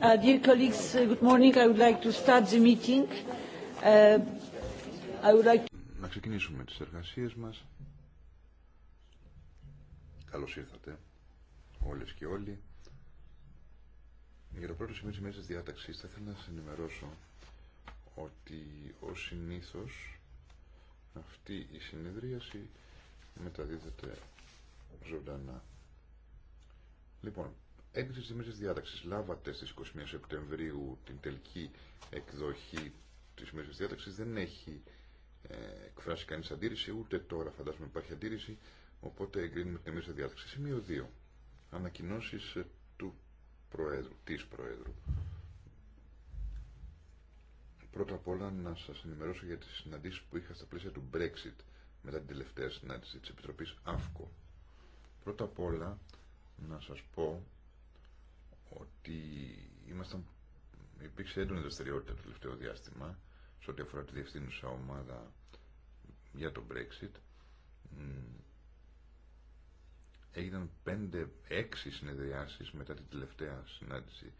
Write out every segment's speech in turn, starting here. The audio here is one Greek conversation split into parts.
Uh, dear colleagues, uh, good morning. I would like to start the meeting. Uh, I would like to... Να ξεκινήσουμε τις εργασίες μας. Καλώς ήρθατε όλες και όλοι. Για το πρώτο σημείο της μέσης διάταξης θα ήθελα να σας ενημερώσω ότι ο συνήθως αυτή η συνεδρίαση μεταδίδεται ζωντανά. Λοιπόν, Έγκριση τη μέση διάταξη Λάβατε στι 21 Σεπτεμβρίου την τελική εκδοχή τη Μέση διάταξη Δεν έχει ε, εκφράσει κανεί αντίρρηση, ούτε τώρα φαντάζομαι υπάρχει αντίρρηση, οπότε εγκρίνουμε την Μέση διάταξη. Σημείο 2. Ανακοινώσει ε, του Προέδρου, της Προέδρου. Πρώτα απ' όλα να σα ενημερώσω για τι συναντήσει που είχα στα πλαίσια του Brexit μετά την τελευταία συνάντηση τη Επιτροπή ΑΦΚΟ. Πρώτα απ' όλα να σας πω ότι ήμασταν, υπήρξε έντονη δραστηριότητα το τελευταίο διάστημα σε ό,τι αφορά τη διευθύνουσα ομάδα για το Brexit. Έγιναν 5-6 συνεδριάσεις μετά την τελευταία συνάντηση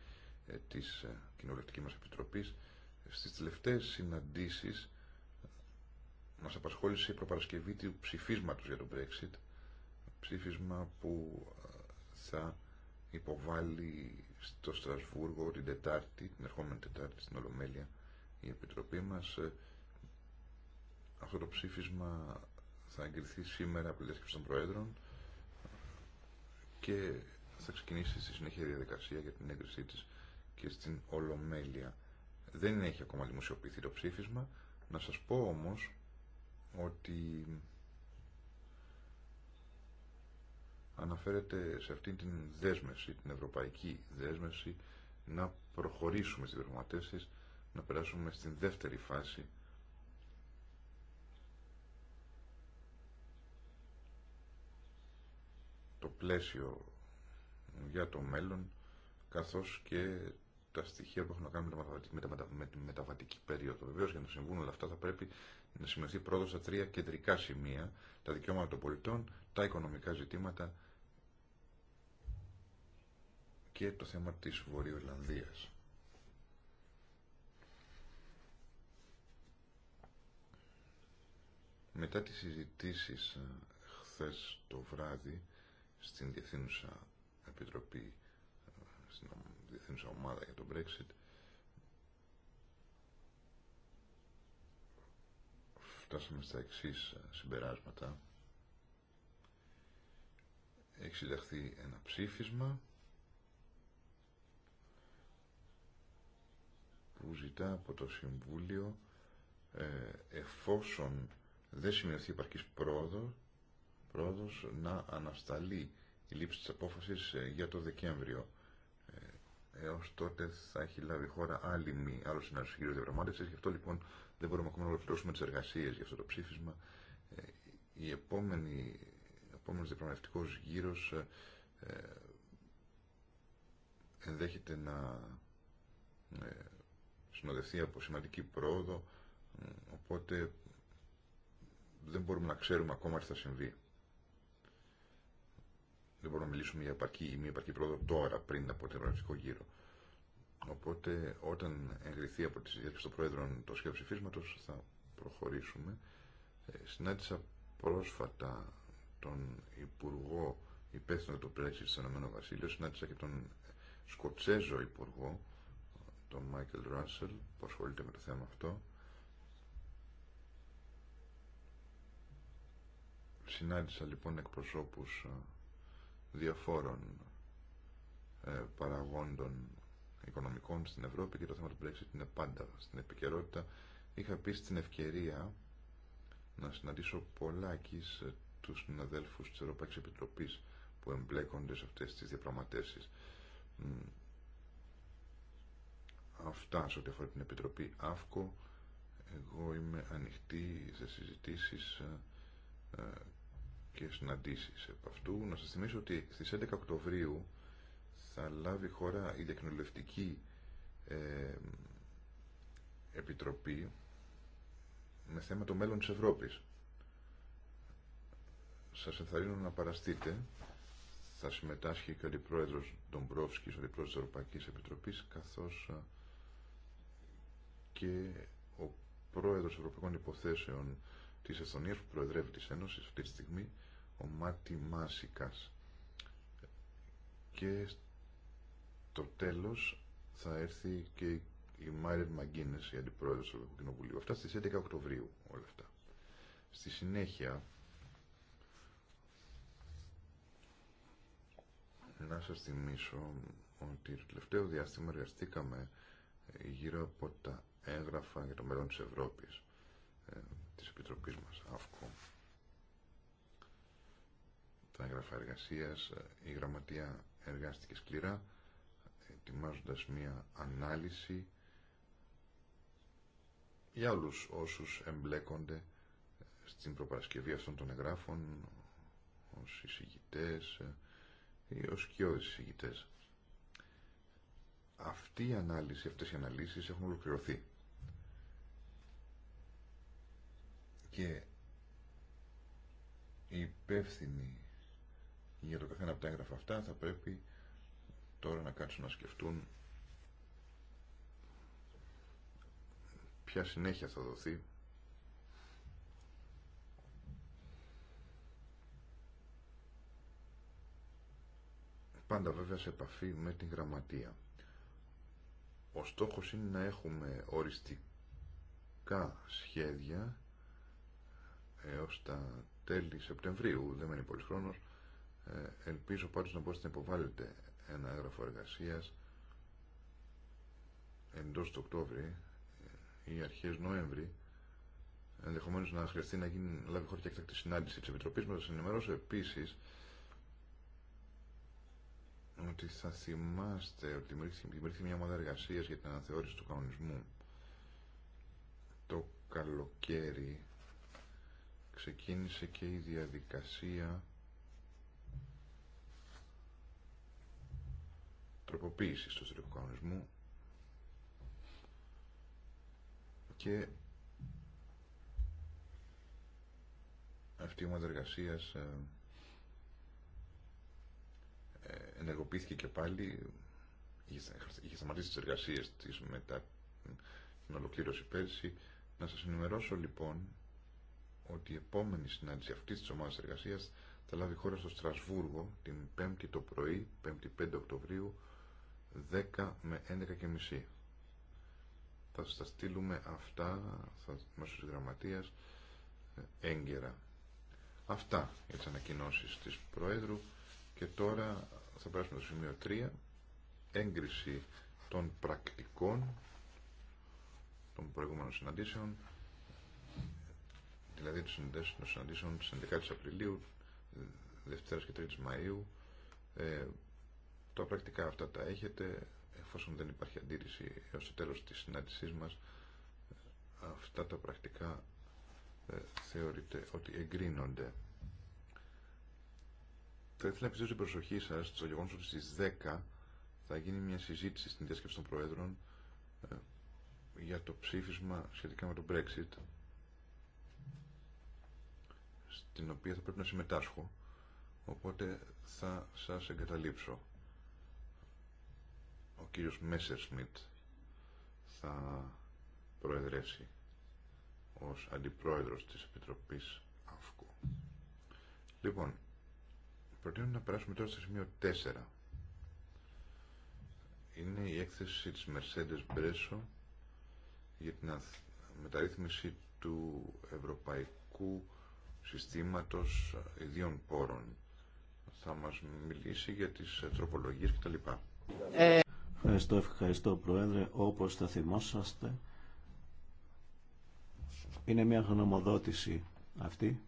ε, της ε, Κοινοβουλευτικής μας Επιτροπής. Στις τελευταίες συναντήσεις ε, μας απασχόλησε η προπαρασκευή του ψηφίσματος για το Brexit, ψήφισμα που θα υποβάλει στο Στρασβούργο την Τετάρτη, την ερχόμενη Τετάρτη στην Ολομέλεια η Επιτροπή μας. Ε, αυτό το ψήφισμα θα εγκριθεί σήμερα από τη Διάσκεψη των Προέδρων και θα ξεκινήσει στη συνέχεια διαδικασία για την έγκρισή της και στην Ολομέλεια. Δεν έχει ακόμα δημοσιοποιηθεί το ψήφισμα. Να σας πω όμως ότι αναφέρεται σε αυτήν την δέσμευση, την ευρωπαϊκή δέσμευση, να προχωρήσουμε στις διαπραγματεύσεις, να περάσουμε στην δεύτερη φάση το πλαίσιο για το μέλλον καθώς και τα στοιχεία που έχουν να κάνουν με, τη μεταβατική περίοδο. Βεβαίως για να συμβούν όλα αυτά θα πρέπει να σημειωθεί πρώτα στα τρία κεντρικά σημεία, τα δικαιώματα των πολιτών, τα οικονομικά ζητήματα και το θέμα της Βορειοελλανδίας. Μετά τις συζητήσεις ε, χθες το βράδυ στην Διεθνούσα Επιτροπή, ε, στην Διεθνούσα Ομάδα για το Brexit, φτάσαμε στα εξής ε, συμπεράσματα. Έχει συνταχθεί ένα ψήφισμα που ζητά από το Συμβούλιο ε, εφόσον δεν σημειωθεί υπαρκής πρόοδο πρόοδος να ανασταλεί η λήψη της απόφασης ε, για το Δεκέμβριο. Ε, έως τότε θα έχει λάβει η χώρα άλλη μη, άλλο συνεργασιακό διαπραγμάτευση. Γι' αυτό λοιπόν δεν μπορούμε ακόμα να ολοκληρώσουμε τι εργασίε για αυτό το ψήφισμα. Η επόμενη, επόμενο διαπραγματευτικό γύρο ενδέχεται να συνοδευτεί από σημαντική πρόοδο, οπότε δεν μπορούμε να ξέρουμε ακόμα τι θα συμβεί. Δεν μπορούμε να μιλήσουμε για επαρκή ή μη επαρκή πρόοδο τώρα, πριν από το ευρωπαϊκό γύρο. Οπότε, όταν εγκριθεί από τη συζήτηση των Πρόεδρων το σχέδιο ψηφίσματο, θα προχωρήσουμε. Ε, συνάντησα πρόσφατα τον Υπουργό Υπεύθυνο του Πρέσβη στο ΕΒ, συνάντησα και τον Σκοτσέζο Υπουργό τον Μάικλ Ράσελ που ασχολείται με το θέμα αυτό. Συνάντησα λοιπόν εκπροσώπους ε, διαφόρων ε, παραγόντων οικονομικών στην Ευρώπη και το θέμα του Brexit είναι πάντα στην επικαιρότητα. Είχα πει στην ευκαιρία να συναντήσω σε τους συναδέλφους της Ευρωπαϊκής Επιτροπής που εμπλέκονται σε αυτές τις διαπραγματεύσεις. Αυτά σε ό,τι αφορά την Επιτροπή ΑΦΚΟ. Εγώ είμαι ανοιχτή σε συζητήσεις ε, ε, και συναντήσεις επ' αυτού. Να σας θυμίσω ότι στις 11 Οκτωβρίου θα λάβει χώρα η ε, Επιτροπή με θέμα το μέλλον της Ευρώπης. Σας ενθαρρύνω να παραστείτε. Θα συμμετάσχει και ο Αντιπρόεδρος Ντομπρόφσκης, ο Αντιπρόεδρος της Ευρωπαϊκής Επιτροπής, καθώς ε, και ο πρόεδρος Ευρωπαϊκών Υποθέσεων της Εθνίας που προεδρεύει της Ένωσης αυτή τη στιγμή, ο Μάτι Μάσικας. Και το τέλος θα έρθει και η Μάριν Μαγκίνες, η αντιπρόεδρος του Ευρωπαϊκού Κοινοβουλίου. Αυτά στις 11 Οκτωβρίου όλα αυτά. Στη συνέχεια, να σας θυμίσω ότι το τελευταίο διάστημα εργαστήκαμε γύρω από τα έγγραφα για το μέλλον της Ευρώπης ε, της Επιτροπής μας τα έγγραφα εργασίας ε, η γραμματεία εργάστηκε σκληρά ετοιμάζοντας μία ανάλυση για όλους όσους εμπλέκονται ε, στην προπαρασκευή αυτών των εγγράφων ε, ως εισηγητές ή ως ως εισηγητές αυτή η ανάλυση, αυτές οι αναλύσεις έχουν ολοκληρωθεί. Και οι υπεύθυνοι για το καθένα από τα έγγραφα αυτά θα πρέπει τώρα να κάτσουν να σκεφτούν ποια συνέχεια θα δοθεί πάντα βέβαια σε επαφή με την γραμματεία. Ο στόχος είναι να έχουμε οριστικά σχέδια ε, έως τα τέλη Σεπτεμβρίου, δεν μένει πολύ χρόνος. Ε, ελπίζω πάντως να μπορείτε να υποβάλλετε ένα έγγραφο εργασίας εντός του Οκτώβρη ε, ή αρχές Νοέμβρη ενδεχομένως να χρειαστεί να γίνει, λάβει χώρα και έκτακτη συνάντηση της Επιτροπής μας. Θα σας ενημερώσω επίσης ότι θα θυμάστε ότι υπήρχε μια ομάδα εργασία για την αναθεώρηση του κανονισμού το καλοκαίρι ξεκίνησε και η διαδικασία τροποποίησης του ιστορικού κανονισμού και αυτή η ομάδα εργασίας ε, ενεργοποιήθηκε και πάλι, είχε σταματήσει τις εργασίες της μετά την ολοκλήρωση πέρσι. Να σας ενημερώσω λοιπόν ότι η επόμενη συνάντηση αυτή της ομάδας εργασίας θα λάβει χώρα στο Στρασβούργο την 5η το πρωί, 5η 5 Οκτωβρίου, 10 με 11 και μισή. Θα σας τα στείλουμε αυτά θα, μέσω της γραμματείας ε, έγκαιρα. Αυτά για τις ανακοινώσεις της Προέδρου. Και τώρα θα περάσουμε στο σημείο 3, έγκριση των πρακτικών των προηγούμενων συναντήσεων, δηλαδή των συναντήσεων της 11ης Απριλίου, Δευτέρας και 3 Μαΐου. Ε, τα πρακτικά αυτά τα έχετε, εφόσον δεν υπάρχει αντίρρηση έως το τέλος της συνάντησής μας, αυτά τα πρακτικά ε, θεωρείται ότι εγκρίνονται. Θα ήθελα να επιστρέψω την προσοχή σα στο γεγονό ότι στι 10 θα γίνει μια συζήτηση στην διάσκεψη των Προέδρων ε, για το ψήφισμα σχετικά με το Brexit στην οποία θα πρέπει να συμμετάσχω οπότε θα σα εγκαταλείψω ο κύριος Μέσερ Σμιτ θα προεδρεύσει ως αντιπρόεδρος της Επιτροπής ΑΦΚΟ λοιπόν Προτείνω να περάσουμε τώρα στο σημείο 4. Είναι η έκθεση της Mercedes Bresso για την μεταρρύθμιση του Ευρωπαϊκού Συστήματος Ιδίων Πόρων. Θα μας μιλήσει για τις τροπολογίες κτλ. Ε... Ευχαριστώ, ευχαριστώ Πρόεδρε. Όπως θα θυμόσαστε, είναι μια γνωμοδότηση αυτή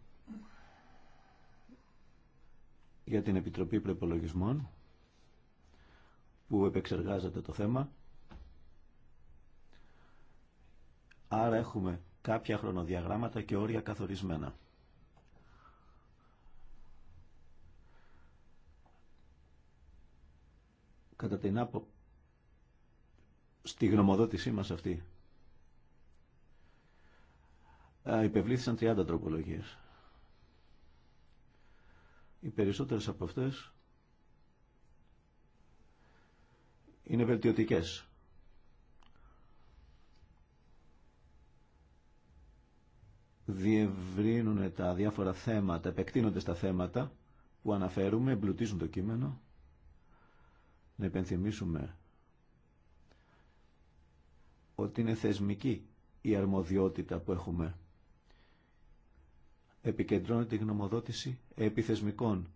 για την Επιτροπή Προπολογισμών που επεξεργάζεται το θέμα. Άρα έχουμε κάποια χρονοδιαγράμματα και όρια καθορισμένα. Κατά την άπο... Στη γνωμοδότησή μας αυτή υπευλήθησαν 30 τροπολογίες. Οι περισσότερες από αυτές είναι βελτιωτικές. Διευρύνουν τα διάφορα θέματα, επεκτείνονται στα θέματα που αναφέρουμε, εμπλουτίζουν το κείμενο. Να υπενθυμίσουμε ότι είναι θεσμική η αρμοδιότητα που έχουμε επικεντρώνεται η γνωμοδότηση επιθεσμικών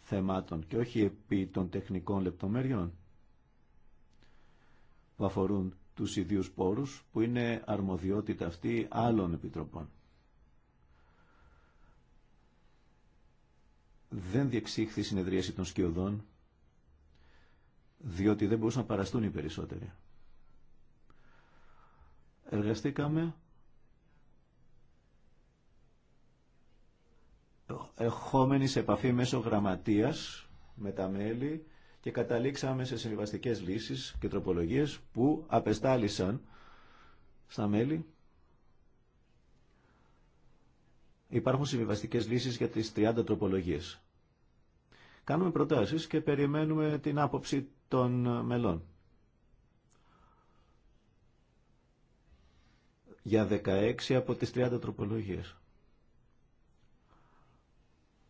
θεμάτων και όχι επί των τεχνικών λεπτομέρειων που αφορούν τους ιδίους πόρους που είναι αρμοδιότητα αυτή άλλων επιτροπών. Δεν διεξήχθη η συνεδρίαση των σκιωδών διότι δεν μπορούσαν να παραστούν οι περισσότεροι. Εργαστήκαμε εχόμενοι σε επαφή μέσω γραμματείας με τα μέλη και καταλήξαμε σε συμβιβαστικέ λύσεις και τροπολογίες που απεστάλησαν στα μέλη. Υπάρχουν συμβιβαστικές λύσεις για τις 30 τροπολογίες. Κάνουμε προτάσεις και περιμένουμε την άποψη των μελών. Για 16 από τις 30 τροπολογίες.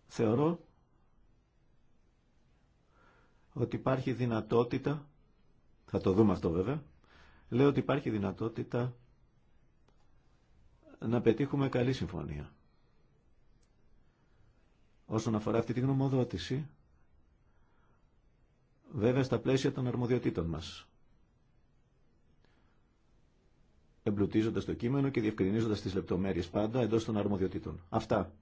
Θεωρώ ότι υπάρχει δυνατότητα, θα το δούμε αυτό βέβαια, λέω ότι υπάρχει δυνατότητα να πετύχουμε καλή συμφωνία. Όσον αφορά αυτή τη γνωμοδότηση, βέβαια στα πλαίσια των αρμοδιοτήτων μας. Εμπλουτίζοντας το κείμενο και διευκρινίζοντας τις λεπτομέρειες πάντα εντός των αρμοδιοτήτων. Αυτά.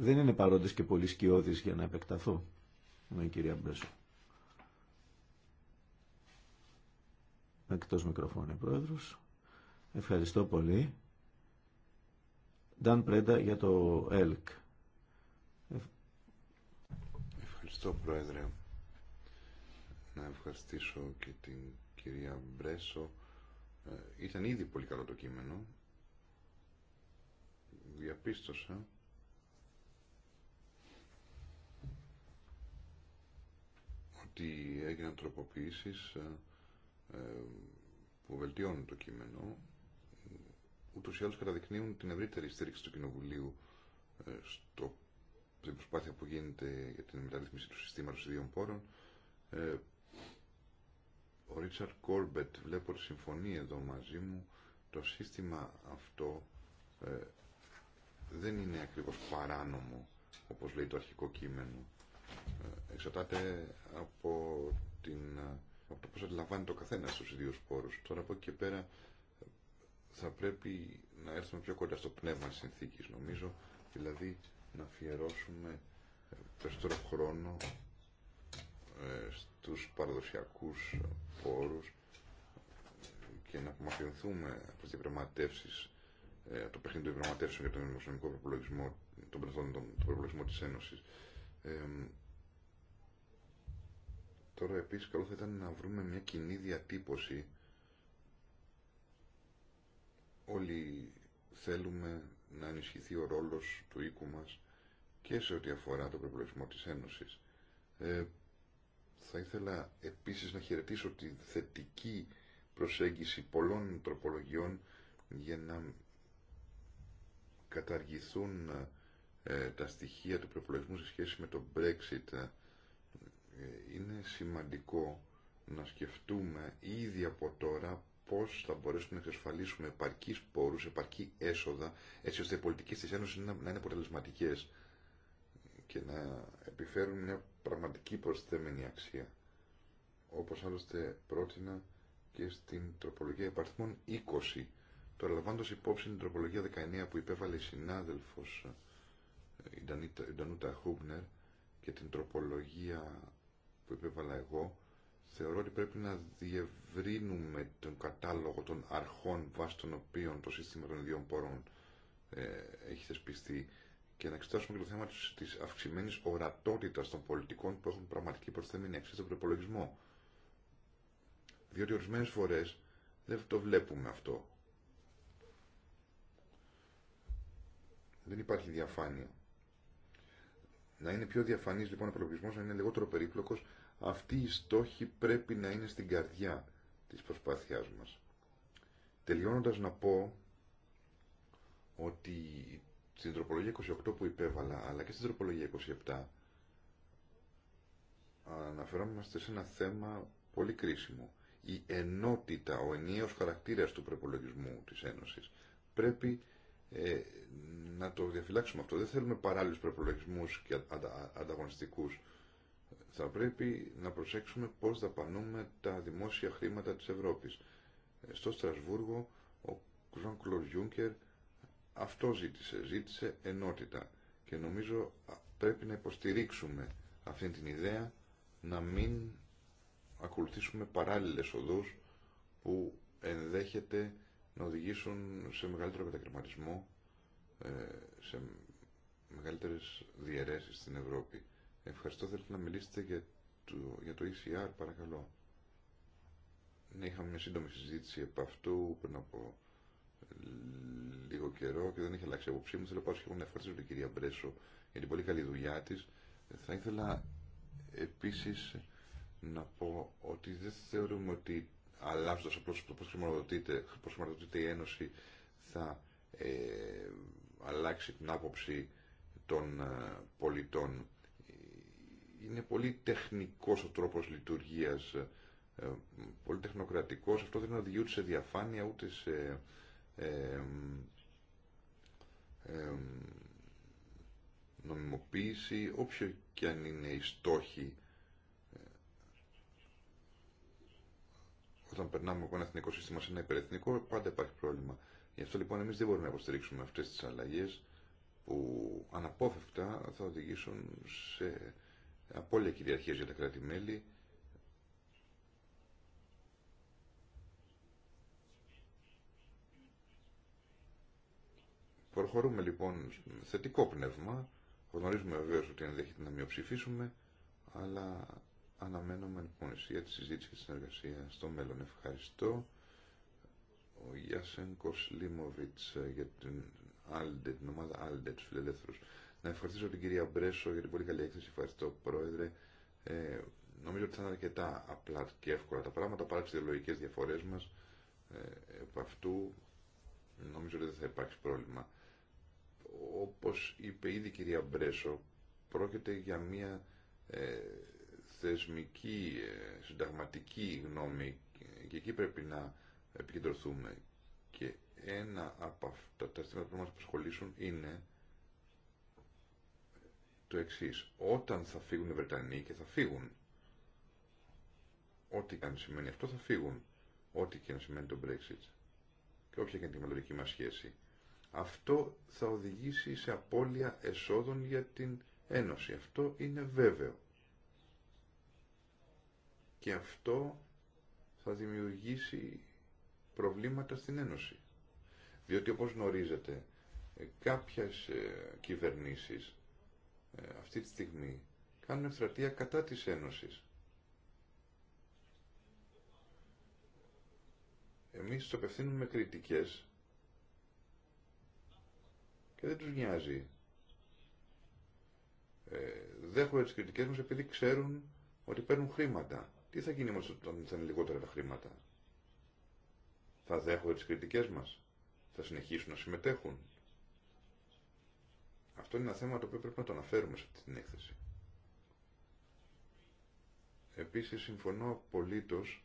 Δεν είναι παρόντες και πολύ σκιώδης για να επεκταθώ με η κυρία Μπρέσο. Εκτός μικροφώνη. πρόεδρος. Ευχαριστώ πολύ. Νταν Πρέντα για το ΕΛΚ. Ευχαριστώ πρόεδρε. Να ευχαριστήσω και την κυρία Μπρέσο. Ε, ήταν ήδη πολύ καλό το κείμενο. Διαπίστωσα ότι έγιναν τροποποιήσεις ε, ε, που βελτιώνουν το κείμενο ούτως ή άλλως καταδεικνύουν την ευρύτερη στήριξη του Κοινοβουλίου ε, στο, στην προσπάθεια που γίνεται για την μεταρρύθμιση του συστήματος ιδίων πόρων ο Ρίτσαρ Κόρμπετ βλέπω ότι συμφωνεί εδώ μαζί μου το σύστημα αυτό δεν είναι ακριβώς παράνομο όπως λέει το αρχικό κείμενο εξαρτάται από, την, από το πώς αντιλαμβάνει το καθένα στους ίδιους πόρους. Τώρα από εκεί και πέρα θα πρέπει να έρθουμε πιο κοντά στο πνεύμα της συνθήκης νομίζω, δηλαδή να αφιερώσουμε ε, περισσότερο χρόνο ε, στους παραδοσιακούς πόρους και να απομακρυνθούμε από τις διαπραγματεύσεις ε, το παιχνίδι των διαπραγματεύσεων για τον δημοσιονομικό προπολογισμό, τον, προπολογισμό της Ένωσης. Τώρα επίσης καλό θα ήταν να βρούμε μια κοινή διατύπωση. Όλοι θέλουμε να ενισχυθεί ο ρόλος του οίκου μας και σε ό,τι αφορά το προπολογισμό της Ένωσης. Ε, θα ήθελα επίσης να χαιρετήσω τη θετική προσέγγιση πολλών τροπολογιών για να καταργηθούν ε, τα στοιχεία του προπολογισμού σε σχέση με το Brexit ε, είναι σημαντικό να σκεφτούμε ήδη από τώρα πώς θα μπορέσουμε να εξασφαλίσουμε επαρκή πόρους, επαρκή έσοδα, έτσι ώστε οι πολιτικές της Ένωσης να, είναι αποτελεσματικέ και να επιφέρουν μια πραγματική προσθέμενη αξία. Όπως άλλωστε πρότεινα και στην τροπολογία υπαρθμών 20, το λαμβάνοντας υπόψη την τροπολογία 19 που υπέβαλε η συνάδελφος ε, η Ντανούτα Χούμπνερ και την τροπολογία που επέβαλα εγώ, θεωρώ ότι πρέπει να διευρύνουμε τον κατάλογο των αρχών βάσει των οποίων το σύστημα των ιδιών πόρων ε, έχει θεσπιστεί και να εξετάσουμε και το θέμα τη αυξημένη ορατότητα των πολιτικών που έχουν πραγματική προσθέμενη αξία στον προπολογισμό. Διότι ορισμένε φορέ δεν το βλέπουμε αυτό. Δεν υπάρχει διαφάνεια. Να είναι πιο διαφανή λοιπόν ο προπολογισμό, να είναι λιγότερο περίπλοκο αυτή η στόχοι πρέπει να είναι στην καρδιά της προσπάθειάς μας. Τελειώνοντας να πω ότι στην τροπολογία 28 που υπέβαλα, αλλά και στην τροπολογία 27, αναφερόμαστε σε ένα θέμα πολύ κρίσιμο. Η ενότητα, ο ενιαίος χαρακτήρας του προπολογισμού της Ένωσης πρέπει ε, να το διαφυλάξουμε αυτό. Δεν θέλουμε παράλληλους προπολογισμούς και ανταγωνιστικούς θα πρέπει να προσέξουμε πώς δαπανούμε τα δημόσια χρήματα της Ευρώπης. Ε, στο Στρασβούργο ο Ζαν Κλορ Ιούνκερ, αυτό ζήτησε, ζήτησε ενότητα και νομίζω πρέπει να υποστηρίξουμε αυτή την ιδέα να μην ακολουθήσουμε παράλληλες οδούς που ενδέχεται να οδηγήσουν σε μεγαλύτερο κατακριματισμό, ε, σε μεγαλύτερες διαιρέσεις στην Ευρώπη. Ευχαριστώ. Θέλετε να μιλήσετε για το, για το ECR, παρακαλώ. Ναι, είχαμε μια σύντομη συζήτηση επ' αυτού πριν από λίγο καιρό και δεν έχει αλλάξει η απόψη μου. Θέλω πάρα και εγώ να ευχαριστήσω την κυρία Μπρέσο για την πολύ καλή δουλειά τη. Θα ήθελα επίση να πω ότι δεν θεωρούμε ότι αλλάζοντα απλώ το πώ χρηματοδοτείται, η Ένωση θα ε, αλλάξει την άποψη των ε, πολιτών είναι πολύ τεχνικός ο τρόπος λειτουργίας, ε, πολύ τεχνοκρατικός. Αυτό δεν οδηγεί ούτε σε διαφάνεια, ούτε σε... Ε, ε, ε νομιμοποίηση, όποιο και αν είναι η στόχη ε, όταν περνάμε από ένα εθνικό σύστημα σε ένα υπερεθνικό πάντα υπάρχει πρόβλημα. Γι' αυτό λοιπόν εμείς δεν μπορούμε να υποστηρίξουμε αυτές τις αλλαγές που αναπόφευκτα θα οδηγήσουν σε απόλυτα κυριαρχία για τα κράτη-μέλη, Προχωρούμε λοιπόν θετικό πνεύμα. Γνωρίζουμε βεβαίω ότι ενδέχεται να μειοψηφίσουμε, αλλά αναμένουμε λοιπόν για τη συζήτηση και τη συνεργασία στο μέλλον. Ευχαριστώ. Ο Γιάσεν Κοσλίμοβιτ ε, για την Άλντε, την ομάδα Άλντε, να ευχαριστήσω την κυρία Μπρέσο για την πολύ καλή έκθεση. Ευχαριστώ, Πρόεδρε. Ε, νομίζω ότι θα είναι αρκετά απλά και εύκολα τα πράγματα παρά τι ιδεολογικέ διαφορέ μα. Ε, επ' αυτού νομίζω ότι δεν θα υπάρξει πρόβλημα. Όπω είπε ήδη η κυρία Μπρέσο, πρόκειται για μια ε, θεσμική, ε, συνταγματική γνώμη και εκεί πρέπει να επικεντρωθούμε. Και ένα από αυτά τα θέματα που μα απασχολήσουν είναι το εξής. Όταν θα φύγουν οι Βρετανοί και θα φύγουν, ό,τι και αν σημαίνει αυτό θα φύγουν, ό,τι και αν σημαίνει το Brexit και όποια και είναι τη μελλοντική μας σχέση, αυτό θα οδηγήσει σε απώλεια εσόδων για την Ένωση. Αυτό είναι βέβαιο. Και αυτό θα δημιουργήσει προβλήματα στην Ένωση. Διότι όπως γνωρίζετε, κάποιες ε, κυβερνήσεις ε, αυτή τη στιγμή κάνουν ευθρατεία κατά της Ένωσης. Εμείς τους απευθύνουμε κριτικές και δεν τους νοιάζει. Ε, δέχονται τις κριτικές μας επειδή ξέρουν ότι παίρνουν χρήματα. Τι θα γίνει όμως όταν θα είναι λιγότερα τα χρήματα. Θα δέχονται τις κριτικές μας. Θα συνεχίσουν να συμμετέχουν. Αυτό είναι ένα θέμα το οποίο πρέπει να το αναφέρουμε σε αυτή την έκθεση. Επίσης συμφωνώ απολύτως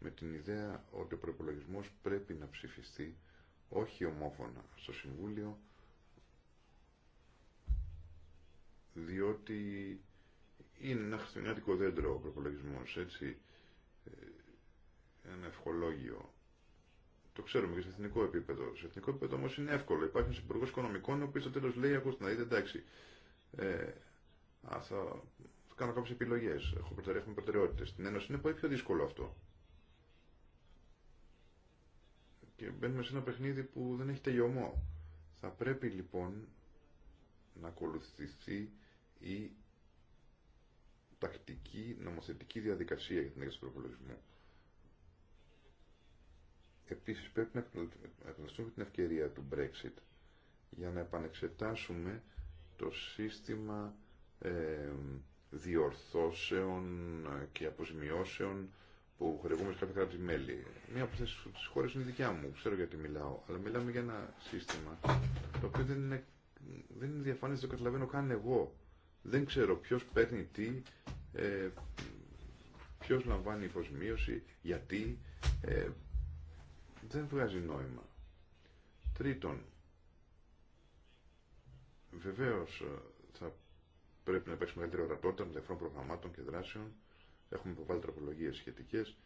με την ιδέα ότι ο προπολογισμό πρέπει να ψηφιστεί όχι ομόφωνα στο Συμβούλιο διότι είναι ένα χριστουγεννιάτικο δέντρο ο προπολογισμό έτσι, ε, ένα ευχολόγιο. Το ξέρουμε και σε εθνικό επίπεδο. Σε εθνικό επίπεδο όμω είναι εύκολο. Υπάρχει ένα υπουργό οικονομικών ο οποίο στο τέλο λέει: Ακούστε να δείτε, εντάξει, ε, α, θα κάνω κάποιε επιλογέ. Έχουμε προτεραιότητε. Στην Ένωση είναι πολύ πιο δύσκολο αυτό. Και μπαίνουμε σε ένα παιχνίδι που δεν έχει τελειωμό. Θα πρέπει λοιπόν να ακολουθηθεί η τακτική νομοθετική διαδικασία για την έγκριση του προπολογισμού. Επίσης πρέπει να εκμεταλλευτούμε την ευκαιρία του Brexit για να επανεξετάσουμε το σύστημα ε, διορθώσεων και αποζημιώσεων που χρεούμε σε κάποια κράτη-μέλη. Μία από αυτές τι χώρε είναι δικιά μου, ξέρω γιατί μιλάω, αλλά μιλάμε για ένα σύστημα το οποίο δεν είναι, δεν είναι δεν το καταλαβαίνω καν εγώ. Δεν ξέρω ποιο παίρνει τι, ε, ποιο λαμβάνει υποσμίωση, γιατί. Ε, δεν βγάζει νόημα. Τρίτον, βεβαίως ε, θα πρέπει να υπάρξει μεγαλύτερη ορατότητα των προγραμμάτων και δράσεων. Έχουμε υποβάλει τροπολογίε σχετικές.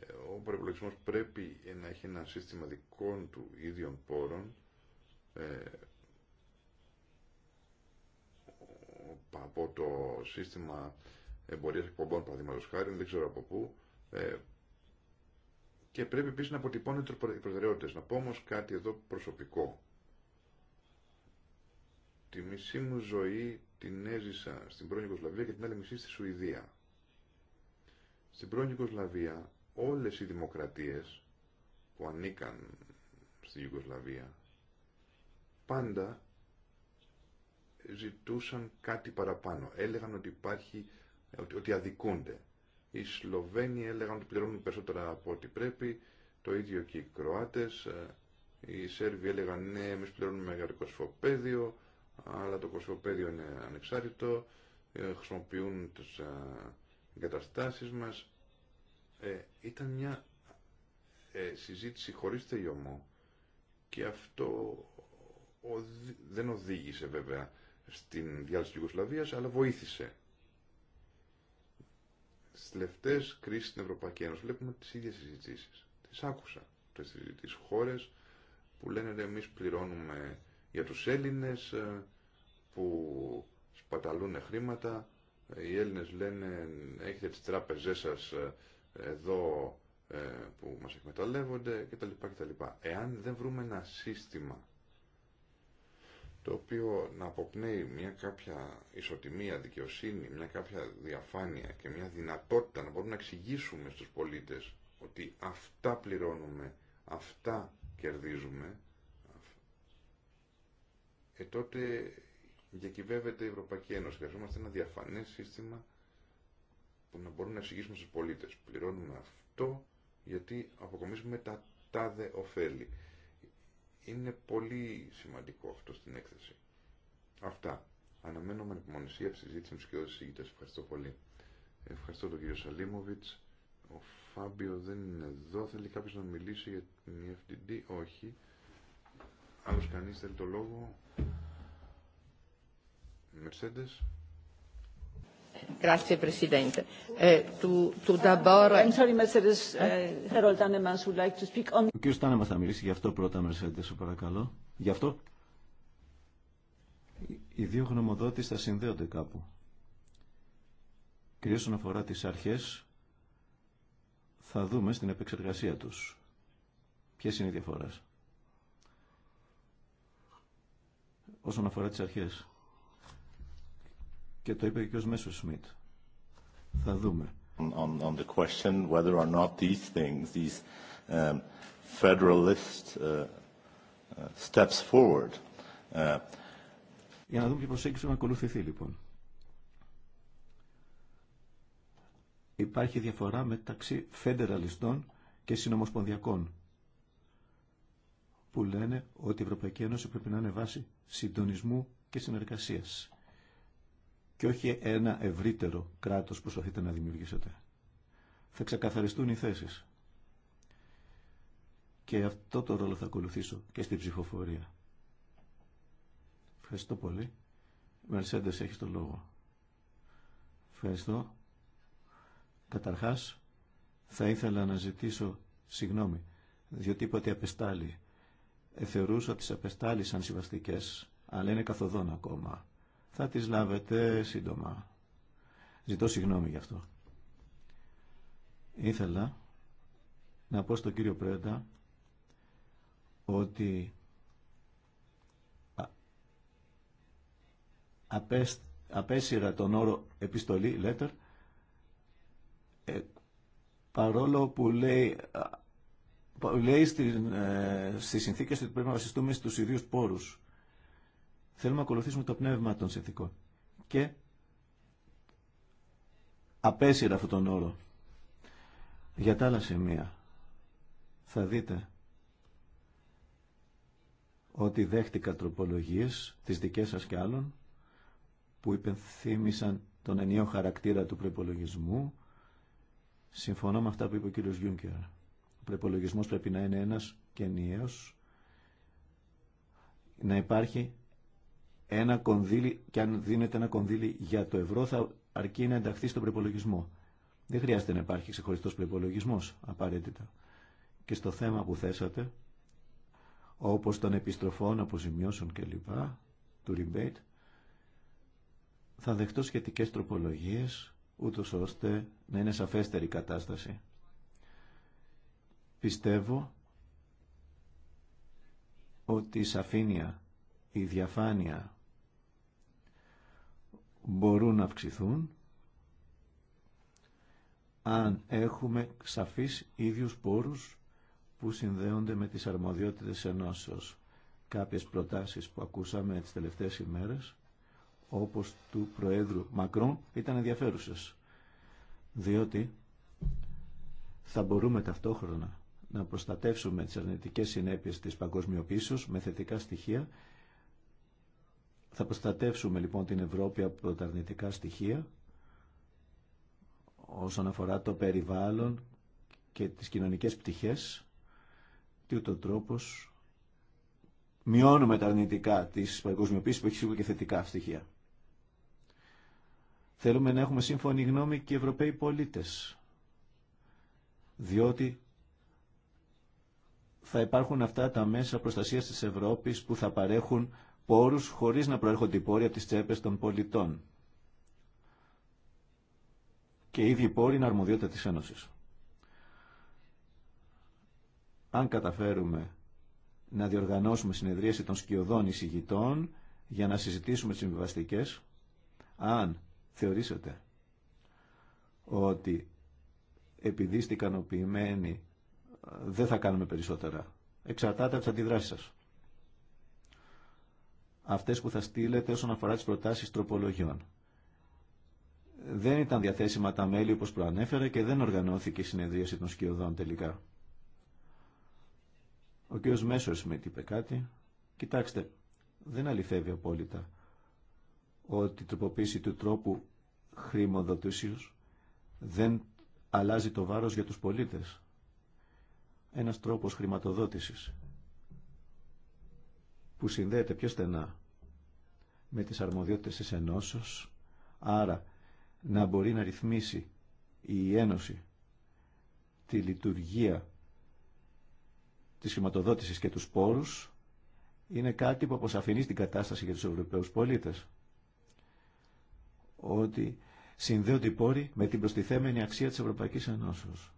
Ε, ο προπολογισμό πρέπει να έχει ένα σύστημα δικών του ίδιων πόρων. Ε, από το σύστημα εμπορίας εκπομπών, παραδείγματος χάρη, δεν ξέρω από πού, και πρέπει επίση να αποτυπώνει οι προτεραιότητε. Να πω όμω κάτι εδώ προσωπικό. Τη μισή μου ζωή την έζησα στην πρώην Ιγκοσλαβία και την άλλη μισή στη Σουηδία. Στην πρώην Ιγκοσλαβία όλες οι δημοκρατίες που ανήκαν στη Ιγκοσλαβία πάντα ζητούσαν κάτι παραπάνω. Έλεγαν ότι υπάρχει, ότι αδικούνται. Οι Σλοβαίνοι έλεγαν ότι πληρώνουν περισσότερα από ό,τι πρέπει, το ίδιο και οι Κροάτες. Οι Σέρβοι έλεγαν ναι, εμείς πληρώνουμε μεγάλο το κοσφοπέδιο, αλλά το κοσφοπέδιο είναι ανεξάρτητο, ε, χρησιμοποιούν τις ε, εγκαταστάσεις μας. Ε, ήταν μια ε, συζήτηση χωρίς τελειωμό και αυτό δεν οδήγησε βέβαια στην διάλυση της Ιουγκοσλαβίας, αλλά βοήθησε στις τελευταίες κρίσεις στην Ευρωπαϊκή Ένωση βλέπουμε τις ίδιες συζητήσεις. Τις άκουσα. Τις χώρες που λένε ότι «Ναι, εμείς πληρώνουμε για τους Έλληνες ε, που σπαταλούν χρήματα. Οι Έλληνες λένε έχετε τις τράπεζές σας ε, εδώ ε, που μας εκμεταλλεύονται κτλ. Εάν δεν βρούμε ένα σύστημα το οποίο να αποπνέει μια κάποια ισοτιμία, δικαιοσύνη, μια κάποια διαφάνεια και μια δυνατότητα να μπορούμε να εξηγήσουμε στους πολίτες ότι αυτά πληρώνουμε, αυτά κερδίζουμε, ε, τότε διακυβεύεται η Ευρωπαϊκή Ένωση. Χρειαζόμαστε ένα διαφανές σύστημα που να μπορούμε να εξηγήσουμε στους πολίτες. Πληρώνουμε αυτό γιατί αποκομίζουμε τα τάδε ωφέλη. Είναι πολύ σημαντικό αυτό στην έκθεση. Αυτά. Αναμένω με ανεπιμονησία τη συζήτηση με του κοινού συζητητέ. Ευχαριστώ πολύ. Ευχαριστώ τον κύριο Σαλίμοβιτ. Ο Φάμπιο δεν είναι εδώ. Θέλει κάποιο να μιλήσει για την EFTD. Όχι. Άλλο κανεί θέλει το λόγο. Mercedes. Grazie Presidente. Ο κύριος Τάνεμας θα μιλήσει γι' αυτό πρώτα, σου παρακαλώ. Γι' αυτό. Οι δύο γνωμοδότης θα συνδέονται κάπου. Κυρίως όσον αφορά τις αρχές, θα δούμε στην επεξεργασία τους. Ποιες είναι οι διαφορές. Όσον αφορά τις αρχές και το είπε και ο Μέσο Σμιτ. Θα δούμε. On, on the question whether or not these things, these um, federalist uh, uh steps forward. Uh, για να δούμε ποιο προσέγγιση να ακολουθηθεί λοιπόν. Υπάρχει διαφορά μεταξύ φεντεραλιστών και συνομοσπονδιακών που λένε ότι η Ευρωπαϊκή Ένωση πρέπει να είναι βάση συντονισμού και συνεργασίας και όχι ένα ευρύτερο κράτος που σωθείτε να δημιουργήσετε. Θα ξεκαθαριστούν οι θέσεις. Και αυτό το ρόλο θα ακολουθήσω και στην ψηφοφορία. Ευχαριστώ πολύ. Μερσέντες, έχει το λόγο. Ευχαριστώ. Καταρχάς, θα ήθελα να ζητήσω συγγνώμη, διότι είπα ότι απεστάλλει. Ε, θεωρούσα ότι τις σαν συμβαστικές, αλλά είναι καθοδόν ακόμα θα τις λάβετε σύντομα. Ζητώ συγγνώμη γι' αυτό. Ήθελα να πω στον κύριο Πρέντα ότι απέσυρα τον όρο επιστολή, letter, ε, παρόλο που λέει, λέει ε, στις συνθήκες ότι πρέπει να βασιστούμε στους ιδίους πόρους. Θέλουμε να ακολουθήσουμε το πνεύμα των συνθήκων. Και απέσυρα αυτόν τον όρο. Για τα άλλα σημεία θα δείτε ότι δέχτηκα τροπολογίες, τις δικές σας και άλλων, που υπενθύμησαν τον ενιαίο χαρακτήρα του προπολογισμού. Συμφωνώ με αυτά που είπε ο κύριος Γιούνκερ. Ο προπολογισμό πρέπει να είναι ένας και ενιαίος, να υπάρχει ένα κονδύλι και αν δίνεται ένα κονδύλι για το ευρώ θα αρκεί να ενταχθεί στον προπολογισμό. Δεν χρειάζεται να υπάρχει ξεχωριστό προπολογισμό απαραίτητα. Και στο θέμα που θέσατε, όπως των επιστροφών, αποζημιώσεων κλπ, του rebate, θα δεχτώ σχετικέ τροπολογίες, ούτω ώστε να είναι σαφέστερη η κατάσταση. Πιστεύω ότι η σαφήνεια, η διαφάνεια μπορούν να αυξηθούν αν έχουμε σαφείς ίδιους πόρους που συνδέονται με τις αρμοδιότητες ενώσεως. Κάποιες προτάσεις που ακούσαμε τις τελευταίες ημέρες, όπως του Προέδρου Μακρόν, ήταν ενδιαφέρουσες. Διότι θα μπορούμε ταυτόχρονα να προστατεύσουμε τις αρνητικές συνέπειες της παγκοσμιοποίησης με θετικά στοιχεία θα προστατεύσουμε λοιπόν την Ευρώπη από τα αρνητικά στοιχεία όσον αφορά το περιβάλλον και τις κοινωνικές πτυχές τι ούτω τρόπος μειώνουμε τα αρνητικά της παγκοσμιοποίησης που έχει σίγουρα και θετικά στοιχεία. Θέλουμε να έχουμε σύμφωνη γνώμη και οι Ευρωπαίοι πολίτες διότι θα υπάρχουν αυτά τα μέσα προστασίας της Ευρώπης που θα παρέχουν πόρους χωρίς να προέρχονται οι πόροι από τις τσέπες των πολιτών. Και οι ίδιοι πόροι είναι αρμοδιότητα της Ένωσης. Αν καταφέρουμε να διοργανώσουμε συνεδρίαση των σκιωδών εισηγητών για να συζητήσουμε τις συμβιβαστικέ, αν θεωρήσετε ότι επειδή είστε ικανοποιημένοι ε, δεν θα κάνουμε περισσότερα. Εξαρτάται από τι αντιδράσει σας αυτές που θα στείλετε όσον αφορά τις προτάσεις τροπολογιών. Δεν ήταν διαθέσιμα τα μέλη όπως προανέφερα και δεν οργανώθηκε η συνεδρίαση των σκιωδών τελικά. Ο κ. Μέσος με είπε κάτι. Κοιτάξτε, δεν αληθεύει απόλυτα ότι η τροποποίηση του τρόπου χρημοδοτήσεως δεν αλλάζει το βάρος για τους πολίτες. Ένας τρόπος χρηματοδότησης που συνδέεται πιο στενά με τις αρμοδιότητες της ενώσεως, άρα να μπορεί να ρυθμίσει η Ένωση τη λειτουργία της χρηματοδότησης και του πόρους, είναι κάτι που αποσαφηνεί την κατάσταση για τους Ευρωπαίους πολίτες. Ότι συνδέονται οι πόροι με την προστιθέμενη αξία της Ευρωπαϊκής Ενώσεως.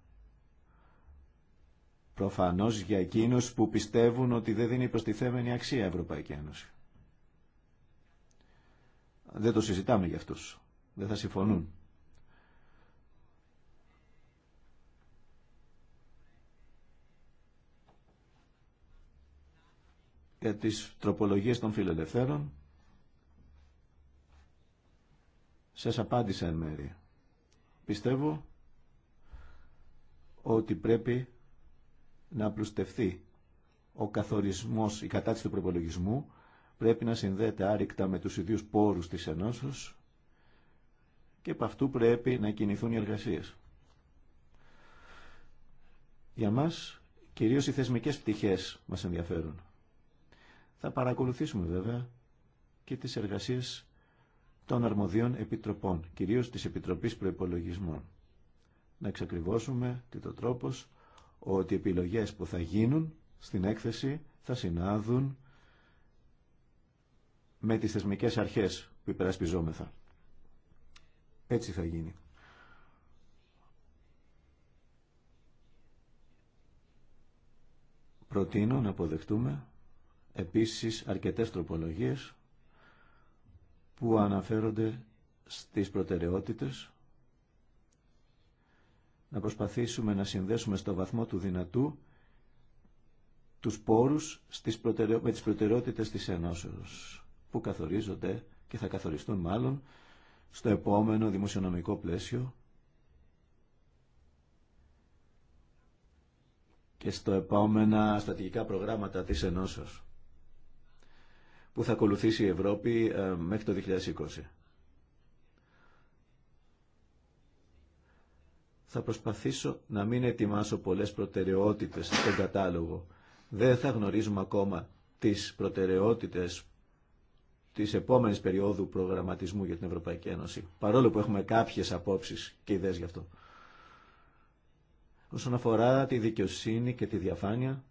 Προφανώς για εκείνους που πιστεύουν ότι δεν δίνει προστιθέμενη αξία η Ευρωπαϊκή Ένωση. Δεν το συζητάμε για αυτούς. Δεν θα συμφωνούν. Για τις τροπολογίες των φιλελευθέρων σας απάντησα εν μέρη. Πιστεύω ότι πρέπει να πλουστευτεί. Ο καθορισμός, η κατάρτιση του προπολογισμού πρέπει να συνδέεται άρρηκτα με τους ιδίους πόρους της ενώσεως και από αυτού πρέπει να κινηθούν οι εργασίες. Για μας, κυρίως οι θεσμικές πτυχές μας ενδιαφέρουν. Θα παρακολουθήσουμε βέβαια και τις εργασίες των αρμοδίων επιτροπών, κυρίως της Επιτροπής Προϋπολογισμών. Να εξακριβώσουμε τι το τρόπος ότι οι επιλογές που θα γίνουν στην έκθεση θα συνάδουν με τις θεσμικές αρχές που υπερασπιζόμεθα. Έτσι θα γίνει. Προτείνω να αποδεχτούμε επίσης αρκετές τροπολογίες που αναφέρονται στις προτεραιότητες να προσπαθήσουμε να συνδέσουμε στο βαθμό του δυνατού τους πόρους στις με τις προτεραιότητες της Ενώσεως που καθορίζονται και θα καθοριστούν μάλλον στο επόμενο δημοσιονομικό πλαίσιο και στο επόμενα στρατηγικά προγράμματα της Ενώσεως που θα ακολουθήσει η Ευρώπη ε, μέχρι το 2020. θα προσπαθήσω να μην ετοιμάσω πολλές προτεραιότητες στον κατάλογο. Δεν θα γνωρίζουμε ακόμα τις προτεραιότητες της επόμενης περίοδου προγραμματισμού για την Ευρωπαϊκή Ένωση, παρόλο που έχουμε κάποιες απόψεις και ιδέες γι' αυτό. Όσον αφορά τη δικαιοσύνη και τη διαφάνεια,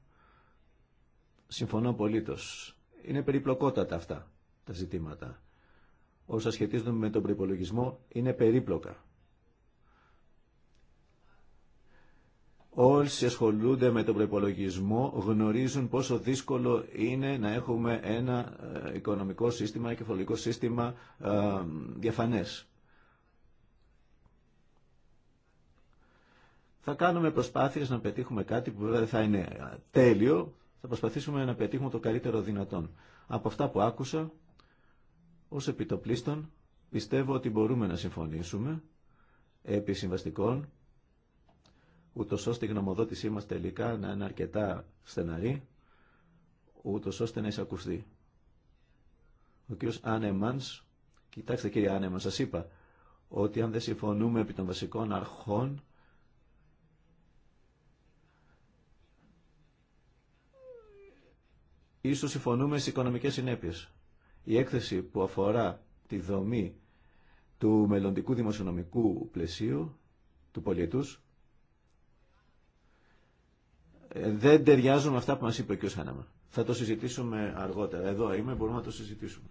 συμφωνώ απολύτως. Είναι περιπλοκότατα αυτά τα ζητήματα. Όσα σχετίζονται με τον προπολογισμό είναι περίπλοκα. Όσοι ασχολούνται με τον προπολογισμό γνωρίζουν πόσο δύσκολο είναι να έχουμε ένα ε, οικονομικό σύστημα και φορολογικό σύστημα ε, διαφανές. Θα κάνουμε προσπάθειες να πετύχουμε κάτι που βέβαια δεν θα είναι ε, τέλειο, θα προσπαθήσουμε να πετύχουμε το καλύτερο δυνατόν. Από αυτά που άκουσα, ως επιτοπλίστων, πιστεύω ότι μπορούμε να συμφωνήσουμε επί συμβαστικών ούτως ώστε η γνωμοδότησή μας τελικά να είναι αρκετά στεναρή, ούτως ώστε να εισακουστεί. Ο κύριος Άνεμανς, κοιτάξτε κύριε Άνεμαν, σας είπα ότι αν δεν συμφωνούμε επί των βασικών αρχών, ίσως συμφωνούμε στις οικονομικές συνέπειες. Η έκθεση που αφορά τη δομή του μελλοντικού δημοσιονομικού πλαισίου, του πολίτους δεν ταιριάζουν με αυτά που μας είπε ο κ. Θα το συζητήσουμε αργότερα. Εδώ είμαι, μπορούμε να το συζητήσουμε.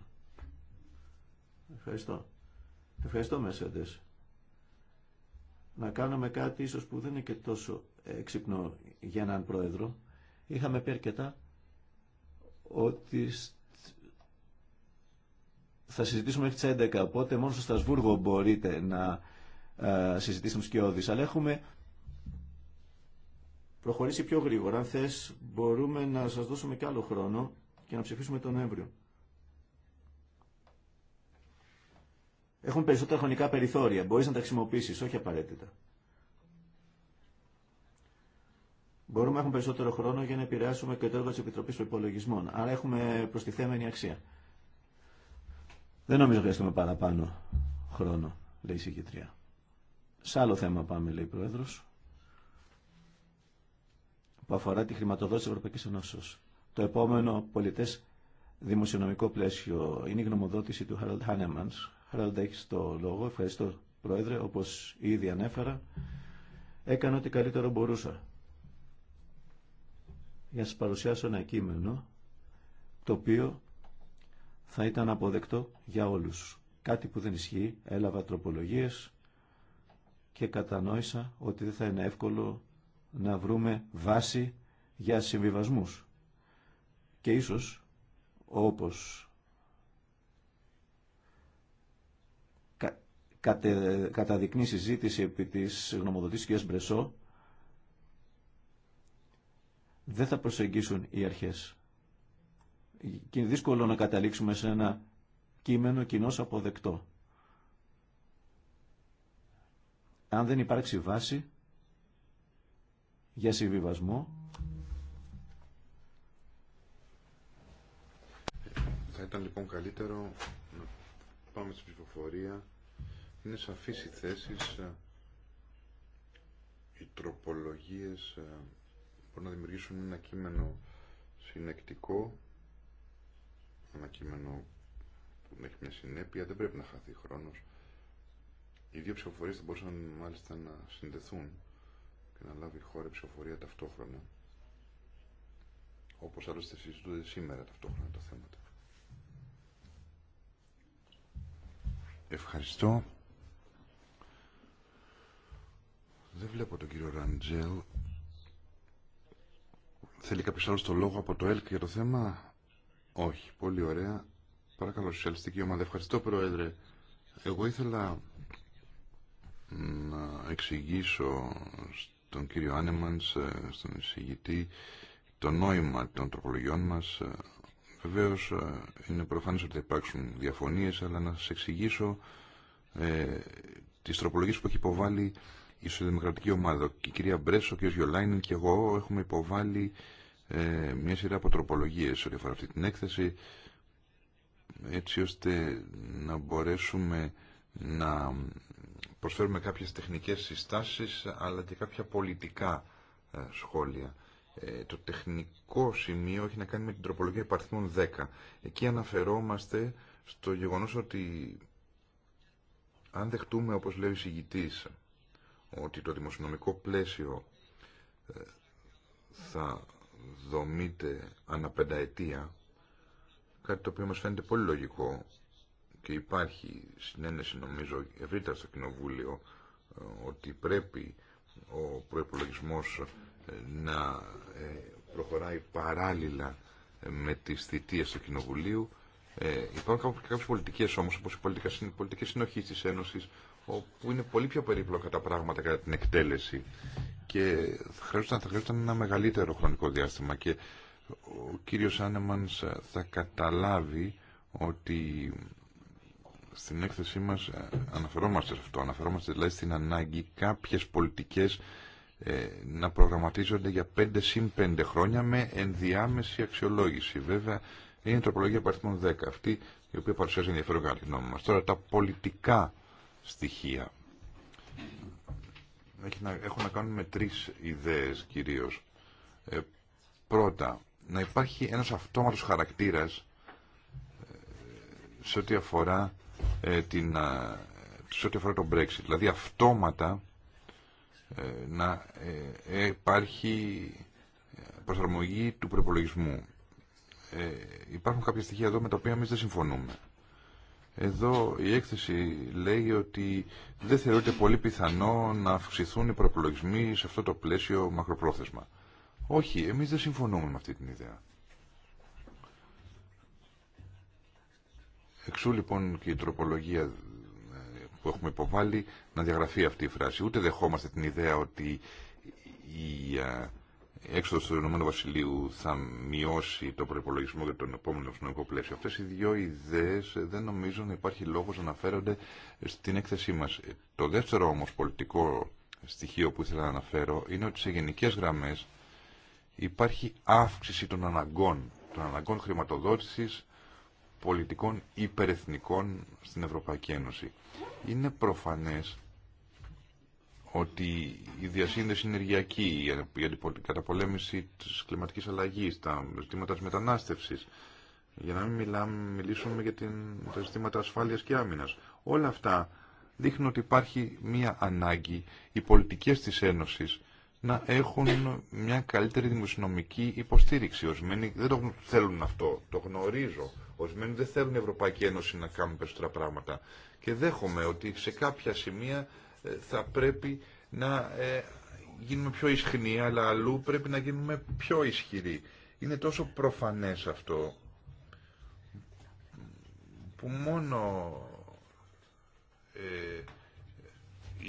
Ευχαριστώ. Ευχαριστώ, Μεσέντες. Να κάνουμε κάτι ίσως που δεν είναι και τόσο εξυπνό για έναν πρόεδρο. Είχαμε πει αρκετά ότι θα συζητήσουμε μέχρι τις 11, οπότε μόνο στο Στασβούργο μπορείτε να ε, συζητήσουμε τους Αλλά έχουμε προχωρήσει πιο γρήγορα. Αν θες μπορούμε να σας δώσουμε και άλλο χρόνο και να ψηφίσουμε τον Νοέμβριο. Έχουν περισσότερα χρονικά περιθώρια. Μπορείς να τα χρησιμοποιήσεις, όχι απαραίτητα. Μπορούμε να έχουμε περισσότερο χρόνο για να επηρεάσουμε και το έργο τη Επιτροπή Προπολογισμών. Άρα έχουμε προστιθέμενη αξία. Δεν νομίζω χρειαστούμε παραπάνω χρόνο, λέει η συγκεκριά. Σε άλλο θέμα πάμε, λέει η Πρόεδρος που αφορά τη χρηματοδότηση της Ευρωπαϊκής Ενώσεως. Το επόμενο πολιτές δημοσιονομικό πλαίσιο είναι η γνωμοδότηση του Harold Hannemans. Harold, έχει το λόγο. Ευχαριστώ, Πρόεδρε. Όπως ήδη ανέφερα, έκανα ό,τι καλύτερο μπορούσα. Για να σας παρουσιάσω ένα κείμενο το οποίο θα ήταν αποδεκτό για όλους. Κάτι που δεν ισχύει, έλαβα τροπολογίες και κατανόησα ότι δεν θα είναι εύκολο να βρούμε βάση για συμβιβασμούς. Και ίσως, όπως κα, κατε, καταδεικνύει συζήτηση επί της γνωμοδοτήσης κ. Μπρεσό, δεν θα προσεγγίσουν οι αρχές. Και είναι δύσκολο να καταλήξουμε σε ένα κείμενο κοινό αποδεκτό. Αν δεν υπάρξει βάση, για συμβιβασμό. Θα ήταν λοιπόν καλύτερο να πάμε στην ψηφοφορία. Είναι σαφείς οι θέσεις, οι τροπολογίες ε, να δημιουργήσουν ένα κείμενο συνεκτικό, ένα κείμενο που έχει μια συνέπεια, δεν πρέπει να χαθεί χρόνος. Οι δύο ψηφοφορίες θα μπορούσαν μάλιστα να συνδεθούν και να λάβει χώρα ψηφοφορία ταυτόχρονα όπως άλλωστε συζητούνται σήμερα ταυτόχρονα τα θέματα. Ευχαριστώ. Δεν βλέπω τον κύριο Ραντζέλ. Θέλει κάποιο άλλο το λόγο από το ΕΛΚ για το θέμα. Όχι. Πολύ ωραία. Παρακαλώ, σοσιαλιστική ομάδα. Ευχαριστώ, Πρόεδρε. Εγώ ήθελα να εξηγήσω τον κύριο Άνεμανς, στον εισηγητή, το νόημα των τροπολογιών μας. Ε, Βεβαίω ε, είναι προφανές ότι θα υπάρξουν διαφωνίε αλλά να σα εξηγήσω ε, τις τροπολογίες που έχει υποβάλει η Σοδημοκρατική Ομάδα. Η κυρία Μπρέσο, ο κ. Γιολάινεν και εγώ έχουμε υποβάλει ε, μια σειρά από τροπολογίες ό,τι αφορά αυτή την έκθεση, έτσι ώστε να μπορέσουμε να προσφέρουμε κάποιες τεχνικές συστάσεις αλλά και κάποια πολιτικά ε, σχόλια. Ε, το τεχνικό σημείο έχει να κάνει με την τροπολογία υπαρθμών 10. Εκεί αναφερόμαστε στο γεγονός ότι αν δεχτούμε, όπως λέει ο εισηγητής, ότι το δημοσιονομικό πλαίσιο ε, θα δομείται ανά πενταετία, κάτι το οποίο μας φαίνεται πολύ λογικό, και υπάρχει συνένεση νομίζω ευρύτερα στο Κοινοβούλιο ε, ότι πρέπει ο προϋπολογισμός ε, να ε, προχωράει παράλληλα με τις θητείες του Κοινοβουλίου. Ε, υπάρχουν κάποιες πολιτικές όμως, όπως οι πολιτικές συνοχής της Ένωσης, όπου είναι πολύ πιο περίπλοκα τα πράγματα κατά την εκτέλεση και θα χρειάζονταν, ένα μεγαλύτερο χρονικό διάστημα και ο κύριος Άνεμανς θα καταλάβει ότι στην έκθεσή μας ε, αναφερόμαστε σε αυτό. Αναφερόμαστε δηλαδή στην ανάγκη κάποιες πολιτικές ε, να προγραμματίζονται για 5 συν 5 χρόνια με ενδιάμεση αξιολόγηση. Βέβαια είναι η τροπολογία παριθμών 10 αυτή η οποία παρουσιάζει ενδιαφέρον κατά τη γνώμη μας. Τώρα τα πολιτικά στοιχεία έχουν να κάνουν με τρεις ιδέες κυρίως. Ε, πρώτα, να υπάρχει ένας αυτόματος χαρακτήρας ε, σε ό,τι αφορά ε, την, σε ό,τι αφορά τον Brexit. Δηλαδή αυτόματα ε, να ε, υπάρχει προσαρμογή του προπολογισμού. Ε, υπάρχουν κάποια στοιχεία εδώ με τα οποία εμεί δεν συμφωνούμε. Εδώ η έκθεση λέει ότι δεν θεωρείται πολύ πιθανό να αυξηθούν οι προπολογισμοί σε αυτό το πλαίσιο μακροπρόθεσμα. Όχι, εμείς δεν συμφωνούμε με αυτή την ιδέα. Εξού λοιπόν και η τροπολογία ε, που έχουμε υποβάλει να διαγραφεί αυτή η φράση. Ούτε δεχόμαστε την ιδέα ότι η ε, έξοδος του Ηνωμένου Βασιλείου θα μειώσει το προπολογισμό για τον επόμενο συνολικό πλαίσιο. Αυτές οι δύο ιδέες ε, δεν νομίζω να υπάρχει λόγος να αναφέρονται στην έκθεσή μας. Το δεύτερο όμως πολιτικό στοιχείο που ήθελα να αναφέρω είναι ότι σε γενικές γραμμές υπάρχει αύξηση των αναγκών, των αναγκών χρηματοδότησης πολιτικών υπερεθνικών στην Ευρωπαϊκή Ένωση. Είναι προφανές ότι η διασύνδεση ενεργειακή, η καταπολέμηση της κλιματικής αλλαγής, τα ζητήματα της μετανάστευσης, για να μην μιλάμε, μιλήσουμε για την, τα ζητήματα ασφάλειας και άμυνας. Όλα αυτά δείχνουν ότι υπάρχει μία ανάγκη οι πολιτικές της Ένωσης να έχουν μια καλύτερη δημοσιονομική υποστήριξη. Ορισμένοι δεν το θέλουν αυτό, το γνωρίζω. Ορισμένοι δεν θέλουν η Ευρωπαϊκή Ένωση να κάνουν περισσότερα πράγματα. Και δέχομαι ότι σε κάποια σημεία ε, θα πρέπει να ε, γίνουμε πιο ισχυροί, αλλά αλλού πρέπει να γίνουμε πιο ισχυροί. Είναι τόσο προφανές αυτό, που μόνο ε,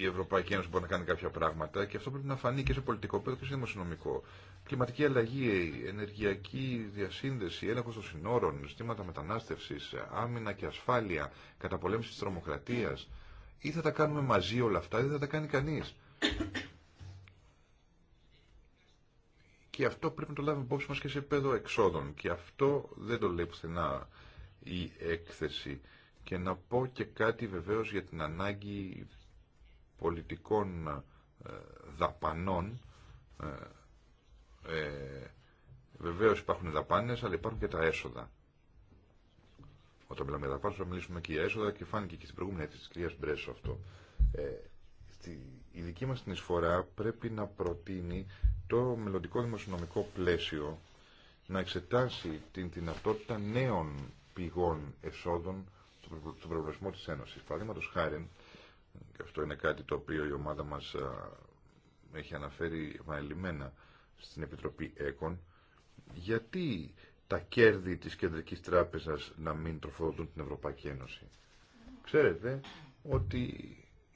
η Ευρωπαϊκή Ένωση μπορεί να κάνει κάποια πράγματα και αυτό πρέπει να φανεί και σε πολιτικό πέδο και σε δημοσιονομικό. Κλιματική αλλαγή, ενεργειακή διασύνδεση, έλεγχο των συνόρων, ζητήματα μετανάστευση, άμυνα και ασφάλεια, καταπολέμηση τη τρομοκρατία. Ή θα τα κάνουμε μαζί όλα αυτά, ή θα τα κάνει κανεί. Και αυτό πρέπει να το λάβουμε υπόψη μα και σε πέδο εξόδων. Και αυτό δεν το λέει πουθενά η έκθεση. Και να πω και κάτι βεβαίω για την ανάγκη πολιτικών ε, δαπανών ε, ε, βεβαίως υπάρχουν δαπάνες αλλά υπάρχουν και τα έσοδα όταν μιλάμε για δαπάνες θα μιλήσουμε και για έσοδα και φάνηκε και στην προηγούμενη αίτηση της κυρίας Μπρέσο αυτό ε, στη, η δική μας την εισφορά πρέπει να προτείνει το μελλοντικό δημοσιονομικό πλαίσιο να εξετάσει την δυνατότητα νέων πηγών εσόδων στον προβληματισμό της Ένωσης. Παραδείγματος χάρη, και αυτό είναι κάτι το οποίο η ομάδα μας έχει αναφέρει επανελειμμένα στην Επιτροπή ΕΚΟΝ, γιατί τα κέρδη της Κεντρικής Τράπεζας να μην τροφοδοτούν την Ευρωπαϊκή Ένωση. Ξέρετε ότι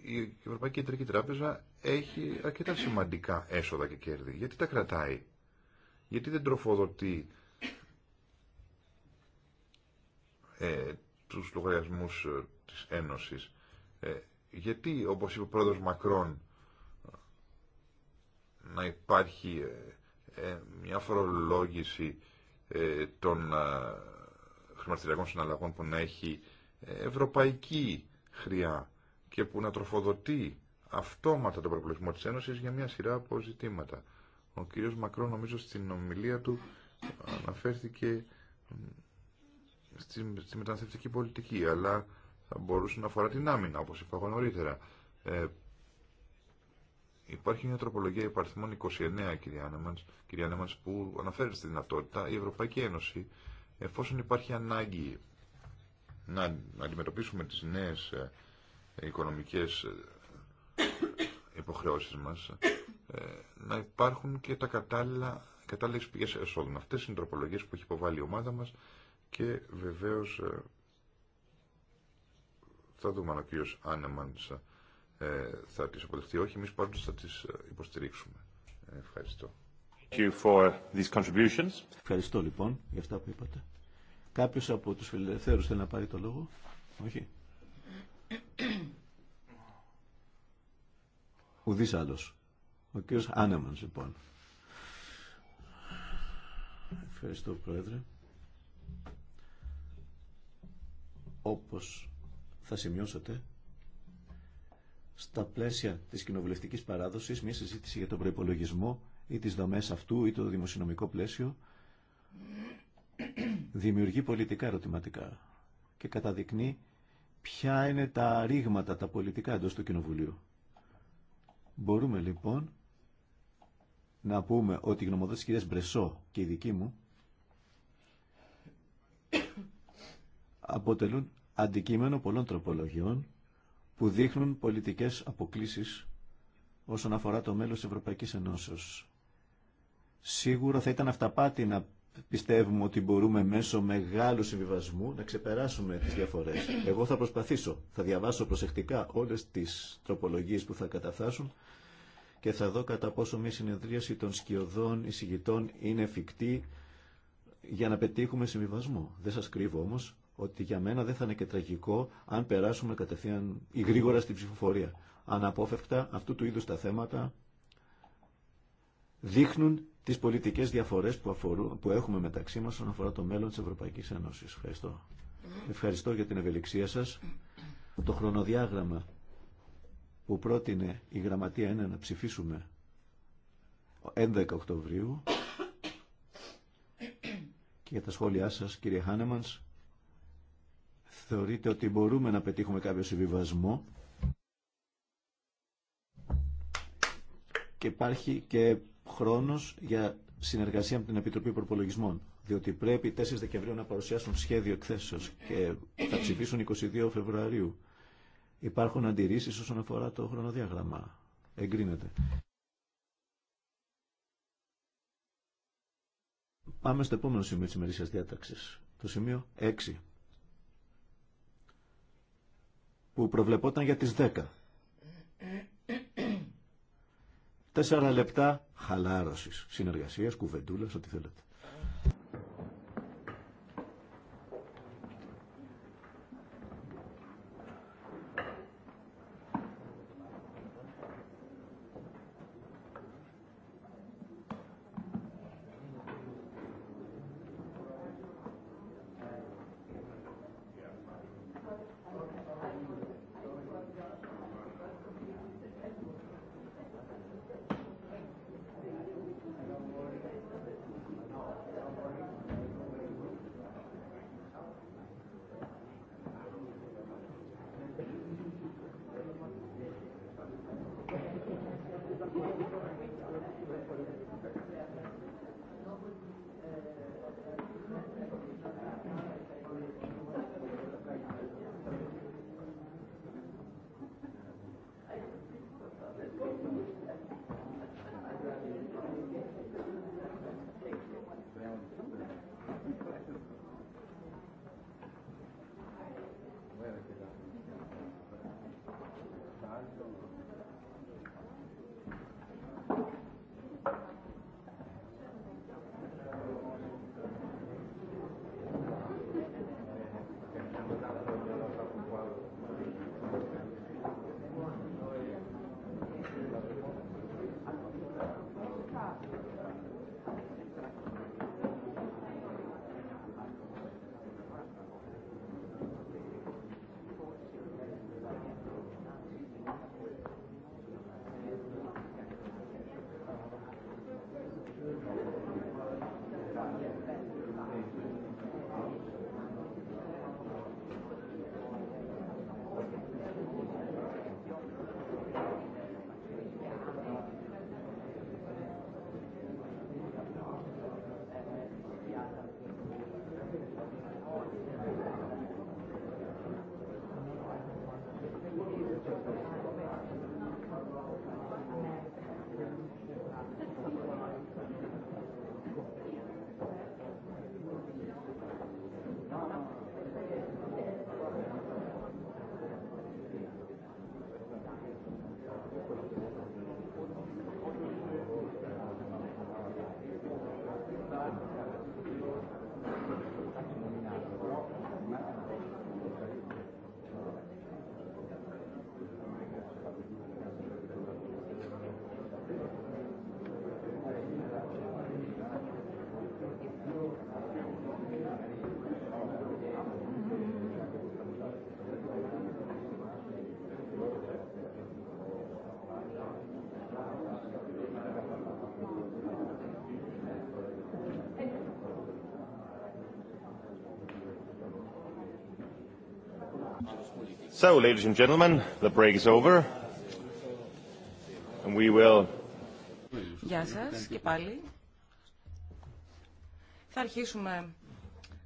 η Ευρωπαϊκή Κεντρική Τράπεζα έχει αρκετά σημαντικά έσοδα και κέρδη. Γιατί τα κρατάει. Γιατί δεν τροφοδοτεί ε, τους λογαριασμούς ε, της Ένωσης. Ε, γιατί, όπως είπε ο πρόεδρος Μακρόν, να υπάρχει ε, ε, μια φορολόγηση ε, των ε, χρηματιστηριακών συναλλαγών που να έχει ευρωπαϊκή χρειά και που να τροφοδοτεί αυτόματα τον προπολογισμό της Ένωσης για μια σειρά από ζητήματα. Ο κύριος Μακρόν νομίζω στην ομιλία του αναφέρθηκε στη, στη μεταναστευτική πολιτική, αλλά θα μπορούσε να αφορά την άμυνα, όπως είπα εγώ νωρίτερα. Ε, υπάρχει μια τροπολογία υπαρθμών 29, κυρία Νέμανς, που αναφέρει στη δυνατότητα η Ευρωπαϊκή Ένωση, εφόσον υπάρχει ανάγκη να αντιμετωπίσουμε τις νέες ε, οικονομικές ε, υποχρεώσεις μας, ε, να υπάρχουν και τα κατάλληλα κατάλληλες πηγές εσόδων. Αυτές είναι οι τροπολογίες που έχει υποβάλει η ομάδα μας και βεβαίως θα δούμε αν ο κύριος Άνεμανς ε, θα τις αποδεχτεί. Όχι, εμείς πάντως θα τις ε, υποστηρίξουμε. Ε, ευχαριστώ. Ευχαριστώ λοιπόν για αυτά που είπατε. Κάποιος από τους φιλελευθέρους θέλει να πάρει το λόγο. Όχι. Ουδής άλλος. Ο κύριος Άνεμανς λοιπόν. Ευχαριστώ Πρόεδρε. Όπως θα σημειώσετε στα πλαίσια της κοινοβουλευτική παράδοσης μια συζήτηση για τον προπολογισμό λοιπόν, η τι δομέ αυτου η το δημοσιονομικο πλαισιο δημιουργει πολιτικα ερωτηματικα και καταδεικνυει ποια ειναι τα ρηγματα τα πολιτικα εντό του κοινοβουλιου μπορουμε λοιπον να πουμε οτι η γνωμοδοτηση κυρια Μπρεσό και η δική μου αποτελούν αντικείμενο πολλών τροπολογιών που δείχνουν πολιτικές αποκλίσεις όσον αφορά το μέλος της Ευρωπαϊκής Ενώσεως. Σίγουρα θα ήταν αυταπάτη να πιστεύουμε ότι μπορούμε μέσω μεγάλου συμβιβασμού να ξεπεράσουμε τις διαφορές. Εγώ θα προσπαθήσω, θα διαβάσω προσεκτικά όλες τις τροπολογίες που θα καταφτάσουν και θα δω κατά πόσο μια συνεδρίαση των σκιωδών εισηγητών είναι εφικτή για να πετύχουμε συμβιβασμό. Δεν σας κρύβω όμως ότι για μένα δεν θα είναι και τραγικό αν περάσουμε κατευθείαν ή γρήγορα στην ψηφοφορία. Αναπόφευκτα αυτού του είδους τα θέματα δείχνουν τις πολιτικές διαφορές που, που έχουμε μεταξύ μας όσον αφορά το μέλλον της Ευρωπαϊκής Ένωσης. Ευχαριστώ. Ευχαριστώ για την ευελιξία σας. Το χρονοδιάγραμμα που πρότεινε η Γραμματεία είναι να ψηφίσουμε 11 Οκτωβρίου και για τα σχόλιά σας κύριε Χάνεμανς θεωρείτε ότι μπορούμε να πετύχουμε κάποιο συμβιβασμό και υπάρχει και χρόνος για συνεργασία με την Επιτροπή Προπολογισμών διότι πρέπει 4 Δεκεμβρίου να παρουσιάσουν σχέδιο εκθέσεως και θα ψηφίσουν 22 Φεβρουαρίου. Υπάρχουν αντιρρήσεις όσον αφορά το χρονοδιάγραμμα. Εγκρίνεται. Πάμε στο επόμενο σημείο της ημερήσιας διάταξης. Το σημείο 6 που προβλεπόταν για τις 10. Τέσσερα λεπτά χαλάρωσης, συνεργασίας, κουβεντούλας, ό,τι θέλετε. So, ladies and gentlemen, the break is over. And we will... Γεια σας και πάλι. Θα αρχίσουμε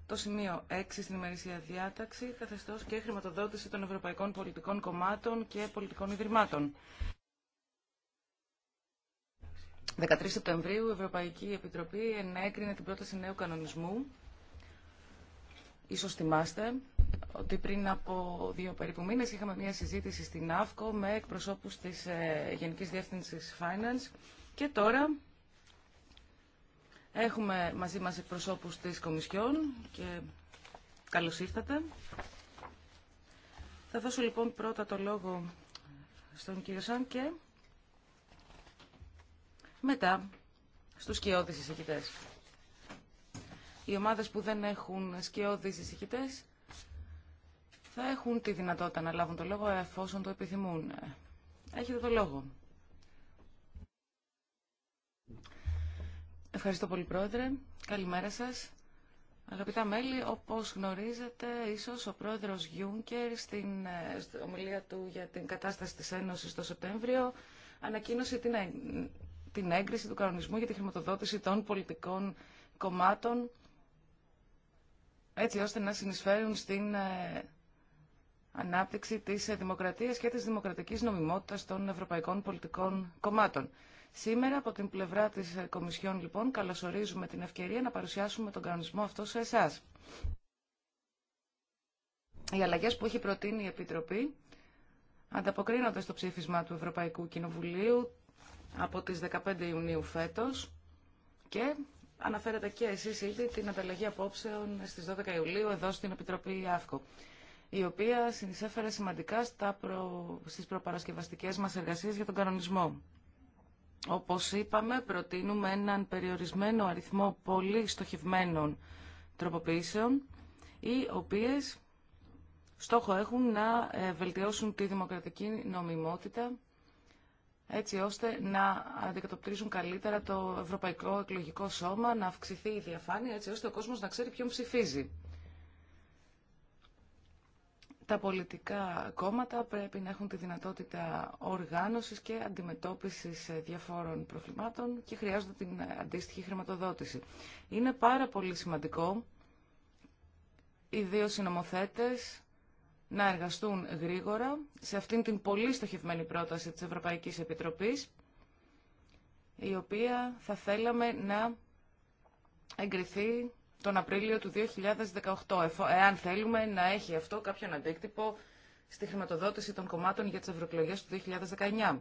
το σημείο 6 στην ημερήσια διάταξη, καθεστώς και χρηματοδότηση των ευρωπαϊκών πολιτικών κομμάτων και πολιτικών ιδρυμάτων. 13 Σεπτεμβρίου η Ευρωπαϊκή Επιτροπή ενέκρινε την πρόταση νέου κανονισμού. Ίσως θυμάστε, ότι πριν από δύο περίπου μήνες είχαμε μια συζήτηση στην ΑΦΚΟ με εκπροσώπους της ε, Γενικής Διεύθυνσης Finance και τώρα έχουμε μαζί μας εκπροσώπους της Κομισιόν και καλώς ήρθατε. Θα δώσω λοιπόν πρώτα το λόγο στον κύριο Σαν και μετά στους σκιώδεις εισηγητές. Οι ομάδες που δεν έχουν σκιώδεις εισηγητές θα έχουν τη δυνατότητα να λάβουν το λόγο εφόσον το επιθυμούν. Έχετε το λόγο. Ευχαριστώ πολύ, Πρόεδρε. Καλημέρα σας. Αγαπητά μέλη, όπως γνωρίζετε, ίσως ο πρόεδρος Γιούνκερ στην ε, ομιλία του για την κατάσταση της Ένωσης το Σεπτέμβριο ανακοίνωσε την, ε, την έγκριση του κανονισμού για τη χρηματοδότηση των πολιτικών κομμάτων έτσι ώστε να συνεισφέρουν στην ε, ανάπτυξη της δημοκρατίας και της δημοκρατικής νομιμότητας των ευρωπαϊκών πολιτικών κομμάτων. Σήμερα από την πλευρά της Κομισιόν λοιπόν καλωσορίζουμε την ευκαιρία να παρουσιάσουμε τον κανονισμό αυτό σε εσά. Οι αλλαγέ που έχει προτείνει η Επιτροπή ανταποκρίνονται στο ψήφισμα του Ευρωπαϊκού Κοινοβουλίου από τις 15 Ιουνίου φέτος και αναφέρατε και εσείς ήδη την ανταλλαγή απόψεων στις 12 Ιουλίου εδώ στην Επιτροπή ΑΦΚΟ η οποία συνεισέφερε σημαντικά στα προ... στις προπαρασκευαστικές μας εργασίες για τον κανονισμό. Όπως είπαμε, προτείνουμε έναν περιορισμένο αριθμό πολύ στοχευμένων τροποποιήσεων, οι οποίες στόχο έχουν να ε, βελτιώσουν τη δημοκρατική νομιμότητα, έτσι ώστε να αντικατοπτρίζουν καλύτερα το Ευρωπαϊκό Εκλογικό Σώμα, να αυξηθεί η διαφάνεια, έτσι ώστε ο κόσμος να ξέρει ποιον ψηφίζει τα πολιτικά κόμματα πρέπει να έχουν τη δυνατότητα οργάνωσης και αντιμετώπισης διαφόρων προβλημάτων και χρειάζονται την αντίστοιχη χρηματοδότηση. Είναι πάρα πολύ σημαντικό οι δύο συνομοθέτες να εργαστούν γρήγορα σε αυτήν την πολύ στοχευμένη πρόταση της Ευρωπαϊκής Επιτροπής, η οποία θα θέλαμε να εγκριθεί τον Απρίλιο του 2018, εάν θέλουμε να έχει αυτό κάποιον αντίκτυπο στη χρηματοδότηση των κομμάτων για τις ευρωεκλογές του 2019.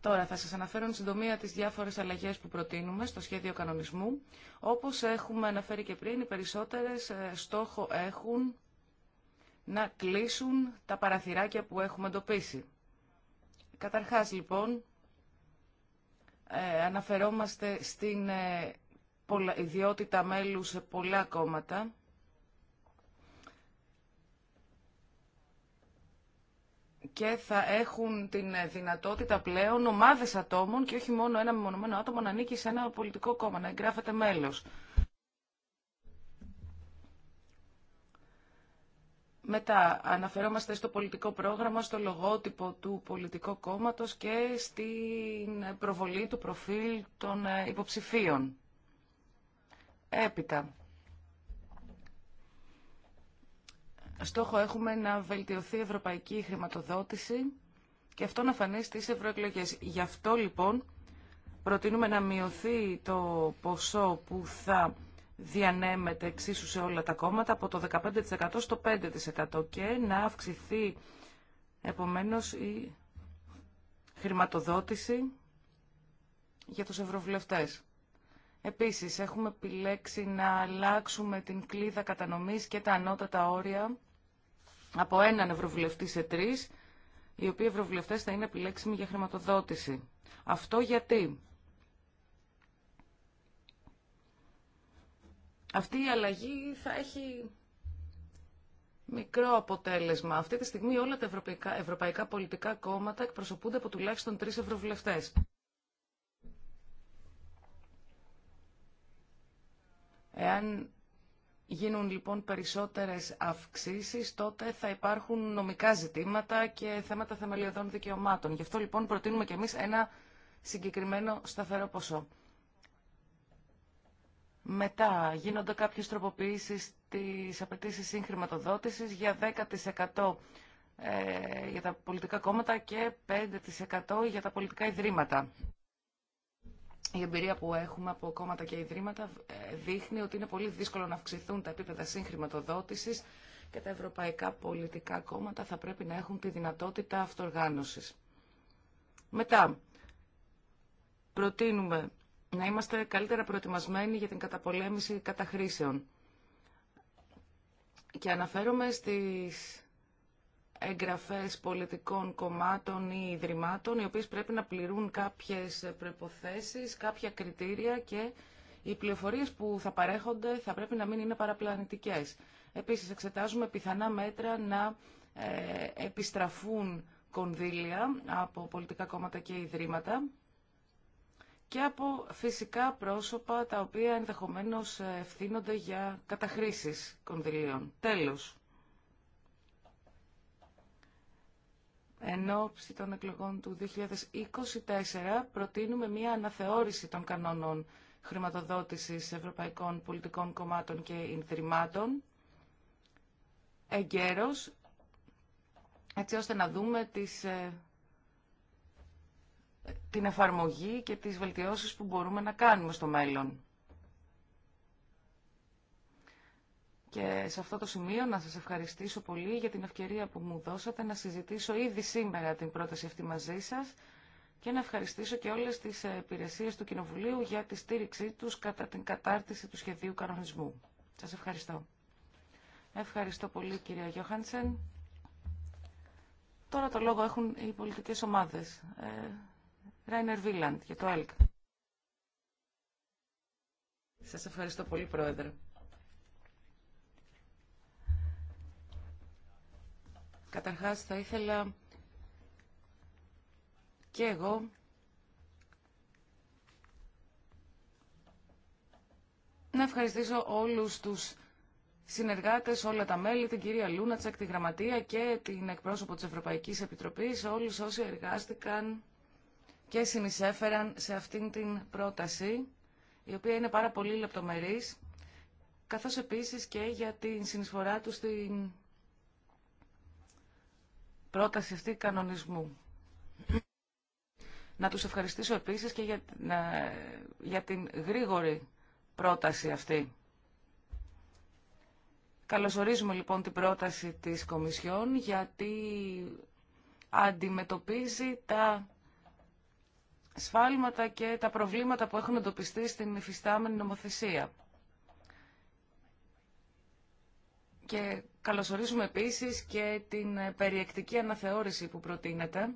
Τώρα θα σας αναφέρω εν συντομία τις διάφορες αλλαγές που προτείνουμε στο σχέδιο κανονισμού. Όπως έχουμε αναφέρει και πριν, οι περισσότερες ε, στόχο έχουν να κλείσουν τα παραθυράκια που έχουμε εντοπίσει. Καταρχάς λοιπόν, ε, αναφερόμαστε στην ε, ιδιότητα μέλου σε πολλά κόμματα. και θα έχουν την ε, δυνατότητα πλέον ομάδες ατόμων και όχι μόνο ένα μεμονωμένο άτομο να ανήκει σε ένα πολιτικό κόμμα, να εγγράφεται μέλος. Μετά αναφερόμαστε στο πολιτικό πρόγραμμα, στο λογότυπο του πολιτικού κόμματος και στην προβολή του προφίλ των ε, υποψηφίων. Έπειτα. Στόχο έχουμε να βελτιωθεί η ευρωπαϊκή χρηματοδότηση και αυτό να φανεί στις ευρωεκλογές. Γι' αυτό λοιπόν προτείνουμε να μειωθεί το ποσό που θα διανέμεται εξίσου σε όλα τα κόμματα από το 15% στο 5% και να αυξηθεί επομένως η χρηματοδότηση για τους ευρωβουλευτές. Επίσης, έχουμε επιλέξει να αλλάξουμε την κλίδα κατανομής και τα ανώτατα όρια από έναν ευρωβουλευτή σε τρεις, οι οποίοι ευρωβουλευτές θα είναι επιλέξιμοι για χρηματοδότηση. Αυτό γιατί αυτή η αλλαγή θα έχει μικρό αποτέλεσμα. Αυτή τη στιγμή όλα τα ευρωπαϊκά, ευρωπαϊκά πολιτικά κόμματα εκπροσωπούνται από τουλάχιστον τρεις ευρωβουλευτές. Εάν γίνουν λοιπόν περισσότερες αυξήσεις, τότε θα υπάρχουν νομικά ζητήματα και θέματα θεμελιωδών δικαιωμάτων. Γι' αυτό λοιπόν προτείνουμε και εμείς ένα συγκεκριμένο σταθερό ποσό. Μετά γίνονται κάποιες τροποποιήσεις στις απαιτήσει συγχρηματοδότησης για 10% ε, για τα πολιτικά κόμματα και 5% για τα πολιτικά ιδρύματα. Η εμπειρία που έχουμε από κόμματα και ιδρύματα ε, δείχνει ότι είναι πολύ δύσκολο να αυξηθούν τα επίπεδα συγχρηματοδότησης και τα ευρωπαϊκά πολιτικά κόμματα θα πρέπει να έχουν τη δυνατότητα αυτοργάνωσης. Μετά, προτείνουμε να είμαστε καλύτερα προετοιμασμένοι για την καταπολέμηση καταχρήσεων. Και αναφέρομαι στις εγγραφές πολιτικών κομμάτων ή ιδρυμάτων, οι οποίες πρέπει να πληρούν κάποιες προϋποθέσεις, κάποια κριτήρια και οι πληροφορίες που θα παρέχονται θα πρέπει να μην είναι παραπλανητικές. Επίσης, εξετάζουμε πιθανά μέτρα να ε, επιστραφούν κονδύλια από πολιτικά κόμματα και ιδρύματα και από φυσικά πρόσωπα τα οποία ενδεχομένως ε, ευθύνονται για καταχρήσεις κονδυλίων. Τέλος. Ενώ των εκλογών του 2024 προτείνουμε μία αναθεώρηση των κανόνων χρηματοδότησης ευρωπαϊκών πολιτικών κομμάτων και ιδρυμάτων εγκαίρως, έτσι ώστε να δούμε τις ε, την εφαρμογή και τις βελτιώσεις που μπορούμε να κάνουμε στο μέλλον. Και σε αυτό το σημείο να σας ευχαριστήσω πολύ για την ευκαιρία που μου δώσατε να συζητήσω ήδη σήμερα την πρόταση αυτή μαζί σας και να ευχαριστήσω και όλες τις υπηρεσίε του Κοινοβουλίου για τη στήριξή τους κατά την κατάρτιση του σχεδίου κανονισμού. Σας ευχαριστώ. Ευχαριστώ πολύ κυρία Γιώχανσεν. Τώρα το λόγο έχουν οι πολιτικές ομάδες. Ε, Ράινερ Βίλαντ για το ΑΛΚ. Σας ευχαριστώ πολύ, Πρόεδρε. Καταρχάς, θα ήθελα και εγώ να ευχαριστήσω όλους τους συνεργάτες, όλα τα μέλη, την κυρία Λούνατσακ, τη Γραμματεία και την εκπρόσωπο της Ευρωπαϊκής Επιτροπής, όλους όσοι εργάστηκαν και συνεισέφεραν σε αυτήν την πρόταση, η οποία είναι πάρα πολύ λεπτομερής, καθώς επίσης και για την συνεισφορά του στην πρόταση αυτή κανονισμού. Να τους ευχαριστήσω επίσης και για, για την γρήγορη πρόταση αυτή. Καλωσορίζουμε λοιπόν την πρόταση της Κομισιόν γιατί αντιμετωπίζει τα σφάλματα και τα προβλήματα που έχουν εντοπιστεί στην υφιστάμενη νομοθεσία. Και καλωσορίζουμε επίσης και την περιεκτική αναθεώρηση που προτείνεται.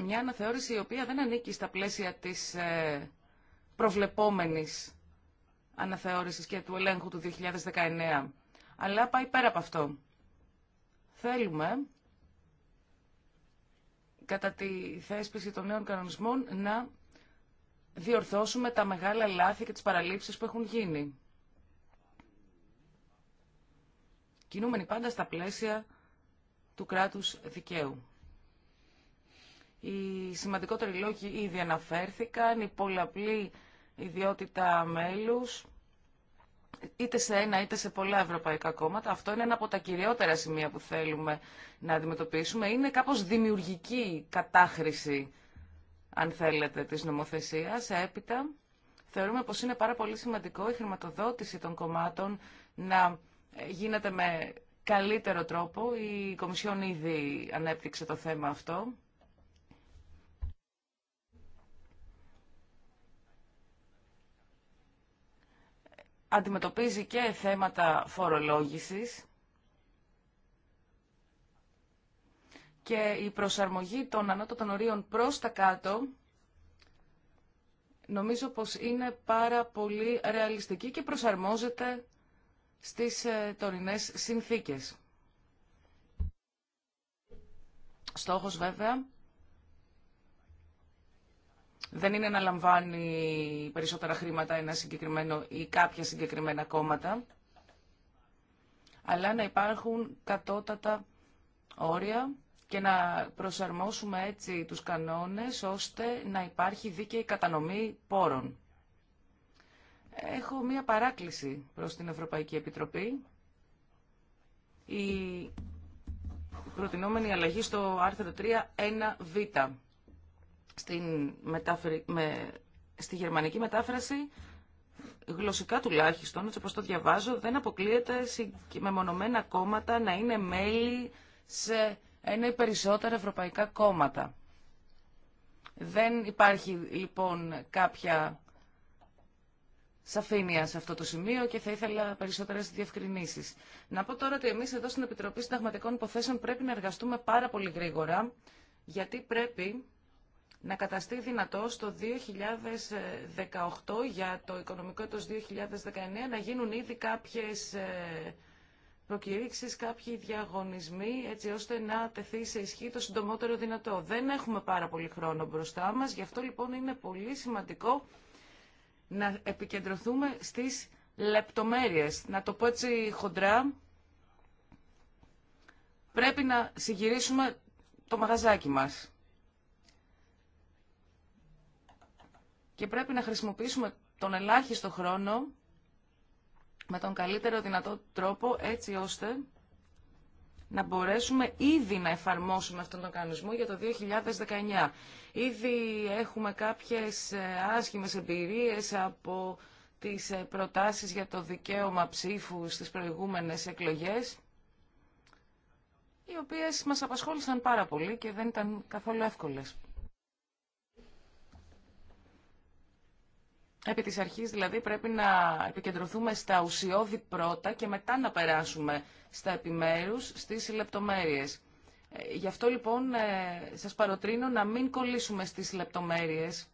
Μια αναθεώρηση η οποία δεν ανήκει στα πλαίσια της ε, προβλεπόμενης αναθεώρησης και του ελέγχου του 2019, αλλά πάει πέρα από αυτό. Θέλουμε κατά τη θέσπιση των νέων κανονισμών να διορθώσουμε τα μεγάλα λάθη και τις παραλήψεις που έχουν γίνει. Κινούμενοι πάντα στα πλαίσια του κράτους δικαίου. Οι σημαντικότεροι λόγοι ήδη αναφέρθηκαν, η πολλαπλή ιδιότητα μέλους, είτε σε ένα είτε σε πολλά ευρωπαϊκά κόμματα. Αυτό είναι ένα από τα κυριότερα σημεία που θέλουμε να αντιμετωπίσουμε. Είναι κάπως δημιουργική κατάχρηση, αν θέλετε, της νομοθεσίας. Έπειτα, θεωρούμε πως είναι πάρα πολύ σημαντικό η χρηματοδότηση των κομμάτων να γίνεται με καλύτερο τρόπο. Η Κομισιόν ήδη ανέπτυξε το θέμα αυτό. αντιμετωπίζει και θέματα φορολόγησης και η προσαρμογή των ανώτατων ορίων προς τα κάτω νομίζω πως είναι πάρα πολύ ρεαλιστική και προσαρμόζεται στις ε, τωρινές συνθήκες. Στόχος βέβαια δεν είναι να λαμβάνει περισσότερα χρήματα ένα συγκεκριμένο ή κάποια συγκεκριμένα κόμματα, αλλά να υπάρχουν κατώτατα όρια και να προσαρμόσουμε έτσι τους κανόνες ώστε να υπάρχει δίκαιη κατανομή πόρων. Έχω μία παράκληση προς την Ευρωπαϊκή Επιτροπή. Η προτινόμενη αλλαγή στο άρθρο 3.1β στην με, στη γερμανική μετάφραση, γλωσσικά τουλάχιστον, έτσι όπως το διαβάζω, δεν αποκλείεται με μονομένα κόμματα να είναι μέλη σε ένα ή περισσότερα ευρωπαϊκά κόμματα. Δεν υπάρχει λοιπόν κάποια σαφήνεια σε αυτό το σημείο και θα ήθελα περισσότερε διευκρινήσει. Να πω τώρα ότι εμεί εδώ στην Επιτροπή Συνταγματικών Υποθέσεων πρέπει να εργαστούμε πάρα πολύ γρήγορα, γιατί πρέπει να καταστεί δυνατό στο 2018 για το οικονομικό έτος 2019 να γίνουν ήδη κάποιες ε, προκηρύξεις, κάποιοι διαγωνισμοί έτσι ώστε να τεθεί σε ισχύ το συντομότερο δυνατό. Δεν έχουμε πάρα πολύ χρόνο μπροστά μας, γι' αυτό λοιπόν είναι πολύ σημαντικό να επικεντρωθούμε στις λεπτομέρειες. Να το πω έτσι χοντρά, πρέπει να συγκυρίσουμε το μαγαζάκι μας. και πρέπει να χρησιμοποιήσουμε τον ελάχιστο χρόνο με τον καλύτερο δυνατό τρόπο έτσι ώστε να μπορέσουμε ήδη να εφαρμόσουμε αυτόν τον κανονισμό για το 2019. Ήδη έχουμε κάποιες ε, άσχημες εμπειρίες από τις ε, προτάσεις για το δικαίωμα ψήφου στις προηγούμενες εκλογές, οι οποίες μας απασχόλησαν πάρα πολύ και δεν ήταν καθόλου εύκολες. Επί της αρχής δηλαδή πρέπει να επικεντρωθούμε στα ουσιώδη πρώτα και μετά να περάσουμε στα επιμέρους, στις λεπτομέρειες. Ε, γι' αυτό λοιπόν ε, σας παροτρύνω να μην κολλήσουμε στις λεπτομέρειες.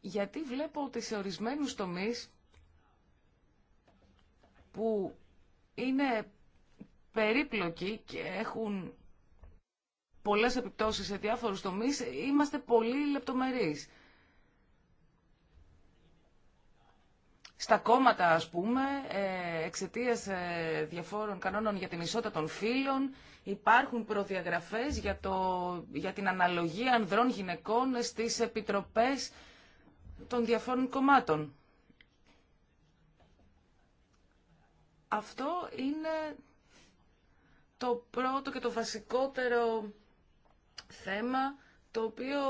Γιατί βλέπω ότι σε ορισμένους τομείς που είναι περίπλοκοι και έχουν πολλές επιπτώσεις σε διάφορους τομείς, είμαστε πολύ λεπτομερείς. Στα κόμματα, ας πούμε, ε, εξαιτία ε, διαφόρων κανόνων για την ισότητα των φύλων, υπάρχουν προδιαγραφές για, το, για την αναλογία ανδρών γυναικών στις επιτροπές των διαφόρων κομμάτων. Αυτό είναι το πρώτο και το βασικότερο θέμα το οποίο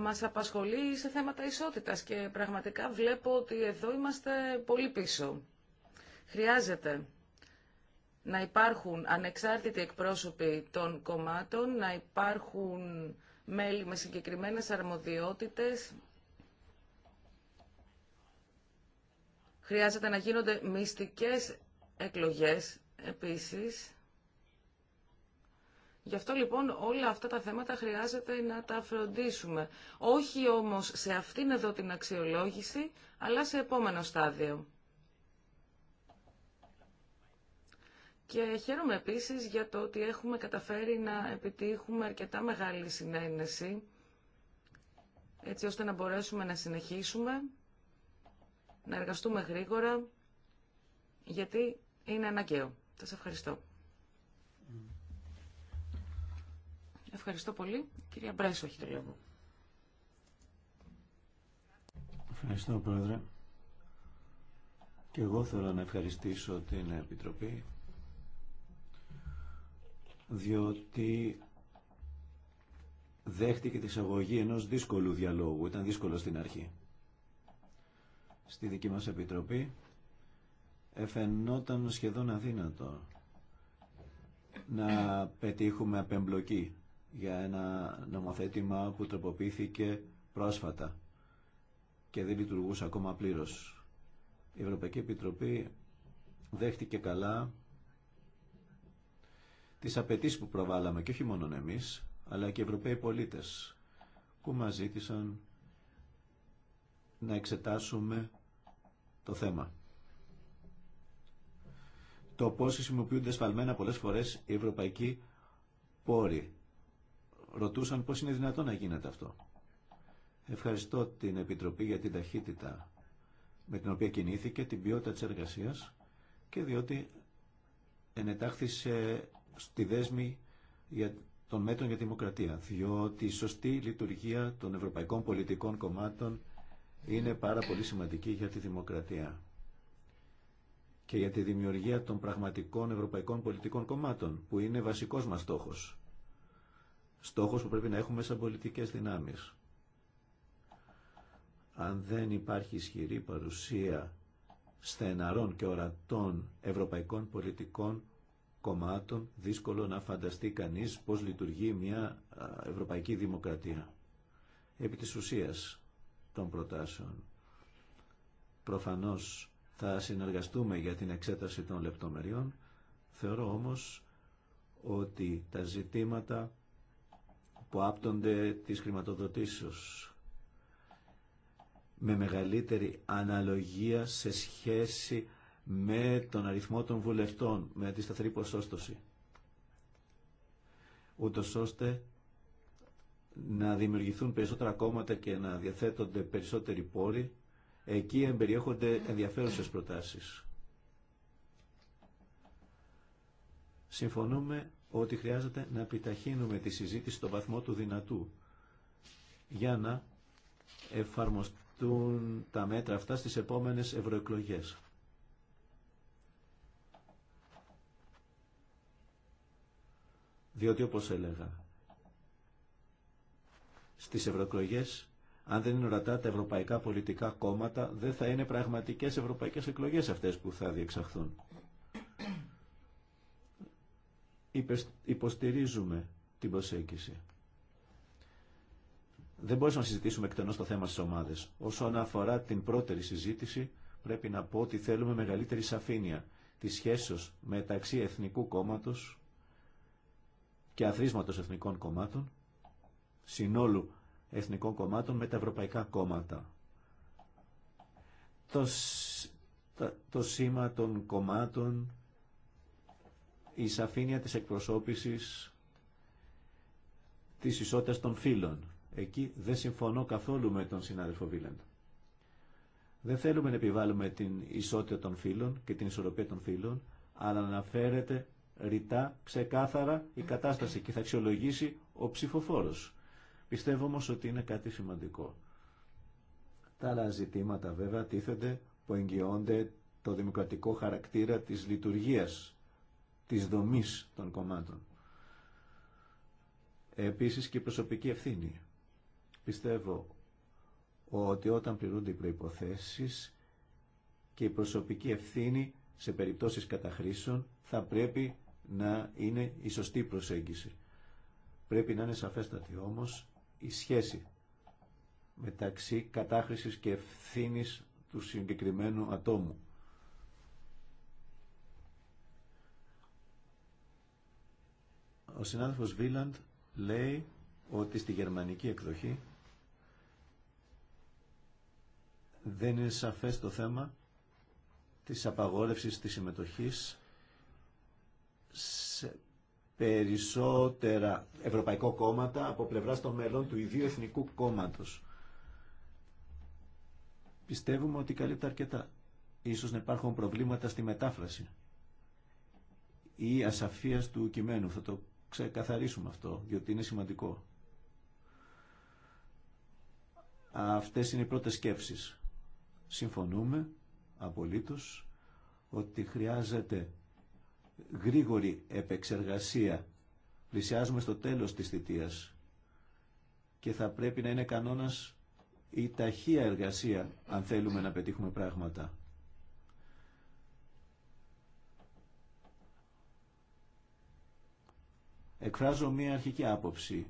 μας απασχολεί σε θέματα ισότητας και πραγματικά βλέπω ότι εδώ είμαστε πολύ πίσω. Χρειάζεται να υπάρχουν ανεξάρτητοι εκπρόσωποι των κομμάτων, να υπάρχουν μέλη με συγκεκριμένες αρμοδιότητες. Χρειάζεται να γίνονται μυστικές εκλογές επίσης. Γι' αυτό λοιπόν όλα αυτά τα θέματα χρειάζεται να τα φροντίσουμε. Όχι όμως σε αυτήν εδώ την αξιολόγηση, αλλά σε επόμενο στάδιο. Και χαίρομαι επίσης για το ότι έχουμε καταφέρει να επιτύχουμε αρκετά μεγάλη συνένεση, έτσι ώστε να μπορέσουμε να συνεχίσουμε, να εργαστούμε γρήγορα, γιατί είναι αναγκαίο. Σας ευχαριστώ. Ευχαριστώ πολύ. Κυρία Μπρέσο έχει το λόγο. Ευχαριστώ Πρόεδρε. Και εγώ θέλω να ευχαριστήσω την Επιτροπή διότι δέχτηκε τη εισαγωγή ενός δύσκολου διαλόγου. Ήταν δύσκολο στην αρχή. Στη δική μας Επιτροπή εφαινόταν σχεδόν αδύνατο να πετύχουμε απεμπλοκή για ένα νομοθέτημα που τροποποιήθηκε πρόσφατα και δεν λειτουργούσε ακόμα πλήρως. Η Ευρωπαϊκή Επιτροπή δέχτηκε καλά τις απαιτήσει που προβάλαμε και όχι μόνο εμείς, αλλά και οι Ευρωπαίοι πολίτες που μας ζήτησαν να εξετάσουμε το θέμα. Το πώς χρησιμοποιούνται σφαλμένα πολλές φορές οι ευρωπαϊκοί πόροι ρωτούσαν πώς είναι δυνατόν να γίνεται αυτό. Ευχαριστώ την Επιτροπή για την ταχύτητα με την οποία κινήθηκε, την ποιότητα της εργασίας και διότι ενετάχθησε στη δέσμη για των μέτρων για δημοκρατία, διότι η σωστή λειτουργία των ευρωπαϊκών πολιτικών κομμάτων είναι πάρα πολύ σημαντική για τη δημοκρατία και για τη δημιουργία των πραγματικών ευρωπαϊκών πολιτικών κομμάτων, που είναι βασικός μας στόχος στόχος που πρέπει να έχουμε σαν πολιτικές δυνάμεις. Αν δεν υπάρχει ισχυρή παρουσία στεναρών και ορατών ευρωπαϊκών πολιτικών κομμάτων, δύσκολο να φανταστεί κανείς πώς λειτουργεί μια ευρωπαϊκή δημοκρατία. Επί της ουσίας των προτάσεων, προφανώς θα συνεργαστούμε για την εξέταση των λεπτομεριών, θεωρώ όμως ότι τα ζητήματα που άπτονται της χρηματοδοτήσεως με μεγαλύτερη αναλογία σε σχέση με τον αριθμό των βουλευτών, με τη σταθερή ποσόστοση. Ούτως ώστε να δημιουργηθούν περισσότερα κόμματα και να διαθέτονται περισσότεροι πόροι, εκεί εμπεριέχονται ενδιαφέρουσες προτάσεις. Συμφωνούμε ότι χρειάζεται να επιταχύνουμε τη συζήτηση στον βαθμό του δυνατού για να εφαρμοστούν τα μέτρα αυτά στις επόμενες ευρωεκλογές. Διότι όπως έλεγα, στις ευρωεκλογέ, αν δεν είναι ορατά τα ευρωπαϊκά πολιτικά κόμματα, δεν θα είναι πραγματικές ευρωπαϊκές εκλογές αυτές που θα διεξαχθούν υποστηρίζουμε την προσέγγιση. Δεν μπορούσαμε να συζητήσουμε εκτενώς το θέμα στις ομάδες. Όσον αφορά την πρώτερη συζήτηση, πρέπει να πω ότι θέλουμε μεγαλύτερη σαφήνεια της σχέσεως μεταξύ Εθνικού Κόμματος και Αθρίσματος Εθνικών Κομμάτων, συνόλου Εθνικών Κομμάτων με τα Ευρωπαϊκά Κόμματα. Το, το σήμα των κομμάτων η σαφήνεια της εκπροσώπησης της ισότητας των φίλων Εκεί δεν συμφωνώ καθόλου με τον συνάδελφο Βίλεντ. Δεν θέλουμε να επιβάλλουμε την ισότητα των φίλων και την ισορροπία των φίλων αλλά να αναφέρεται ρητά, ξεκάθαρα η κατάσταση και θα αξιολογήσει ο ψηφοφόρος. Πιστεύω όμω ότι είναι κάτι σημαντικό. Τα άλλα ζητήματα βέβαια τίθενται που εγγυώνται το δημοκρατικό χαρακτήρα της λειτουργίας της δομής των κομμάτων. Επίσης και η προσωπική ευθύνη. Πιστεύω ότι όταν πληρούνται οι προϋποθέσεις και η προσωπική ευθύνη σε περιπτώσεις καταχρήσεων θα πρέπει να είναι η σωστή προσέγγιση. Πρέπει να είναι σαφέστατη όμως η σχέση μεταξύ κατάχρησης και ευθύνης του συγκεκριμένου ατόμου. Ο συνάδελφος Βίλαντ λέει ότι στη γερμανική εκδοχή δεν είναι σαφές το θέμα της απαγόρευσης της συμμετοχής σε περισσότερα ευρωπαϊκό κόμματα από πλευρά των μελών του ιδίου εθνικού κόμματος. Πιστεύουμε ότι καλύπτει αρκετά. Ίσως να υπάρχουν προβλήματα στη μετάφραση ή ασαφίας του κειμένου. Θα το ξεκαθαρίσουμε αυτό, διότι είναι σημαντικό. Αυτές είναι οι πρώτες σκέψεις. Συμφωνούμε απολύτως ότι χρειάζεται γρήγορη επεξεργασία. Πλησιάζουμε στο τέλος της θητείας και θα πρέπει να είναι κανόνας η ταχεία εργασία αν θέλουμε να πετύχουμε πράγματα. εκφράζω μία αρχική άποψη.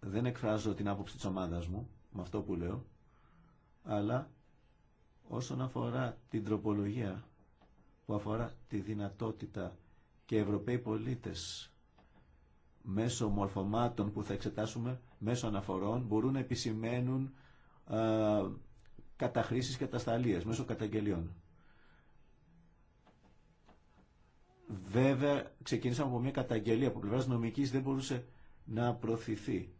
Δεν εκφράζω την άποψη της ομάδας μου, με αυτό που λέω, αλλά όσον αφορά την τροπολογία που αφορά τη δυνατότητα και Ευρωπαίοι πολίτες μέσω μορφωμάτων που θα εξετάσουμε, μέσω αναφορών, μπορούν να επισημαίνουν ε, καταχρήσεις και ατασταλίες μέσω καταγγελιών. Βέβαια, ξεκινήσαμε από μια καταγγελία που πλευρά νομική δεν μπορούσε να προωθηθεί.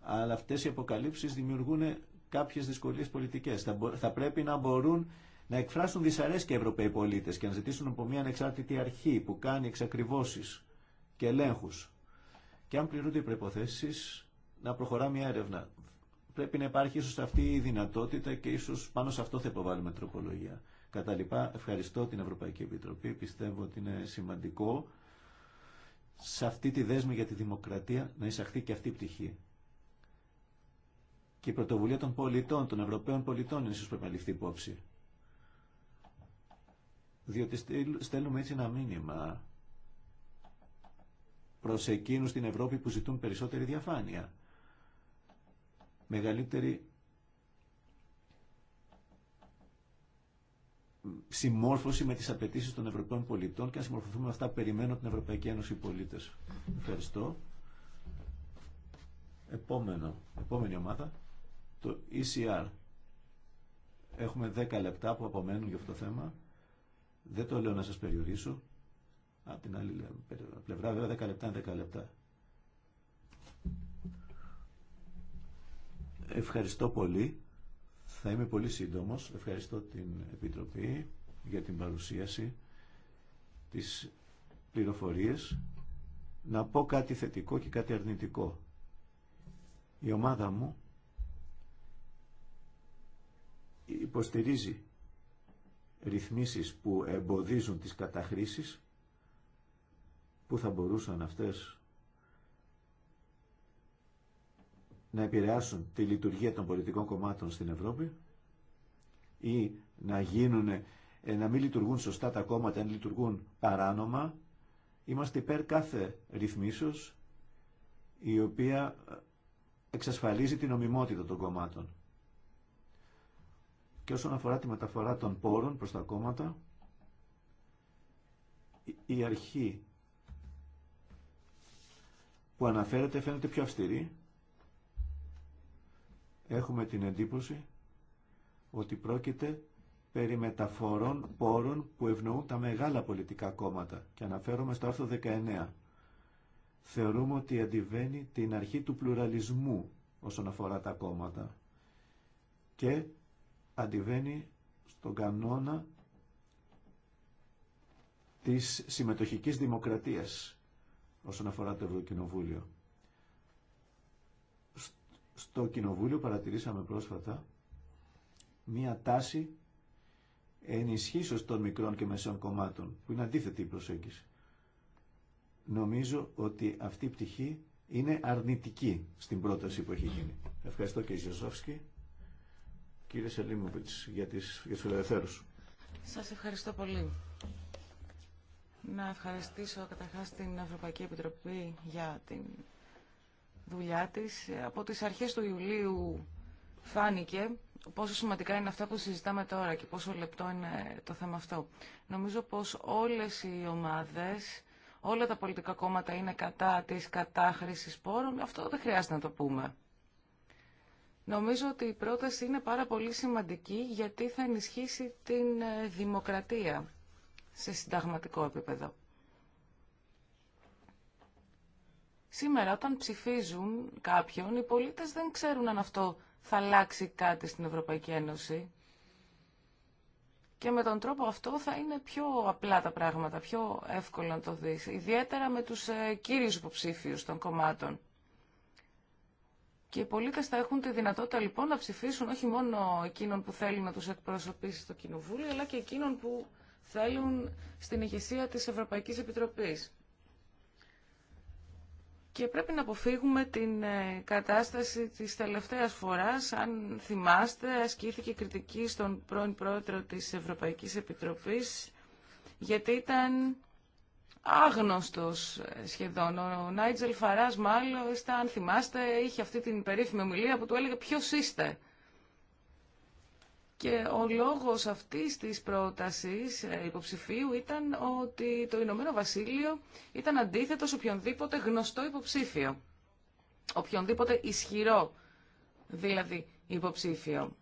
Αλλά αυτέ οι αποκαλύψει δημιουργούν κάποιε δυσκολίε πολιτικέ. Θα, πρέπει να μπορούν να εκφράσουν δυσαρέσκεια Ευρωπαίοι πολίτε και να ζητήσουν από μια ανεξάρτητη αρχή που κάνει εξακριβώσει και ελέγχου. Και αν πληρούνται οι προποθέσει, να προχωρά μια έρευνα. Πρέπει να υπάρχει ίσω αυτή η δυνατότητα και ίσω πάνω σε αυτό θα υποβάλουμε τροπολογία κατά λοιπά. Ευχαριστώ την Ευρωπαϊκή Επιτροπή. Πιστεύω ότι είναι σημαντικό σε αυτή τη δέσμη για τη δημοκρατία να εισαχθεί και αυτή η πτυχή. Και η πρωτοβουλία των πολιτών, των Ευρωπαίων πολιτών, ίσω πρέπει να ληφθεί υπόψη. Διότι στέλνουμε έτσι ένα μήνυμα προ εκείνου στην Ευρώπη που ζητούν περισσότερη διαφάνεια. Μεγαλύτερη συμμόρφωση με τις απαιτήσεις των Ευρωπαίων πολιτών και να συμμορφωθούμε με αυτά που περιμένουν την Ευρωπαϊκή Ένωση πολίτες. Ευχαριστώ. Επόμενο, επόμενη ομάδα, το ECR. Έχουμε 10 λεπτά που απομένουν για αυτό το θέμα. Δεν το λέω να σας περιορίσω. Από την άλλη πλευρά, βέβαια, 10 λεπτά είναι 10 λεπτά. Ευχαριστώ πολύ. Θα είμαι πολύ σύντομος. Ευχαριστώ την Επιτροπή για την παρουσίαση της πληροφορίες. Να πω κάτι θετικό και κάτι αρνητικό. Η ομάδα μου υποστηρίζει ρυθμίσεις που εμποδίζουν τις καταχρήσεις που θα μπορούσαν αυτές να επηρεάσουν τη λειτουργία των πολιτικών κομμάτων στην Ευρώπη ή να γίνουν, ε, να μην λειτουργούν σωστά τα κόμματα, αν λειτουργούν παράνομα. Είμαστε υπέρ κάθε ρυθμίσεως η οποία ε, εξασφαλίζει την ομιμότητα των κομμάτων. Και όσον αφορά τη μεταφορά των πόρων προς τα κόμματα, η αρχή που αναφέρεται φαίνεται πιο αυστηρή έχουμε την εντύπωση ότι πρόκειται περί μεταφορών πόρων που ευνοούν τα μεγάλα πολιτικά κόμματα και αναφέρομαι στο άρθρο 19. Θεωρούμε ότι αντιβαίνει την αρχή του πλουραλισμού όσον αφορά τα κόμματα και αντιβαίνει στον κανόνα της συμμετοχικής δημοκρατίας όσον αφορά το Ευρωκοινοβούλιο. Στο Κοινοβούλιο παρατηρήσαμε πρόσφατα μία τάση ενισχύσεως των μικρών και μεσών κομμάτων, που είναι αντίθετη η προσέγγιση. Νομίζω ότι αυτή η πτυχή είναι αρνητική στην πρόταση που έχει γίνει. Ευχαριστώ και Ζιωσόφσκι. κύριε Σελίμοβιτς, για, τις, για τους Σας ευχαριστώ πολύ. Να ευχαριστήσω καταρχάς την Ευρωπαϊκή Επιτροπή για την δουλειά της. Από τις αρχές του Ιουλίου φάνηκε πόσο σημαντικά είναι αυτά που συζητάμε τώρα και πόσο λεπτό είναι το θέμα αυτό. Νομίζω πως όλες οι ομάδες, όλα τα πολιτικά κόμματα είναι κατά της κατάχρησης πόρων. Αυτό δεν χρειάζεται να το πούμε. Νομίζω ότι η πρόταση είναι πάρα πολύ σημαντική γιατί θα ενισχύσει την ε, δημοκρατία σε συνταγματικό επίπεδο. Σήμερα όταν ψηφίζουν κάποιον, οι πολίτες δεν ξέρουν αν αυτό θα αλλάξει κάτι στην Ευρωπαϊκή Ένωση. Και με τον τρόπο αυτό θα είναι πιο απλά τα πράγματα, πιο εύκολο να το δεις. Ιδιαίτερα με τους ε, κύριους υποψήφιους των κομμάτων. Και οι πολίτες θα έχουν τη δυνατότητα λοιπόν να ψηφίσουν όχι μόνο εκείνον που θέλουν να τους εκπροσωπήσει στο Κοινοβούλιο, αλλά και εκείνων που θέλουν στην ηγεσία της Ευρωπαϊκής Επιτροπής. Και πρέπει να αποφύγουμε την ε, κατάσταση της τελευταίας φοράς. Αν θυμάστε, ασκήθηκε κριτική στον πρώην πρόεδρο της Ευρωπαϊκής Επιτροπής, γιατί ήταν άγνωστος ε, σχεδόν. Ο Νάιτζελ Φαράς, μάλλον, αν θυμάστε, είχε αυτή την περίφημη ομιλία που του έλεγε «Ποιος είστε» Και ο λόγος αυτής της πρότασης ε, υποψηφίου ήταν ότι το Ηνωμένο Βασίλειο ήταν αντίθετο σε οποιονδήποτε γνωστό υποψήφιο. Οποιονδήποτε ισχυρό δηλαδή υποψήφιο.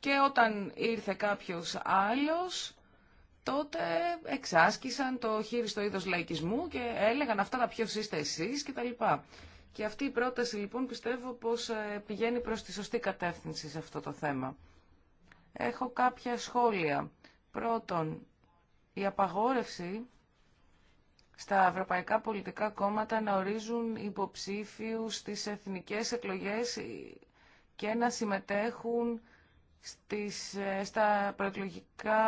Και όταν ήρθε κάποιος άλλος, τότε εξάσκησαν το χείριστο είδος λαϊκισμού και έλεγαν αυτά τα ποιος είστε εσείς κτλ. Και αυτή η πρόταση λοιπόν πιστεύω πως ε, πηγαίνει προς τη σωστή κατεύθυνση σε αυτό το θέμα. Έχω κάποια σχόλια. Πρώτον, η απαγόρευση στα ευρωπαϊκά πολιτικά κόμματα να ορίζουν υποψήφιους στις εθνικές εκλογές και να συμμετέχουν στις, ε, στα προεκλογικά,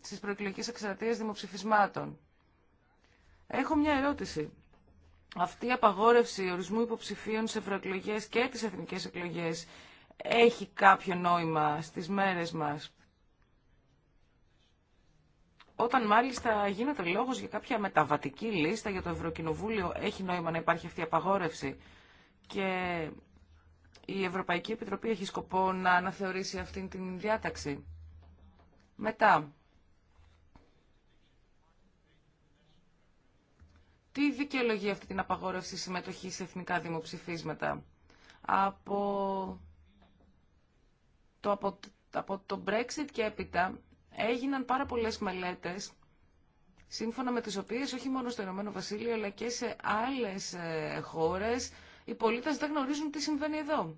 στις προεκλογικές εξαρτίες δημοψηφισμάτων. Έχω μια ερώτηση αυτή η απαγόρευση ορισμού υποψηφίων σε ευρωεκλογέ και τις εθνικές εκλογές έχει κάποιο νόημα στις μέρες μας. Όταν μάλιστα γίνεται λόγος για κάποια μεταβατική λίστα για το Ευρωκοινοβούλιο, έχει νόημα να υπάρχει αυτή η απαγόρευση. Και η Ευρωπαϊκή Επιτροπή έχει σκοπό να αναθεωρήσει αυτή την διάταξη. Μετά, Τι δικαιολογεί αυτή την απαγόρευση συμμετοχής σε εθνικά δημοψηφίσματα. Από το, από, το Brexit και έπειτα έγιναν πάρα πολλές μελέτες σύμφωνα με τις οποίες όχι μόνο στο Ηνωμένο Βασίλειο αλλά και σε άλλες ε, χώρες οι πολίτες δεν γνωρίζουν τι συμβαίνει εδώ.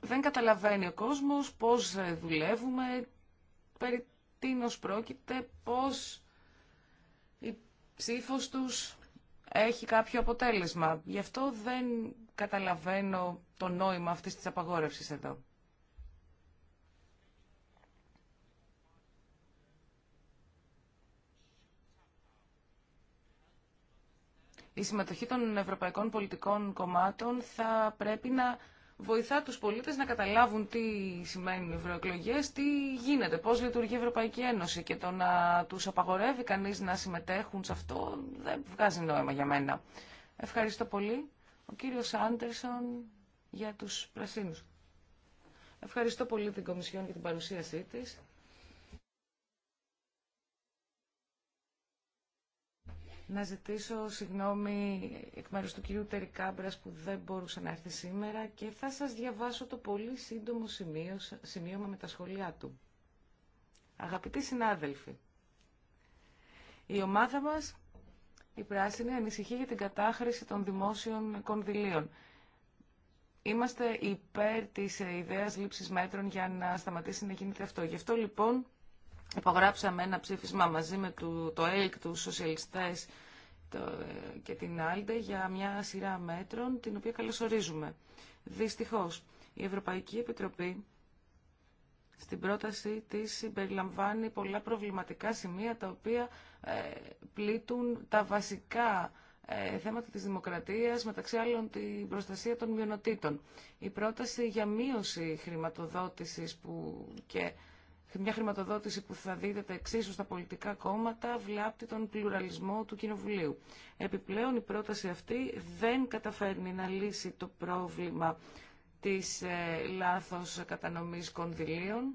Δεν καταλαβαίνει ο κόσμος πώς ε, δουλεύουμε, περί τίνος πρόκειται, πώς ψήφος τους έχει κάποιο αποτέλεσμα. Γι' αυτό δεν καταλαβαίνω το νόημα αυτής της απαγόρευσης εδώ. Η συμμετοχή των ευρωπαϊκών πολιτικών κομμάτων θα πρέπει να βοηθά τους πολίτες να καταλάβουν τι σημαίνουν οι ευρωεκλογέ, τι γίνεται, πώς λειτουργεί η Ευρωπαϊκή Ένωση και το να τους απαγορεύει κανείς να συμμετέχουν σε αυτό δεν βγάζει νόημα για μένα. Ευχαριστώ πολύ. Ο κύριος Άντερσον για τους πρασίνους. Ευχαριστώ πολύ την Κομισιόν για την παρουσίασή της. Να ζητήσω συγγνώμη εκ μέρους του κυρίου Τερικάμπρας που δεν μπορούσε να έρθει σήμερα και θα σας διαβάσω το πολύ σύντομο σημείο, σημείωμα με τα σχολιά του. Αγαπητοί συνάδελφοι, η ομάδα μας, η Πράσινη, ανησυχεί για την κατάχρηση των δημόσιων κονδυλίων. Είμαστε υπέρ της ιδέας λήψης μέτρων για να σταματήσει να γίνεται αυτό. Γι' αυτό λοιπόν υπογράψαμε ένα ψήφισμα μαζί με το ΕΛΚ, τους σοσιαλιστές και την ΑΛΔΕ για μια σειρά μέτρων την οποία καλωσορίζουμε. Δυστυχώς, η Ευρωπαϊκή Επιτροπή στην πρόταση της συμπεριλαμβάνει πολλά προβληματικά σημεία τα οποία ε, πλήττουν τα βασικά ε, θέματα της δημοκρατίας, μεταξύ άλλων την προστασία των μειονοτήτων. Η πρόταση για μείωση χρηματοδότησης που και μια χρηματοδότηση που θα δίδεται εξίσου στα πολιτικά κόμματα βλάπτει τον πλουραλισμό του Κοινοβουλίου. Επιπλέον η πρόταση αυτή δεν καταφέρνει να λύσει το πρόβλημα της ε, λάθος κατανομής κονδυλίων,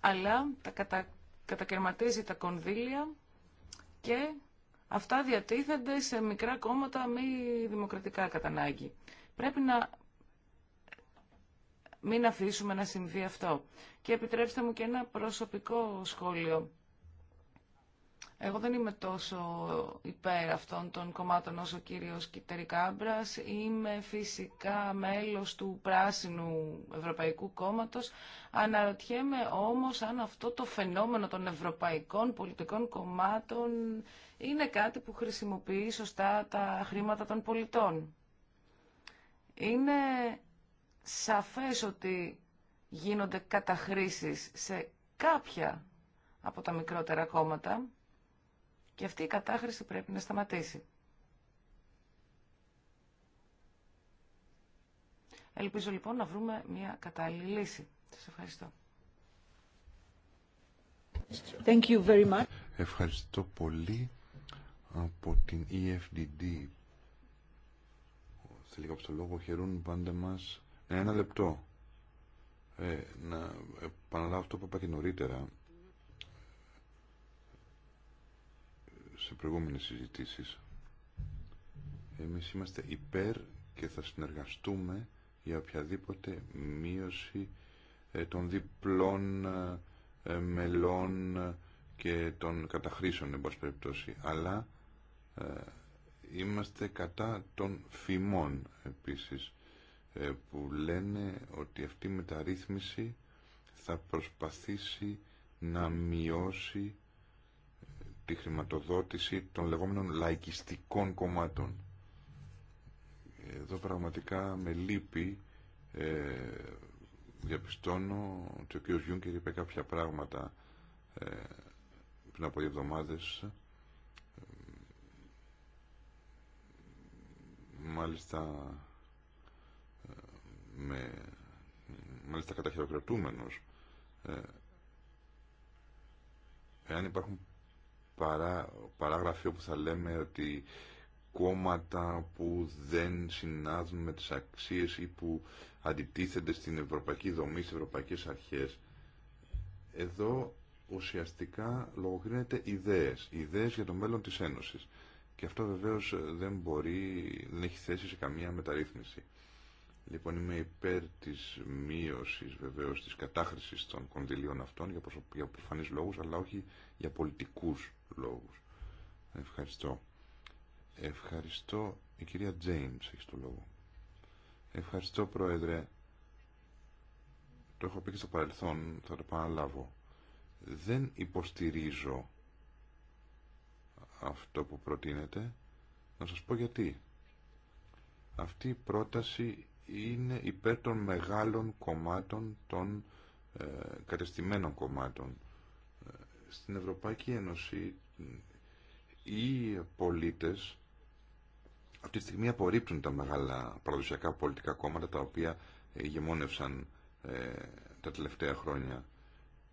αλλά τα κατα... κατακαιρματίζει τα κονδύλια και αυτά διατίθενται σε μικρά κόμματα μη δημοκρατικά κατανάγκη. Πρέπει να μην αφήσουμε να συμβεί αυτό. Και επιτρέψτε μου και ένα προσωπικό σχόλιο. Εγώ δεν είμαι τόσο υπέρ αυτών των κομμάτων όσο ο κύριος Κιτερικάμπρας. Είμαι φυσικά μέλος του Πράσινου Ευρωπαϊκού Κόμματος. Αναρωτιέμαι όμως αν αυτό το φαινόμενο των ευρωπαϊκών πολιτικών κομμάτων είναι κάτι που χρησιμοποιεί σωστά τα χρήματα των πολιτών. Είναι σαφές ότι γίνονται καταχρήσεις σε κάποια από τα μικρότερα κόμματα και αυτή η κατάχρηση πρέπει να σταματήσει. Ελπίζω λοιπόν να βρούμε μια κατάλληλη λύση. Σας ευχαριστώ. Thank you very much. Ευχαριστώ πολύ από την EFDD. Θέλει κάποιο λόγο, χαιρούν πάντα μας ένα λεπτό ε, να επαναλάβω αυτό που είπα και νωρίτερα σε προηγούμενες συζητήσεις εμείς είμαστε υπέρ και θα συνεργαστούμε για οποιαδήποτε μείωση ε, των διπλών ε, μελών και των καταχρήσεων εν πάση περιπτώσει αλλά ε, είμαστε κατά των φημών επίσης ε, που λένε ότι αυτή η μεταρρύθμιση θα προσπαθήσει να μειώσει ε, τη χρηματοδότηση των λεγόμενων λαϊκιστικών κομμάτων. Εδώ πραγματικά με λύπη ε, διαπιστώνω ότι ο κ. Γιούνκερ είπε κάποια πράγματα ε, πριν από δύο εβδομάδες μάλιστα με, μάλιστα καταχειροκρατούμενος ε, εάν υπάρχουν παρά, παράγραφοι όπου θα λέμε ότι κόμματα που δεν συνάδουν με τις αξίες ή που αντιτίθενται στην ευρωπαϊκή δομή, στις ευρωπαϊκές αρχές εδώ ουσιαστικά λογοκρίνεται ιδέες, ιδέες για το μέλλον της Ένωσης. Και αυτό βεβαίως δεν μπορεί, δεν έχει θέση σε καμία μεταρρύθμιση. Λοιπόν, είμαι υπέρ τη μείωση βεβαίως τη κατάχρηση των κονδυλίων αυτών για, προσω... για λόγους, αλλά όχι για πολιτικούς λόγους. Ευχαριστώ. Ευχαριστώ. Η κυρία Τζέιμς έχει το λόγο. Ευχαριστώ, Πρόεδρε. Το έχω πει και στο παρελθόν, θα το παραλάβω. Δεν υποστηρίζω αυτό που προτείνετε. Να σας πω γιατί. Αυτή η πρόταση είναι υπέρ των μεγάλων κομμάτων, των ε, κατεστημένων κομμάτων. Ε, στην Ευρωπαϊκή Ένωση οι πολίτες αυτή τη στιγμή απορρίπτουν τα μεγάλα παραδοσιακά πολιτικά κόμματα τα οποία ηγεμόνευσαν ε, τα τελευταία χρόνια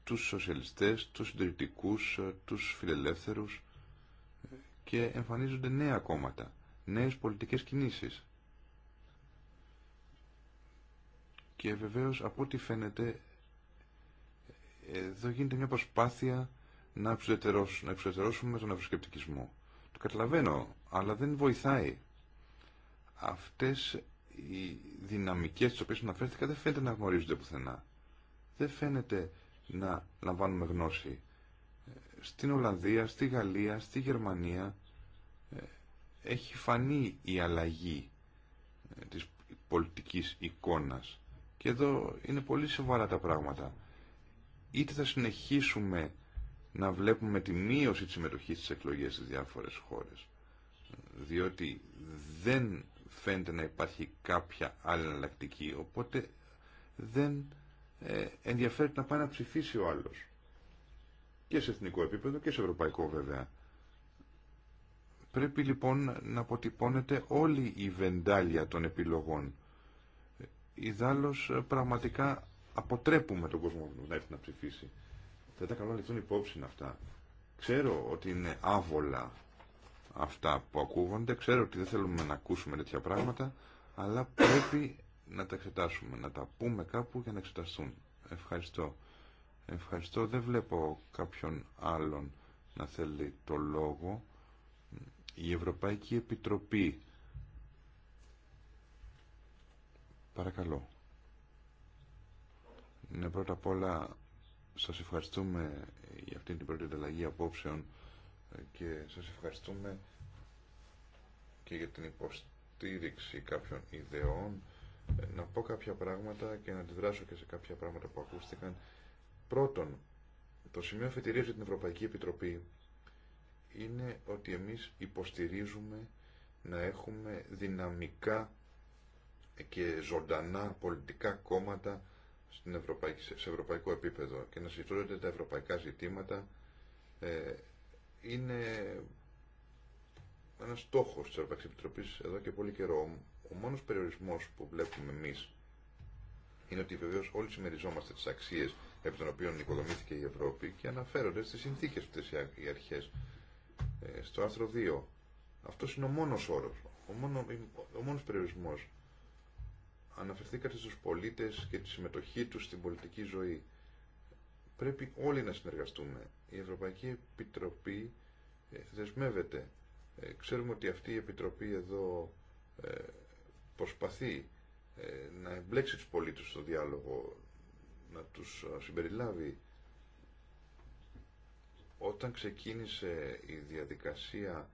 τους σοσιαλιστές, τους συντηρητικούς, ε, τους φιλελεύθερους και εμφανίζονται νέα κόμματα, νέες πολιτικές κινήσεις. και βεβαίως από ό,τι φαίνεται εδώ γίνεται μια προσπάθεια να εξουδετερώσουμε, να τον ευρωσκεπτικισμό. Το καταλαβαίνω, αλλά δεν βοηθάει. Αυτές οι δυναμικές τις οποίες αναφέρθηκα δεν φαίνεται να γνωρίζονται πουθενά. Δεν φαίνεται να λαμβάνουμε γνώση. Στην Ολλανδία, στη Γαλλία, στη Γερμανία ε, έχει φανεί η αλλαγή ε, της πολιτικής εικόνας. Και εδώ είναι πολύ σοβαρά τα πράγματα. Είτε θα συνεχίσουμε να βλέπουμε τη μείωση της συμμετοχής στις εκλογές στις διάφορες χώρες, διότι δεν φαίνεται να υπάρχει κάποια άλλη εναλλακτική, οπότε δεν ενδιαφέρει ενδιαφέρεται να πάει να ψηφίσει ο άλλος. Και σε εθνικό επίπεδο και σε ευρωπαϊκό βέβαια. Πρέπει λοιπόν να αποτυπώνεται όλη η βεντάλια των επιλογών Ιδάλλως ε, πραγματικά αποτρέπουμε τον κόσμο να έρθει να ψηφίσει. Θα ήταν καλό να υπόψη αυτά. Ξέρω ότι είναι άβολα αυτά που ακούγονται, ξέρω ότι δεν θέλουμε να ακούσουμε τέτοια πράγματα, αλλά πρέπει να τα εξετάσουμε, να τα πούμε κάπου για να εξεταστούν. Ευχαριστώ. Ευχαριστώ. Δεν βλέπω κάποιον άλλον να θέλει το λόγο. Η Ευρωπαϊκή Επιτροπή Παρακαλώ. Ναι, πρώτα απ' όλα σας ευχαριστούμε για αυτή την πρώτη ανταλλαγή απόψεων και σας ευχαριστούμε και για την υποστήριξη κάποιων ιδεών να πω κάποια πράγματα και να αντιδράσω και σε κάποια πράγματα που ακούστηκαν. Πρώτον, το σημείο αφετηρίας για την Ευρωπαϊκή Επιτροπή είναι ότι εμείς υποστηρίζουμε να έχουμε δυναμικά και ζωντανά πολιτικά κόμματα στην ευρωπαϊκή, σε ευρωπαϊκό επίπεδο και να συζητούνται τα ευρωπαϊκά ζητήματα ε, είναι ένα στόχο τη Ευρωπαϊκής Επιτροπής εδώ και πολύ καιρό. Ο μόνος περιορισμός που βλέπουμε εμεί είναι ότι βεβαίως όλοι συμμεριζόμαστε τι αξίες επί των οποίων οικοδομήθηκε η Ευρώπη και αναφέρονται στις συνθήκε αυτές οι αρχές ε, στο άρθρο 2. Αυτό είναι ο μόνο όρο. ο, μόνο, περιορισμό. Αναφερθήκατε στους πολίτες και τη συμμετοχή τους στην πολιτική ζωή. Πρέπει όλοι να συνεργαστούμε. Η Ευρωπαϊκή Επιτροπή δεσμεύεται. Ε, ε, ξέρουμε ότι αυτή η Επιτροπή εδώ ε, προσπαθεί να εμπλέξει τους πολίτες στο διάλογο, να τους συμπεριλάβει. Όταν ξεκίνησε η διαδικασία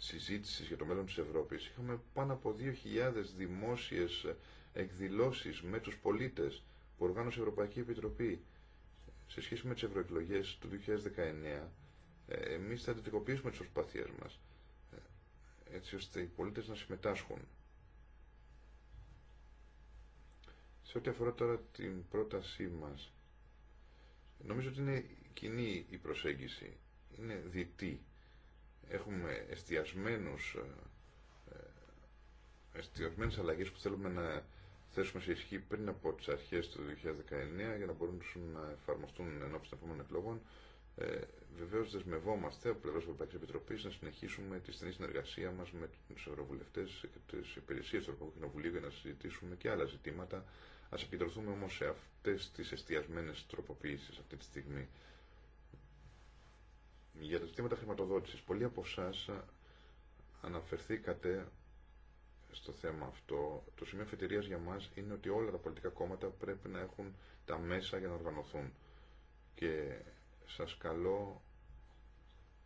συζήτησης για το μέλλον της Ευρώπης είχαμε πάνω από 2.000 δημόσιες εκδηλώσεις με τους πολίτες που οργάνωσε η Ευρωπαϊκή Επιτροπή σε σχέση με τις ευρωεκλογέ του 2019 ε, εμείς θα αντιδικοποιήσουμε τις προσπάθειές μας ε, έτσι ώστε οι πολίτες να συμμετάσχουν. Σε ό,τι αφορά τώρα την πρότασή μας νομίζω ότι είναι κοινή η προσέγγιση είναι διτή έχουμε εστιασμένους ε, ε, εστιασμένες αλλαγές που θέλουμε να θέσουμε σε ισχύ πριν από τις αρχές του 2019 για να μπορούν να εφαρμοστούν ενώπιση των επόμενων εκλογών. Ε, Βεβαίω δεσμευόμαστε από πλευρά της Ευρωπαϊκής Επιτροπή να συνεχίσουμε τη στενή συνεργασία μα με τους Ευρωβουλευτέ και τις υπηρεσίε του Ευρωπαϊκού Κοινοβουλίου για να συζητήσουμε και άλλα ζητήματα. Ας επικεντρωθούμε όμως σε αυτές τις εστιασμένες τροποποιήσεις αυτή τη στιγμή για τα ζητήματα χρηματοδότηση Πολλοί από εσά αναφερθήκατε στο θέμα αυτό. Το σημείο φετηρία για μα είναι ότι όλα τα πολιτικά κόμματα πρέπει να έχουν τα μέσα για να οργανωθούν. Και σα καλώ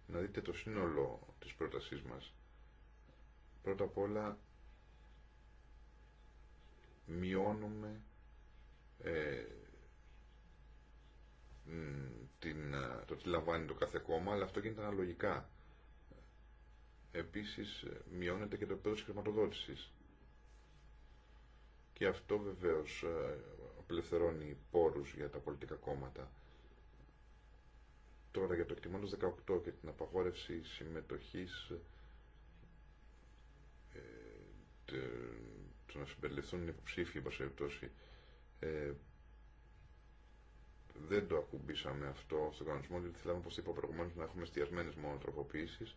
να δείτε το σύνολο της πρότασή μας. Πρώτα απ' όλα μειώνουμε ε, την, ε, το τι λαμβάνει το κάθε κόμμα, αλλά αυτό γίνεται αναλογικά. Επίσης ε, μειώνεται και το επίπεδο της χρηματοδότησης. Και αυτό βεβαίως ε, απελευθερώνει πόρους για τα πολιτικά κόμματα. Τώρα για το εκτιμόντος 18 και την απαγόρευση συμμετοχής ε, το να συμπεριληφθούν υποψήφιοι εν δεν το ακουμπήσαμε αυτό στον κανονισμό, γιατί θέλαμε, όπω είπα προηγουμένω, να έχουμε εστιασμένε μόνο τροποποιήσει.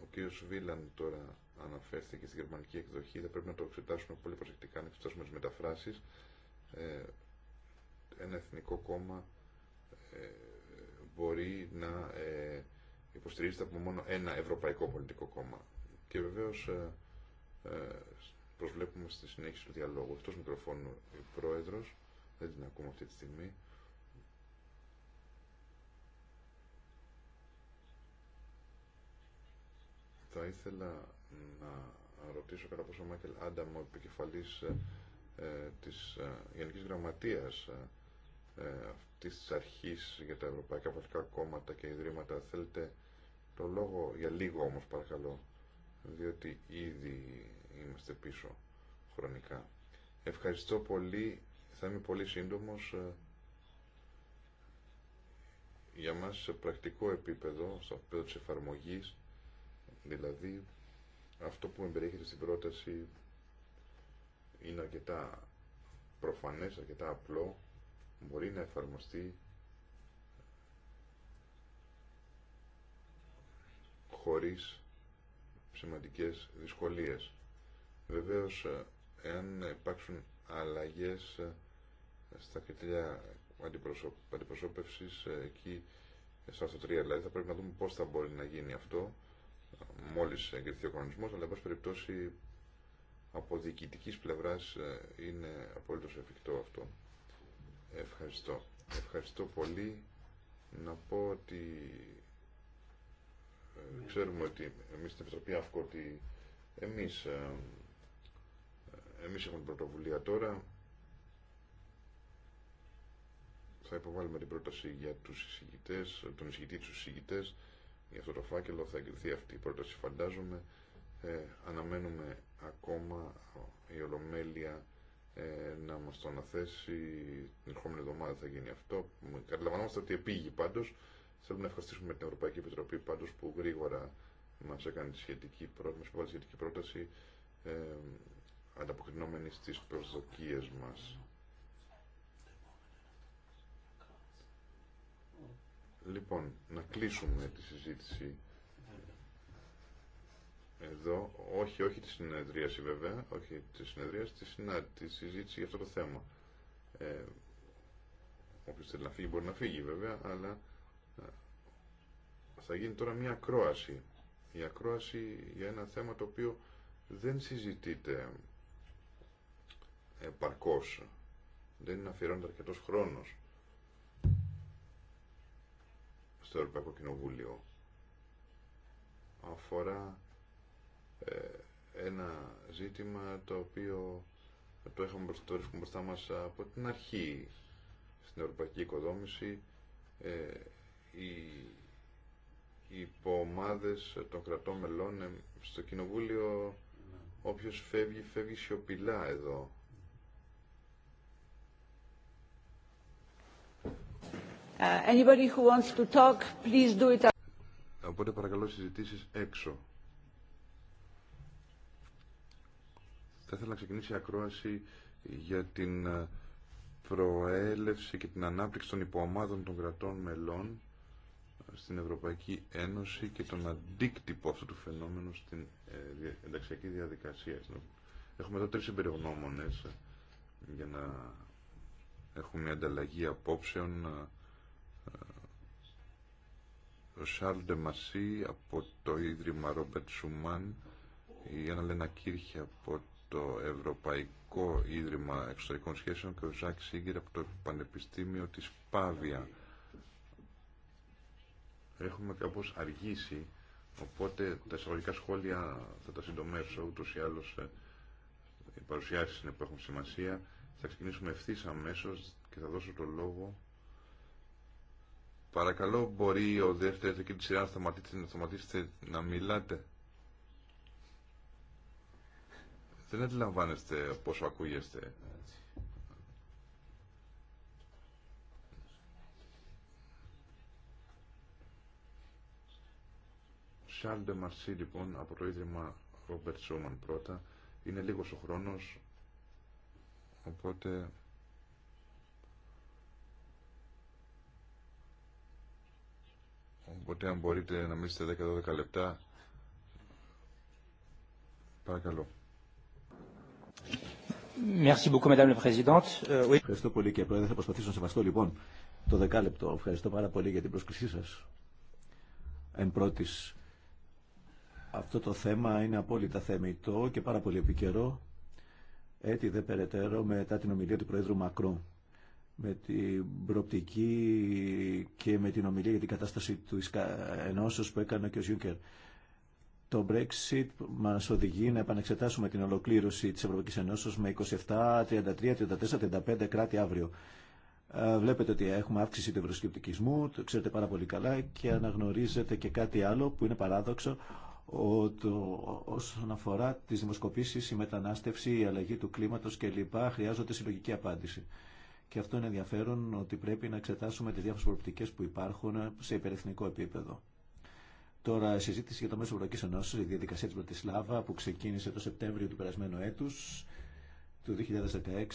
Ο κ. Βίλαν τώρα αναφέρθηκε στη γερμανική εκδοχή, θα πρέπει να το εξετάσουμε πολύ προσεκτικά, να εξετάσουμε τι μεταφράσεις. Ε, ένα εθνικό κόμμα ε, μπορεί να ε, υποστηρίζεται από μόνο ένα ευρωπαϊκό πολιτικό κόμμα. Και βεβαίως ε, ε, προσβλέπουμε στη συνέχιση του διαλόγου. Εκτός μικροφώνου η Πρόεδρος. Δεν την ακούμε αυτή τη στιγμή. Θα ήθελα να ρωτήσω κατά πόσο ο Μάικελ Άνταμ, ο επικεφαλής ε, ε της ε, Γενικής Γραμματείας ε, ε, αυτής της αρχής για τα ευρωπαϊκά πολιτικά κόμματα και ιδρύματα, θέλετε το λόγο για λίγο όμως παρακαλώ, διότι ήδη είμαστε πίσω χρονικά. Ευχαριστώ πολύ θα είμαι πολύ σύντομος. Ε, για μας σε πρακτικό επίπεδο, στο επίπεδο της εφαρμογής, δηλαδή αυτό που εμπεριέχεται στην πρόταση είναι αρκετά προφανές, αρκετά απλό, μπορεί να εφαρμοστεί χωρίς σημαντικές δυσκολίες. Βεβαίως, ε, εάν υπάρξουν αλλαγές ε, στα κριτήρια αντιπροσώπευσης ε, εκεί στα αυτοτρία. 3 δηλαδή θα πρέπει να δούμε πώς θα μπορεί να γίνει αυτό μόλις εγκριθεί ο κανονισμός αλλά εν πάση περιπτώσει από διοικητικής πλευράς ε, είναι απολύτως εφικτό αυτό ευχαριστώ ευχαριστώ πολύ να πω ότι ε, ξέρουμε ότι εμείς στην Επιτροπή ΑΦΚΟ ότι εμείς εμείς έχουμε την πρωτοβουλία τώρα θα υποβάλουμε την πρόταση για τους εισηγητές, τον εισηγητή του εισηγητές για αυτό το φάκελο θα εγκριθεί αυτή η πρόταση φαντάζομαι ε, αναμένουμε ακόμα η Ολομέλεια ε, να μας το αναθέσει την ερχόμενη εβδομάδα θα γίνει αυτό καταλαμβανόμαστε ότι επήγει πάντως θέλουμε να ευχαριστήσουμε την Ευρωπαϊκή Επιτροπή πάντως που γρήγορα μας έκανε τη σχετική, μας σχετική πρόταση ε, ανταποκρινόμενη στις προσδοκίες μας Λοιπόν, να κλείσουμε τη συζήτηση εδώ. Όχι, όχι τη συνεδρίαση βέβαια, όχι τη συνεδρίαση, τη, τη συζήτηση για αυτό το θέμα. Ε, Όποιος θέλει να φύγει μπορεί να φύγει βέβαια, αλλά ε, θα γίνει τώρα μια ακρόαση. Η ακρόαση για ένα θέμα το οποίο δεν συζητείται επαρκώς. Δεν είναι αφιερώνεται αρκετός χρόνος. στο Ευρωπαϊκό Κοινοβούλιο. Αφορά ε, ένα ζήτημα το οποίο το, έχουμε, το μπροστά μας από την αρχή στην ευρωπαϊκή οικοδόμηση ε, οι, οι υποομάδες των κρατών μελών ε, στο Κοινοβούλιο ναι. όποιος φεύγει, φεύγει σιωπηλά εδώ Uh, anybody who wants to talk, please do it. Οπότε παρακαλώ συζητήσεις έξω. Θα ήθελα να ξεκινήσει η ακρόαση για την ε, προέλευση και την ανάπτυξη των υποομάδων των κρατών μελών ε, στην Ευρωπαϊκή Ένωση και τον αντίκτυπο αυτού του φαινόμενου στην ε, ενταξιακή διαδικασία. Έχουμε εδώ τρεις συμπεριγνώμονες για να έχουμε μια ανταλλαγή απόψεων ο Σαρλ Ντεμασί από το Ίδρυμα Ρόμπερτ Σουμάν, η Αναλένα Κύρχη από το Ευρωπαϊκό Ίδρυμα Εξωτερικών Σχέσεων και ο Ζακ Σίγκερ από το Πανεπιστήμιο της Πάβια. Έχουμε κάπως αργήσει, οπότε τα εισαγωγικά σχόλια θα τα συντομεύσω, ούτως ή άλλως ε, οι παρουσιάσεις είναι που έχουν σημασία. Θα ξεκινήσουμε ευθύ αμέσω και θα δώσω το λόγο Παρακαλώ, μπορεί ο δεύτερος εκεί της σειράς να σταματήσετε να μιλάτε. Δεν αντιλαμβάνεστε πόσο ακούγεστε. Σάλντε Μαρσί, λοιπόν, από το Ίδρυμα Ρόμπερτ Σόμαν πρώτα. Είναι λίγος ο χρόνος, οπότε... Οπότε αν μπορείτε να μιλήσετε 10-12 λεπτά, παρακαλώ. Merci beaucoup, Madame la euh, Ευχαριστώ πολύ και πρόεδρε. Θα προσπαθήσω να σεβαστώ λοιπόν το δεκάλεπτο. Ευχαριστώ πάρα πολύ για την πρόσκλησή σα. Εν πρώτη, αυτό το θέμα είναι απόλυτα θεμητό και πάρα πολύ επικαιρό. Έτσι δεν περαιτέρω μετά την ομιλία του Πρόεδρου Μακρό με την προοπτική και με την ομιλία για την κατάσταση του ενώσεως που έκανε και ο Γιούγκερ. Το Brexit μας οδηγεί να επανεξετάσουμε την ολοκλήρωση της Ευρωπαϊκής Ενώσεως με 27, 33, 34, 35 κράτη αύριο. Ε, βλέπετε ότι έχουμε αύξηση του ευρωσκεπτικισμού, το ξέρετε πάρα πολύ καλά και αναγνωρίζετε και κάτι άλλο που είναι παράδοξο ότι όσον αφορά τις δημοσκοπήσεις, η μετανάστευση, η αλλαγή του κλίματος κλπ. χρειάζονται συλλογική απάντηση. Και αυτό είναι ενδιαφέρον ότι πρέπει να εξετάσουμε τις διάφορες προοπτικές που υπάρχουν σε υπερεθνικό επίπεδο. Τώρα, συζήτηση για το μέσο Ευρωπαϊκή Ενώση, η διαδικασία τη Πρωτισλάβα που ξεκίνησε το Σεπτέμβριο του περασμένου έτου, του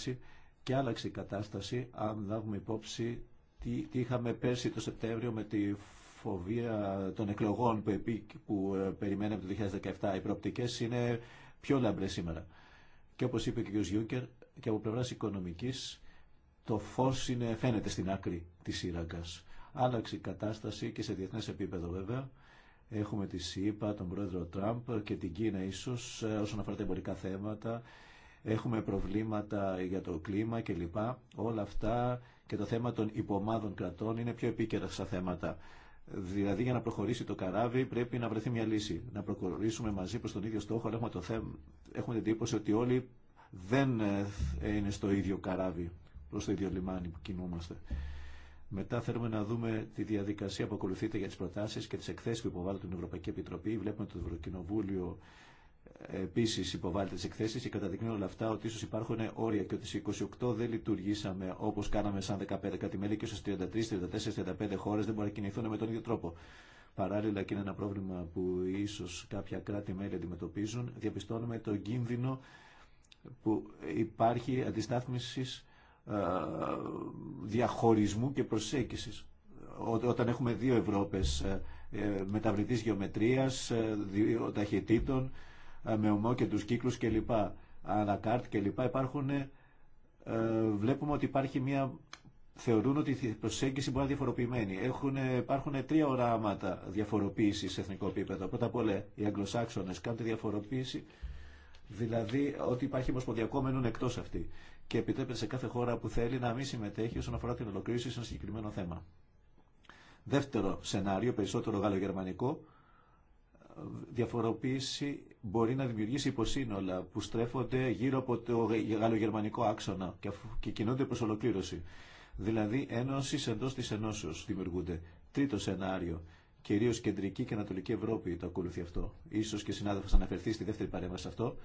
2016, και άλλαξε η κατάσταση αν λάβουμε υπόψη τι, είχαμε πέρσι το Σεπτέμβριο με τη φοβία των εκλογών που, επί, που ε, περιμέναμε το 2017. Οι προοπτικέ είναι πιο λαμπρέ σήμερα. Και όπω είπε και ο κ. Γιούκερ, και από πλευρά οικονομική το φως είναι, φαίνεται στην άκρη της σύραγγας. Άλλαξε η κατάσταση και σε διεθνές επίπεδο βέβαια. Έχουμε τη ΣΥΠΑ, τον πρόεδρο Τραμπ και την Κίνα ίσως ε, όσον αφορά τα εμπορικά θέματα. Έχουμε προβλήματα για το κλίμα κλπ. Όλα αυτά και το θέμα των υπομάδων κρατών είναι πιο επίκαιρα στα θέματα. Δηλαδή για να προχωρήσει το καράβι πρέπει να βρεθεί μια λύση. Να προχωρήσουμε μαζί προς τον ίδιο στόχο, έχουμε, το θέμα. έχουμε την εντύπωση ότι όλοι δεν ε, είναι στο ίδιο καράβι προς το ίδιο λιμάνι που κινούμαστε. Μετά θέλουμε να δούμε τη διαδικασία που ακολουθείται για τις προτάσεις και τις εκθέσεις που υποβάλλει την Ευρωπαϊκή Επιτροπή. Βλέπουμε το Ευρωκοινοβούλιο ε, επίση υποβάλλει τι εκθέσει και καταδεικνύουν όλα αυτά ότι ίσω υπάρχουν όρια και ότι στι 28 δεν λειτουργήσαμε όπω κάναμε σαν 15 μέλη και ίσω 33, 34, 35 χώρε δεν μπορεί να κινηθούν με τον ίδιο τρόπο. Παράλληλα και είναι ένα πρόβλημα που ίσω κάποια κράτη-μέλη αντιμετωπίζουν. Διαπιστώνουμε τον κίνδυνο που υπάρχει αντιστάθμισης ε, διαχωρισμού και προσέγγισης. Όταν έχουμε δύο Ευρώπες ε, ε, μεταβλητής γεωμετρίας, δύο ταχυτήτων, με ομό και τους κύκλους κλπ. Ανακάρτ κλπ. Υπάρχουν, βλέπουμε ότι υπάρχει μια θεωρούν ότι η προσέγγιση μπορεί να διαφοροποιημένη. Έχουν, υπάρχουν τρία οράματα διαφοροποίηση σε εθνικό επίπεδο. Πρώτα απ' όλα, οι Αγγλοσάξονε κάνουν τη διαφοροποίηση, δηλαδή ότι υπάρχει ομοσπονδιακό μένουν εκτό αυτή και επιτρέπεται σε κάθε χώρα που θέλει να μην συμμετέχει όσον αφορά την ολοκλήρωση σε ένα συγκεκριμένο θέμα. Δεύτερο σενάριο, περισσότερο γαλλογερμανικό, διαφοροποίηση μπορεί να δημιουργήσει υποσύνολα που στρέφονται γύρω από το γαλλογερμανικό άξονα και κινούνται προ ολοκλήρωση. Δηλαδή ένωση εντός της ενώσεως δημιουργούνται. Τρίτο σενάριο, κυρίω κεντρική και ανατολική Ευρώπη το ακολουθεί αυτό. Ίσως και συνάδελφο αναφερθεί στη δεύτερη παρέμβαση αυτό.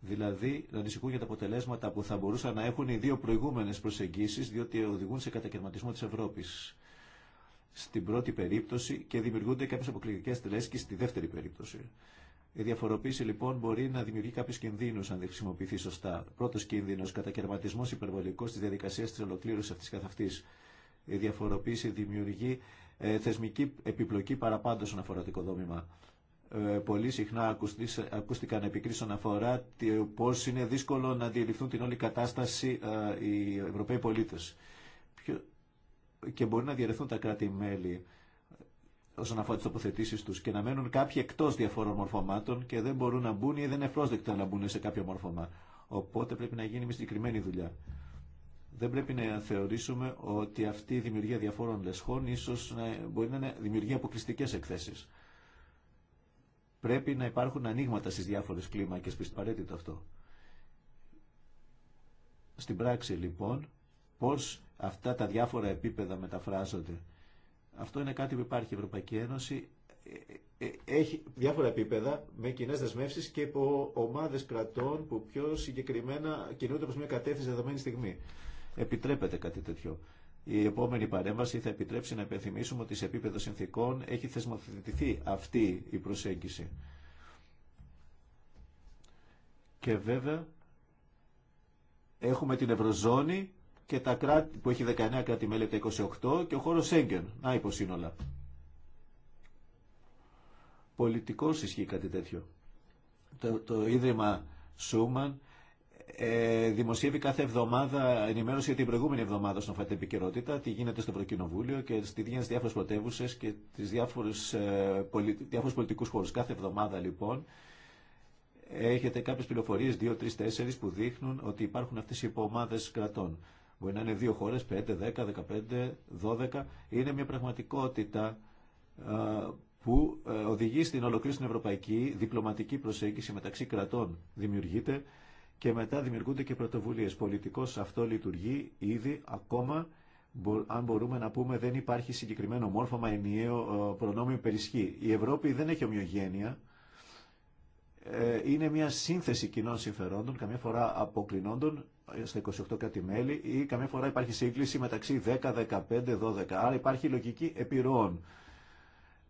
Δηλαδή να ανησυχούν για τα αποτελέσματα που θα μπορούσαν να έχουν οι δύο προηγούμενε προσεγγίσει, διότι οδηγούν σε κατακαιρματισμό τη Ευρώπη. Στην πρώτη περίπτωση και δημιουργούνται κάποιε αποκλειστικέ και στη δεύτερη περίπτωση. Η διαφοροποίηση λοιπόν μπορεί να δημιουργεί κάποιου κινδύνου αν δεν χρησιμοποιηθεί σωστά. Πρώτο κίνδυνο, κατακαιρματισμό υπερβολικό τη διαδικασία τη ολοκλήρωση αυτή καθ' αυτή. Η διαφοροποίηση δημιουργεί ε, θεσμική επιπλοκή παραπάνω στον ε, πολύ συχνά ακούστηκαν επικρίσεων αφορά πώς είναι δύσκολο να αντιληφθούν την όλη κατάσταση ε, οι Ευρωπαίοι πολίτες. Και μπορεί να διαρρεθούν τα κράτη-μέλη όσον αφορά τι τοποθετήσει του και να μένουν κάποιοι εκτό διαφόρων μορφωμάτων και δεν μπορούν να μπουν ή δεν είναι ευπρόσδεκτα να μπουν σε κάποιο μόρφωμα. Οπότε πρέπει να γίνει μια συγκεκριμένη δουλειά. Δεν πρέπει να θεωρήσουμε ότι αυτή η δημιουργία διαφόρων λεσχών ίσω μπορεί να είναι δημιουργία αποκλειστικέ εκθέσει. Πρέπει να υπάρχουν ανοίγματα στις διάφορες κλίμακες, πιστοπαραίτητο αυτό. Στην πράξη λοιπόν, πώς αυτά τα διάφορα επίπεδα μεταφράζονται. Αυτό είναι κάτι που υπάρχει η Ευρωπαϊκή Ένωση. Ε, ε, ε, έχει διάφορα επίπεδα με κοινέ δεσμεύσει και από ομάδε κρατών που πιο συγκεκριμένα κινούνται προ μια κατεύθυνση δεδομένη στιγμή. Επιτρέπεται κάτι τέτοιο. Η επόμενη παρέμβαση θα επιτρέψει να υπενθυμίσουμε ότι σε επίπεδο συνθήκων έχει θεσμοθετηθεί αυτή η προσέγγιση. Και βέβαια έχουμε την Ευρωζώνη και τα κράτη, που έχει 19 κράτη μέλη τα 28 και ο χώρος Σέγγεν. Να υποσύνολα. Πολιτικός ισχύει κάτι τέτοιο. Το, το Ίδρυμα Σούμαν ε, δημοσιεύει κάθε εβδομάδα ενημέρωση για την προηγούμενη εβδομάδα στον φάτε επικαιρότητα, τι γίνεται στο Ευρωκοινοβούλιο και τι γίνεται στι διάφορε πρωτεύουσε και τι διάφορου ε, πολιτικού χώρου. Κάθε εβδομάδα λοιπόν έχετε κάποιε πληροφορίε, δύο, τρει, τέσσερι, που δείχνουν ότι υπάρχουν αυτέ οι υποομάδε κρατών. Μπορεί να είναι δύο χώρε, 5, 10, 15, 12. Είναι μια πραγματικότητα ε, που ε, οδηγεί στην ολοκλήρωση στην ευρωπαϊκή διπλωματική προσέγγιση μεταξύ κρατών. Δημιουργείται και μετά δημιουργούνται και πρωτοβουλίες. Πολιτικώς αυτό λειτουργεί ήδη ακόμα αν μπορούμε να πούμε δεν υπάρχει συγκεκριμένο μόρφωμα ενιαίο ε, προνόμιο περισχύ. Η Ευρώπη δεν έχει ομοιογένεια. Ε, είναι μια σύνθεση κοινών συμφερόντων, καμιά φορά αποκλεινόντων ε, στα 28 κάτι μέλη ή καμιά φορά υπάρχει σύγκληση μεταξύ 10, 15, 12. Άρα υπάρχει λογική επιρροών.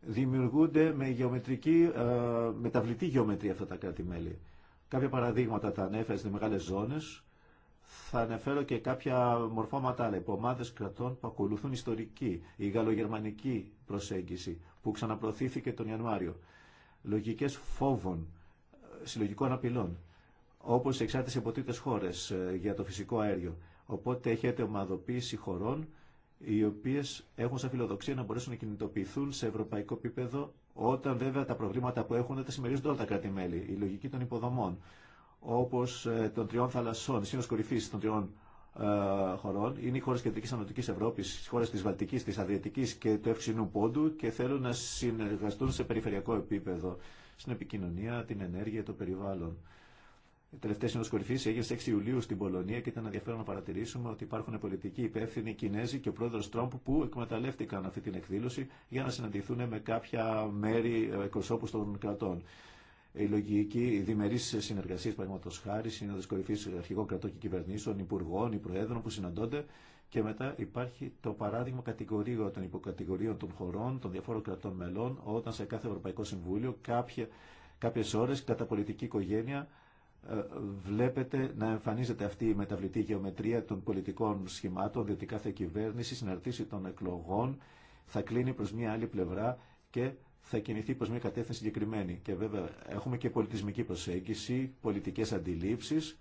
Δημιουργούνται με γεωμετρική, μεταβλητή γεωμετρία αυτά τα κράτη-μέλη. Κάποια παραδείγματα τα ανέφερε στις μεγάλες ζώνες. Θα αναφέρω και κάποια μορφώματα άλλα, ομάδε κρατών που ακολουθούν ιστορική, η γαλλογερμανική προσέγγιση που ξαναπροωθήθηκε τον Ιανουάριο. Λογικές φόβων, συλλογικών απειλών, όπως εξάρτηση από τρίτε χώρες ε, για το φυσικό αέριο. Οπότε έχετε ομαδοποίηση χωρών οι οποίες έχουν σαν φιλοδοξία να μπορέσουν να κινητοποιηθούν σε ευρωπαϊκό επίπεδο όταν βέβαια τα προβλήματα που έχουν τα συμμερίζονται όλα τα κράτη-μέλη. Η λογική των υποδομών, όπω ε, των τριών θαλασσών, σύνο κορυφή των τριών ε, χωρών, είναι οι χώρε Κεντρική Ανατολική Ευρώπη, οι χώρε τη Βαλτική, τη Αδριατική και του Ευξηνού Πόντου και θέλουν να συνεργαστούν σε περιφερειακό επίπεδο, στην επικοινωνία, την ενέργεια, το περιβάλλον. Η τελευταία σύνοδο κορυφή έγινε στι 6 Ιουλίου στην Πολωνία και ήταν ενδιαφέρον να παρατηρήσουμε ότι υπάρχουν πολιτικοί υπεύθυνοι Κινέζοι και ο πρόεδρο Τρόμπ που εκμεταλλεύτηκαν αυτή την εκδήλωση για να συναντηθούν με κάποια μέρη ε, εκπροσώπου των κρατών. Η λογική διμερή συνεργασία, παραδείγματο χάρη, ο κορυφή αρχηγών κρατών και κυβερνήσεων, υπουργών, ή προέδρων που συναντώνται και μετά υπάρχει το παράδειγμα κατηγορίων των υποκατηγορίων των χωρών, των διαφόρων κρατών μελών, όταν σε κάθε Ευρωπαϊκό Συμβούλιο κάποιε ώρε κατά πολιτική οικογένεια ε, βλέπετε να εμφανίζεται αυτή η μεταβλητή γεωμετρία των πολιτικών σχημάτων, διότι κάθε κυβέρνηση συναρτήσει των εκλογών θα κλείνει προς μια άλλη πλευρά και θα κινηθεί προς μια κατεύθυνση συγκεκριμένη. Και βέβαια έχουμε και πολιτισμική προσέγγιση, πολιτικές αντιλήψεις,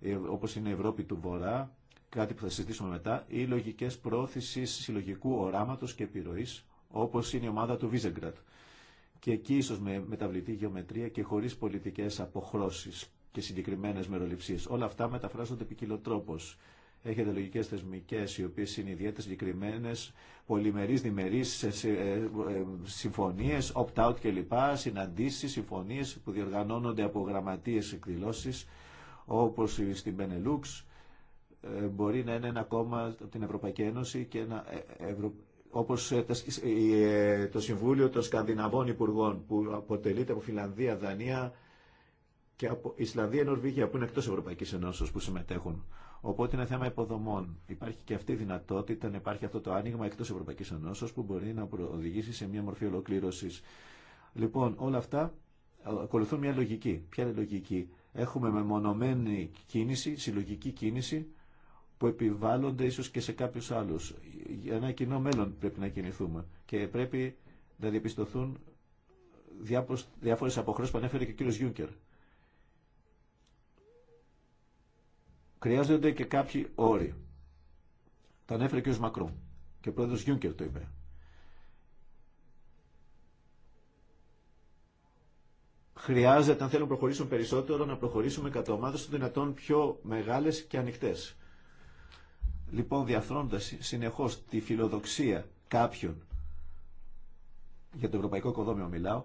ε, όπως είναι η Ευρώπη του Βορρά, κάτι που θα συζητήσουμε μετά, ή λογικές πρόθεσης συλλογικού οράματος και επιρροής, όπως είναι η λογικες προθεσεις του Βίζεγκρατ. Και εκεί ίσως με μεταβλητή γεωμετρία και χωρίς πολιτικές αποχρώσεις και συγκεκριμένες μεροληψίες. Όλα αυτά μεταφράζονται ποικιλοτρόπως. Έχετε λογικές θεσμικές, οι οποίες είναι ιδιαίτερα συγκεκριμένε, πολυμερείς, διμερείς ε, ε, συμφωνίες, opt-out κλπ, συναντήσεις, συμφωνίες που διοργανώνονται από γραμματείες εκδηλώσεις, όπως στην Benelux, ε, μπορεί να είναι ένα κόμμα από την Ευρωπαϊκή Ένωση και ένα ευρω... όπως το Συμβούλιο των Σκανδιναβών Υπουργών που αποτελείται από Φιλανδία, Δανία, και από Ισλανδία, Νορβηγία που είναι εκτός Ευρωπαϊκής Ενώσεως που συμμετέχουν. Οπότε είναι θέμα υποδομών. Υπάρχει και αυτή η δυνατότητα να υπάρχει αυτό το άνοιγμα εκτός Ευρωπαϊκής Ενώσεως που μπορεί να οδηγήσει σε μια μορφή ολοκλήρωσης. Λοιπόν, όλα αυτά ε, ακολουθούν μια λογική. Ποια είναι η λογική. Έχουμε μεμονωμένη κίνηση, συλλογική κίνηση που επιβάλλονται ίσως και σε κάποιους άλλους. Για ένα κοινό μέλλον πρέπει να κινηθούμε και πρέπει να διαπιστωθούν διάφορες αποχρώσεις που ανέφερε και ο κύριος Γιούνκερ. χρειάζονται και κάποιοι όροι. Τα ανέφερε και ο μακρόν και ο πρόεδρο Γιούνκερ το είπε. Χρειάζεται, αν θέλουν να προχωρήσουν περισσότερο, να προχωρήσουμε κατά ομάδε των δυνατών πιο μεγάλε και ανοιχτέ. Λοιπόν, διαφρόντα συνεχώ τη φιλοδοξία κάποιων, για το ευρωπαϊκό οικοδόμιο μιλάω,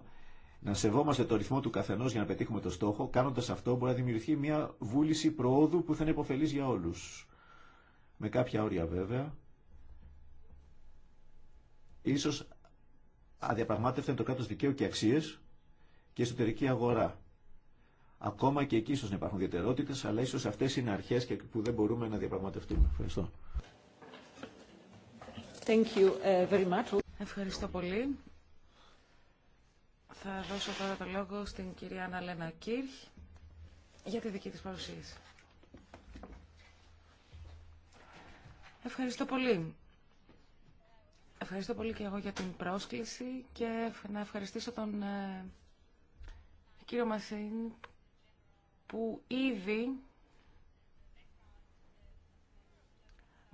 να σεβόμαστε το ρυθμό του καθενό για να πετύχουμε το στόχο, κάνοντα αυτό μπορεί να δημιουργηθεί μια βούληση προόδου που θα είναι υποφελή για όλου. Με κάποια όρια βέβαια. Ίσως αδιαπραγμάτευτε το κράτο δικαίου και αξίε και εσωτερική αγορά. Ακόμα και εκεί ίσω να υπάρχουν ιδιαιτερότητε, αλλά ίσω αυτέ είναι αρχέ που δεν μπορούμε να διαπραγματευτούμε. Ευχαριστώ. Ε, Ευχαριστώ πολύ. Θα δώσω τώρα το λόγο στην κυρία Αναλένα Κύρχ για τη δική της παρουσίαση. Ευχαριστώ πολύ. Ευχαριστώ πολύ και εγώ για την πρόσκληση και να ευχαριστήσω τον ε, κύριο Μασίν που ήδη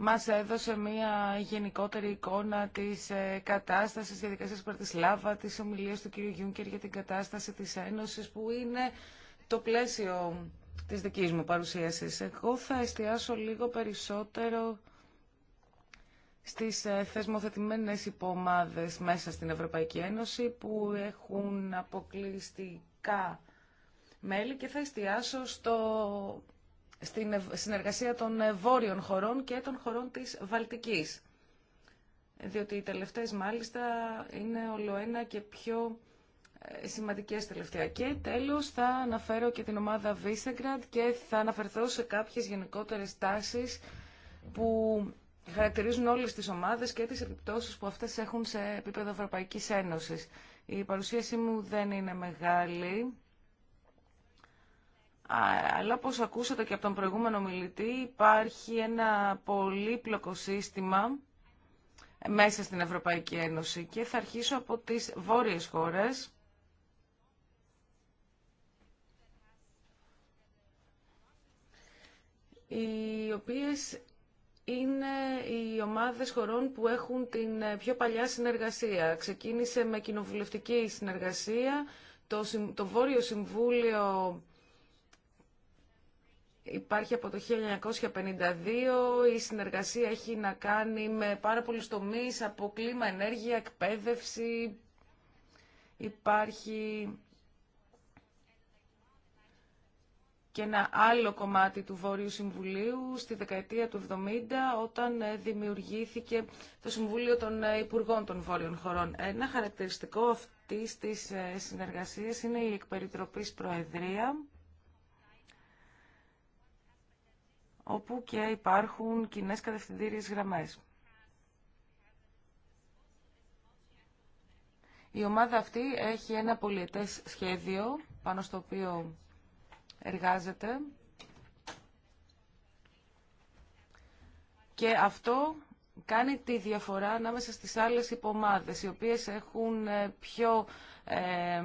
μας έδωσε μια γενικότερη εικόνα της ε, κατάστασης, της διαδικασίας τη Λάβα, της ομιλίας του κ. Γιούνκερ για την κατάσταση της Ένωσης, που είναι το πλαίσιο της δικής μου παρουσίασης. Εγώ θα εστιάσω λίγο περισσότερο στις ε, θεσμοθετημένες υπομάδες μέσα στην Ευρωπαϊκή Ένωση που έχουν αποκλειστικά μέλη και θα εστιάσω στο στην συνεργασία των ε, βόρειων χωρών και των χωρών της Βαλτικής. Διότι οι τελευταίες μάλιστα είναι ολοένα και πιο ε, σημαντικές τελευταία. Και τέλος θα αναφέρω και την ομάδα Visegrad και θα αναφερθώ σε κάποιες γενικότερες τάσεις που χαρακτηρίζουν όλες τις ομάδες και τις επιπτώσεις που αυτές έχουν σε επίπεδο Ευρωπαϊκής Ένωσης. Η παρουσίασή μου δεν είναι μεγάλη, αλλά όπως ακούσατε και από τον προηγούμενο μιλητή υπάρχει ένα πολύπλοκο σύστημα μέσα στην Ευρωπαϊκή Ένωση και θα αρχίσω από τις βόρειες χώρες. οι οποίες είναι οι ομάδες χωρών που έχουν την πιο παλιά συνεργασία. Ξεκίνησε με κοινοβουλευτική συνεργασία, το, το Βόρειο Συμβούλιο υπάρχει από το 1952. Η συνεργασία έχει να κάνει με πάρα πολλούς τομείς, από κλίμα, ενέργεια, εκπαίδευση. Υπάρχει και ένα άλλο κομμάτι του Βόρειου Συμβουλίου στη δεκαετία του 70 όταν ε, δημιουργήθηκε το Συμβούλιο των ε, Υπουργών των Βόρειων Χωρών. Ένα χαρακτηριστικό αυτής της ε, συνεργασίας είναι η εκπεριτροπής προεδρία όπου και υπάρχουν κοινέ κατευθυντήριες γραμμές. Η ομάδα αυτή έχει ένα πολιετές σχέδιο πάνω στο οποίο εργάζεται και αυτό κάνει τη διαφορά ανάμεσα στις άλλες υπομάδες οι οποίες έχουν ε, πιο ε,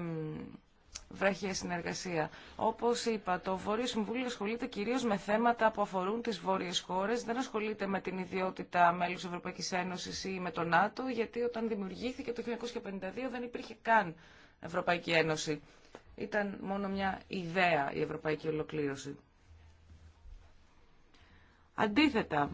βραχία συνεργασία. Όπω είπα, το Βόρειο Συμβούλιο ασχολείται κυρίω με θέματα που αφορούν τι βόρειε χώρε. Δεν ασχολείται με την ιδιότητα μέλου Ευρωπαϊκή Ένωση ή με το ΝΑΤΟ, γιατί όταν δημιουργήθηκε το 1952 δεν υπήρχε καν Ευρωπαϊκή Ένωση. Ήταν μόνο μια ιδέα η ευρωπαϊκή ολοκλήρωση. Αντίθετα,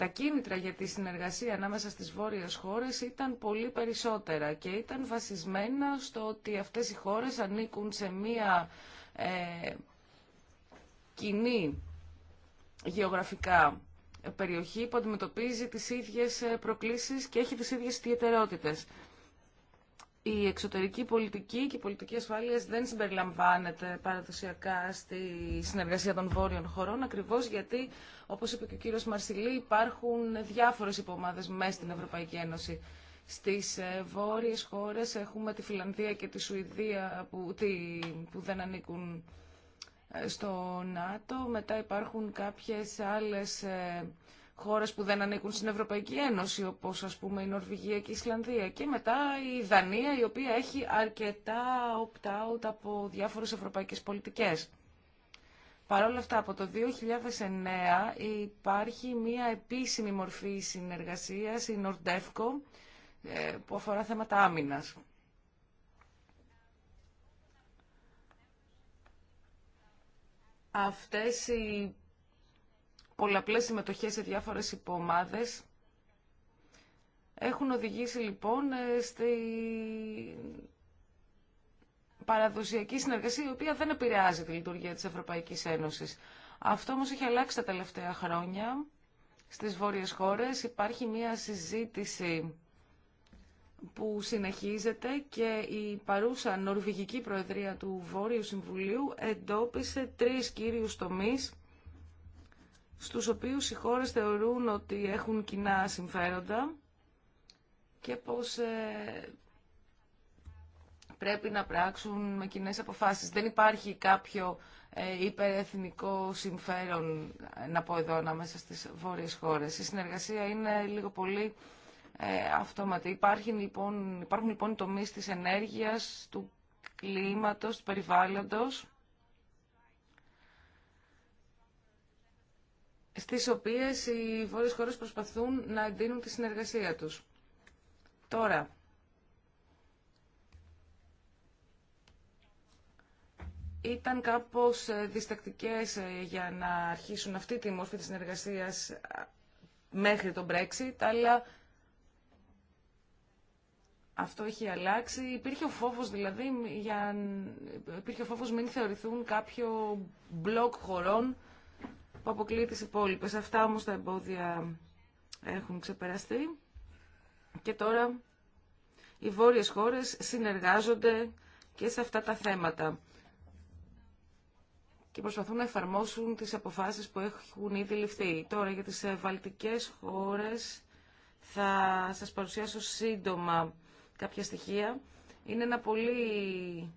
τα κίνητρα για τη συνεργασία ανάμεσα στις βόρειες χώρες ήταν πολύ περισσότερα και ήταν βασισμένα στο ότι αυτές οι χώρες ανήκουν σε μία ε, κοινή γεωγραφικά περιοχή που αντιμετωπίζει τις ίδιες ε, προκλήσεις και έχει τις ίδιες ιδιαιτερότητες η εξωτερική πολιτική και η πολιτική ασφάλεια δεν συμπεριλαμβάνεται παραδοσιακά στη συνεργασία των βόρειων χωρών, ακριβώ γιατί, όπω είπε και ο κύριο Μαρσιλή, υπάρχουν διάφορε υπομάδε μέσα στην Ευρωπαϊκή Ένωση. Στι ε, βόρειε χώρε έχουμε τη Φιλανδία και τη Σουηδία που, τη, που δεν ανήκουν ε, στο ΝΑΤΟ. Μετά υπάρχουν κάποιες άλλες ε, χώρες που δεν ανήκουν στην Ευρωπαϊκή Ένωση, όπως ας πούμε η Νορβηγία και η Ισλανδία. Και μετά η Δανία, η οποία έχει αρκετά opt-out από διάφορες ευρωπαϊκές πολιτικές. Παρ' όλα αυτά, από το 2009 υπάρχει μία επίσημη μορφή συνεργασίας, η Νορντεύκο, που αφορά θέματα άμυνας. Αυτές οι πολλαπλές συμμετοχές σε διάφορες υπομάδες έχουν οδηγήσει λοιπόν ε, στη παραδοσιακή συνεργασία η οποία δεν επηρεάζει τη λειτουργία της Ευρωπαϊκής Ένωσης. Αυτό όμως έχει αλλάξει τα τελευταία χρόνια. Στις βόρειες χώρες υπάρχει μια συζήτηση που συνεχίζεται και η παρούσα νορβηγική προεδρία του Βόρειου Συμβουλίου εντόπισε τρεις κύριους τομείς στους οποίους οι χώρες θεωρούν ότι έχουν κοινά συμφέροντα και πως ε, πρέπει να πράξουν με κοινέ αποφάσεις. Δεν υπάρχει κάποιο ε, υπερεθνικό συμφέρον, ε, να πω εδώ, ανάμεσα στις βόρειες χώρες. Η συνεργασία είναι λίγο πολύ αυτόματη. Υπάρχει, λοιπόν, υπάρχουν λοιπόν τομείς της ενέργειας, του κλίματος, του περιβάλλοντος, στις οποίες οι βόρειες χώρες προσπαθούν να εντείνουν τη συνεργασία τους. Τώρα, ήταν κάπως ε, διστακτικές ε, για να αρχίσουν αυτή τη μόρφη της συνεργασίας ε, μέχρι τον Brexit, αλλά αυτό έχει αλλάξει. Υπήρχε ο φόβος δηλαδή, για... υπήρχε ο φόβος μην θεωρηθούν κάποιο μπλοκ χωρών που αποκλείει τις υπόλοιπες. Αυτά όμως τα εμπόδια έχουν ξεπεραστεί και τώρα οι βόρειες χώρες συνεργάζονται και σε αυτά τα θέματα και προσπαθούν να εφαρμόσουν τις αποφάσεις που έχουν ήδη ληφθεί. Τώρα για τις ε, βαλτικές χώρες θα σας παρουσιάσω σύντομα κάποια στοιχεία. Είναι ένα πολύ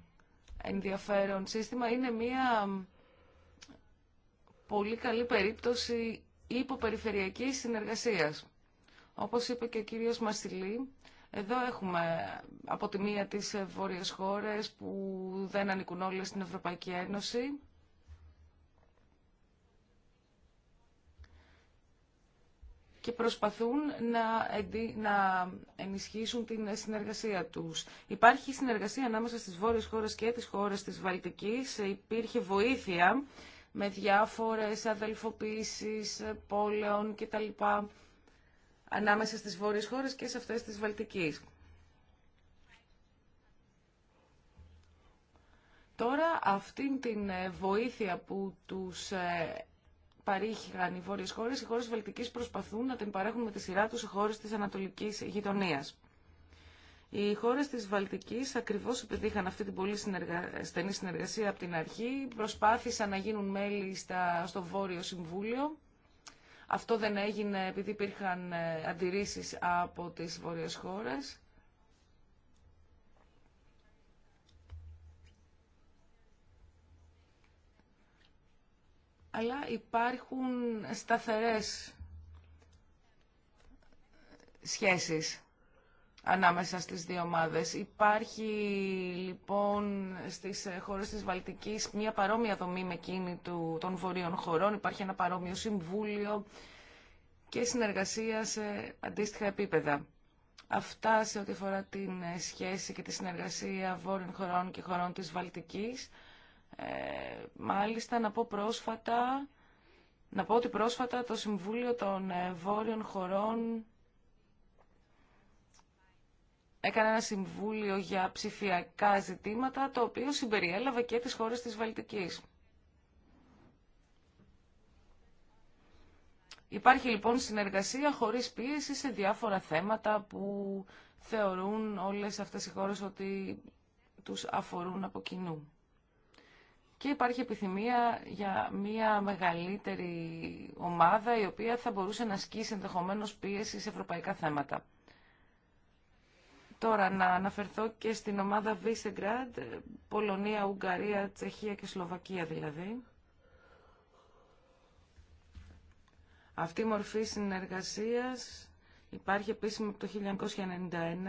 ενδιαφέρον σύστημα. Είναι μία πολύ καλή περίπτωση υποπεριφερειακής συνεργασίας. Όπως είπε και ο κύριος Μασιλή, εδώ έχουμε από τη μία τις βόρειες χώρες που δεν ανήκουν όλες στην Ευρωπαϊκή Ένωση. και προσπαθούν να, να ενισχύσουν την συνεργασία τους. Υπάρχει συνεργασία ανάμεσα στις βόρειες χώρες και τις χώρες της Βαλτικής. Υπήρχε βοήθεια με διάφορες αδελφοποίησεις πόλεων κτλ. ανάμεσα στις βόρειες χώρες και σε αυτές της Βαλτικής. Τώρα αυτήν την ε, βοήθεια που τους ε, παρήχαν οι βόρειες χώρες, οι χώρες Βαλτικής προσπαθούν να την παρέχουν με τη σειρά τους οι χώρες της Ανατολικής Γειτονίας. Οι χώρες της Βαλτικής, ακριβώς επειδή είχαν αυτή την πολύ συνεργα... στενή συνεργασία από την αρχή, προσπάθησαν να γίνουν μέλη στα... στο Βόρειο Συμβούλιο. Αυτό δεν έγινε επειδή υπήρχαν ε, αντιρρήσεις από τις βόρειες χώρες. Αλλά υπάρχουν σταθερές σχέσεις ανάμεσα στις δύο ομάδες. Υπάρχει λοιπόν στις χώρες της Βαλτικής μια παρόμοια δομή με εκείνη του, των βορείων χωρών, υπάρχει ένα παρόμοιο συμβούλιο και συνεργασία σε αντίστοιχα επίπεδα. Αυτά σε ό,τι αφορά την σχέση και τη συνεργασία βόρειων χωρών και χωρών της Βαλτικής. Ε, μάλιστα να πω πρόσφατα, να πω ότι πρόσφατα το Συμβούλιο των ε, Βόρειων Χωρών έκανε ένα συμβούλιο για ψηφιακά ζητήματα, το οποίο συμπεριέλαβε και τις χώρες της Βαλτικής. Υπάρχει λοιπόν συνεργασία χωρίς πίεση σε διάφορα θέματα που θεωρούν όλες αυτές οι χώρες ότι τους αφορούν από κοινού. Και υπάρχει επιθυμία για μια μεγαλύτερη ομάδα η οποία θα μπορούσε να ασκήσει ενδεχομένως πίεση σε ευρωπαϊκά θέματα. Τώρα να αναφερθώ και στην ομάδα Βίσεγκραντ, Πολωνία, Ουγγαρία, Τσεχία και Σλοβακία δηλαδή. Αυτή η μορφή συνεργασίας υπάρχει επίσημα από το 1991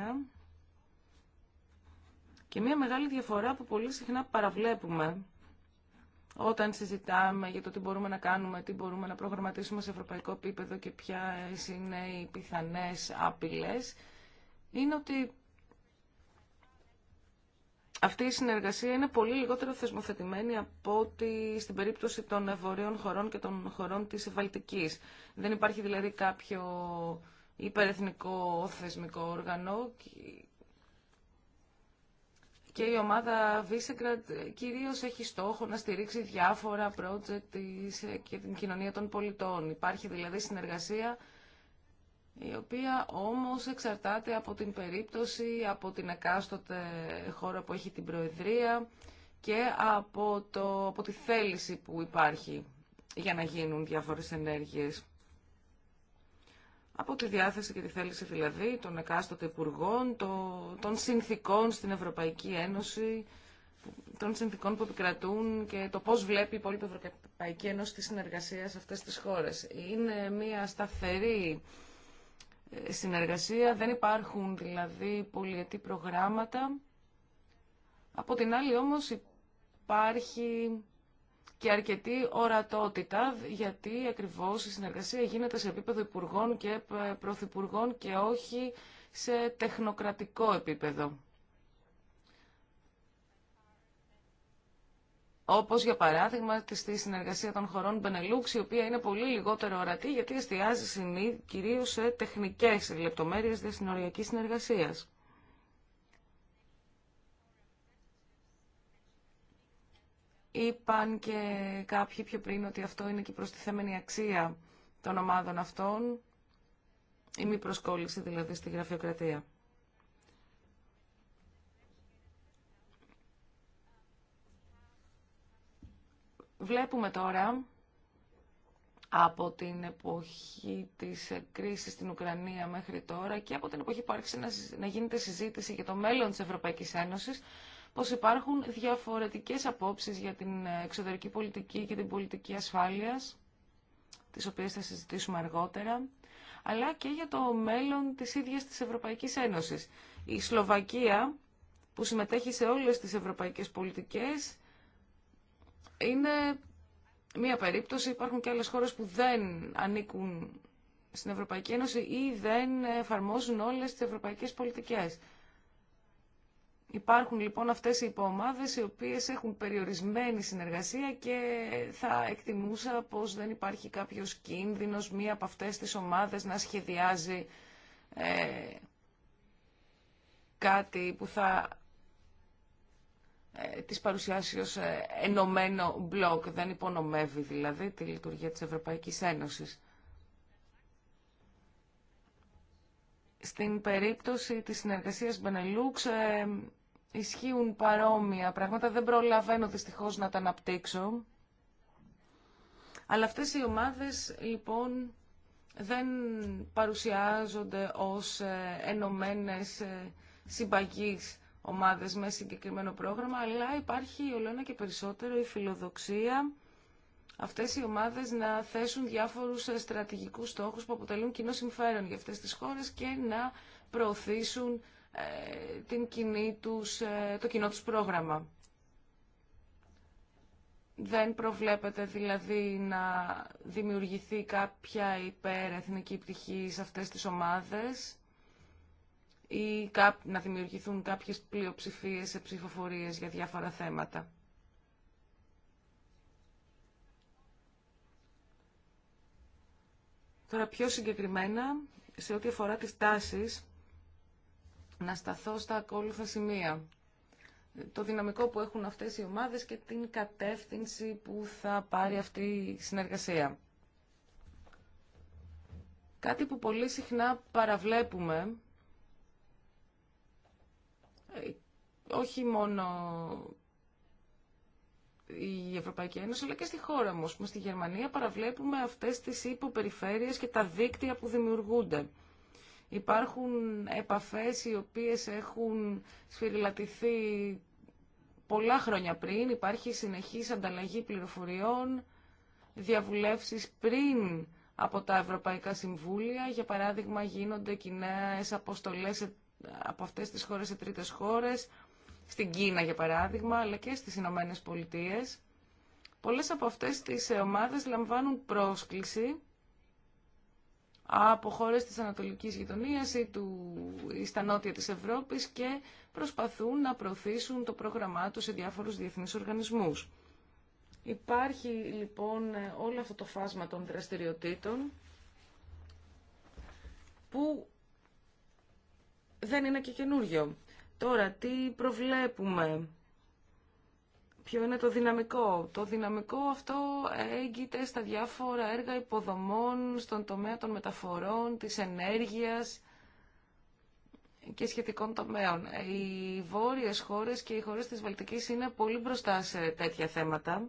και μια μεγάλη διαφορά που πολύ συχνά παραβλέπουμε όταν συζητάμε για το τι μπορούμε να κάνουμε, τι μπορούμε να προγραμματίσουμε σε ευρωπαϊκό επίπεδο και ποιε είναι οι πιθανές άπειλες, είναι ότι αυτή η συνεργασία είναι πολύ λιγότερο θεσμοθετημένη από ότι στην περίπτωση των ευωρίων χωρών και των χωρών της Βαλτικής. Δεν υπάρχει δηλαδή κάποιο υπερεθνικό θεσμικό όργανο και η ομάδα Βίσεγκρατ κυρίως έχει στόχο να στηρίξει διάφορα project και την κοινωνία των πολιτών. Υπάρχει δηλαδή συνεργασία η οποία όμως εξαρτάται από την περίπτωση, από την εκάστοτε χώρα που έχει την Προεδρία και από, το, από τη θέληση που υπάρχει για να γίνουν διάφορες ενέργειες. Από τη διάθεση και τη θέληση δηλαδή των εκάστοτε υπουργών, το, των συνθήκων στην Ευρωπαϊκή Ένωση, των συνθήκων που επικρατούν και το πώς βλέπει η υπόλοιπη Ευρωπαϊκή Ένωση τη συνεργασία σε αυτές τις χώρες. Είναι μια σταθερή συνεργασία, δεν υπάρχουν δηλαδή πολυετή προγράμματα. Από την άλλη όμως υπάρχει και αρκετή ορατότητα, γιατί ακριβώς η συνεργασία γίνεται σε επίπεδο υπουργών και ε, πρωθυπουργών και όχι σε τεχνοκρατικό επίπεδο. όπως για παράδειγμα στη συνεργασία των χωρών Μπενελούξ, η οποία είναι πολύ λιγότερο ορατή γιατί εστιάζει συνή, κυρίως σε τεχνικές λεπτομέρειες διασυνοριακής συνεργασίας. Είπαν και κάποιοι πιο πριν ότι αυτό είναι και η προστιθέμενη αξία των ομάδων αυτών, η μη προσκόλληση δηλαδή στη γραφειοκρατία. Βλέπουμε τώρα από την εποχή της κρίσης στην Ουκρανία μέχρι τώρα και από την εποχή που άρχισε να γίνεται συζήτηση για το μέλλον της Ευρωπαϊκής Ένωσης πως υπάρχουν διαφορετικές απόψεις για την εξωτερική πολιτική και την πολιτική ασφάλειας τις οποίες θα συζητήσουμε αργότερα αλλά και για το μέλλον της ίδιας της Ευρωπαϊκής Ένωσης. Η Σλοβακία που συμμετέχει σε όλες τις ευρωπαϊκές πολιτικές είναι μία περίπτωση. Υπάρχουν και άλλες χώρες που δεν ανήκουν στην Ευρωπαϊκή Ένωση ή δεν εφαρμόζουν όλες τις ευρωπαϊκές πολιτικές. Υπάρχουν λοιπόν αυτές οι υποομάδες οι οποίες έχουν περιορισμένη συνεργασία και θα εκτιμούσα πως δεν υπάρχει κάποιος κίνδυνος μία από αυτές τις ομάδες να σχεδιάζει ε, κάτι που θα ε, της παρουσιάσεως ε, ενωμένο μπλοκ. Δεν υπονομεύει δηλαδή τη λειτουργία της Ευρωπαϊκής Ένωσης. Στην περίπτωση της συνεργασίας Μπενελούξ ε, ισχύουν παρόμοια πράγματα. Δεν προλαβαίνω δυστυχώς να τα αναπτύξω. Αλλά αυτές οι ομάδες λοιπόν δεν παρουσιάζονται ως ενωμένες συμπαγείς ομάδες με συγκεκριμένο πρόγραμμα, αλλά υπάρχει ολόνα και περισσότερο η φιλοδοξία αυτές οι ομάδες να θέσουν διάφορους στρατηγικούς στόχους που αποτελούν κοινό συμφέρον για αυτές τις χώρες και να προωθήσουν ε, την κοινή τους, ε, το κοινό τους πρόγραμμα. Δεν προβλέπεται δηλαδή να δημιουργηθεί κάποια υπερεθνική πτυχή σε αυτές τις ομάδες ή να δημιουργηθούν κάποιες πλειοψηφίες σε ψηφοφορίες για διάφορα θέματα. Τώρα πιο συγκεκριμένα, σε ό,τι αφορά τις τάσεις, να σταθώ στα ακόλουθα σημεία. Το δυναμικό που έχουν αυτές οι ομάδες και την κατεύθυνση που θα πάρει αυτή η συνεργασία. Κάτι που πολύ συχνά παραβλέπουμε ε, όχι μόνο η Ευρωπαϊκή Ένωση, αλλά και στη χώρα μου. Στη Γερμανία παραβλέπουμε αυτές τις υποπεριφέρειες και τα δίκτυα που δημιουργούνται. Υπάρχουν επαφές οι οποίες έχουν σφυριλατηθεί πολλά χρόνια πριν, υπάρχει συνεχής ανταλλαγή πληροφοριών, διαβουλεύσεις πριν από τα Ευρωπαϊκά Συμβούλια. Για παράδειγμα, γίνονται κοινέ αποστολές από αυτές τις χώρες σε τρίτες χώρες, στην Κίνα για παράδειγμα, αλλά και στις Ηνωμένε Πολιτείες. Πολλές από αυτές τις ε, ομάδες λαμβάνουν πρόσκληση από χώρες της Ανατολικής Γειτονίας ή, του, ή στα νότια της Ευρώπης και προσπαθούν να προωθήσουν το πρόγραμμά τους σε διάφορους διεθνείς οργανισμούς. Υπάρχει λοιπόν ε, όλο αυτό το φάσμα των δραστηριοτήτων που δεν είναι και καινούριο. Τώρα, τι προβλέπουμε, ποιο είναι το δυναμικό. Το δυναμικό αυτό έγκυται στα διάφορα έργα υποδομών, στον τομέα των μεταφορών, της ενέργειας και σχετικών τομέων. Οι βόρειες χώρες και οι χώρες της Βαλτικής είναι πολύ μπροστά σε τέτοια θέματα.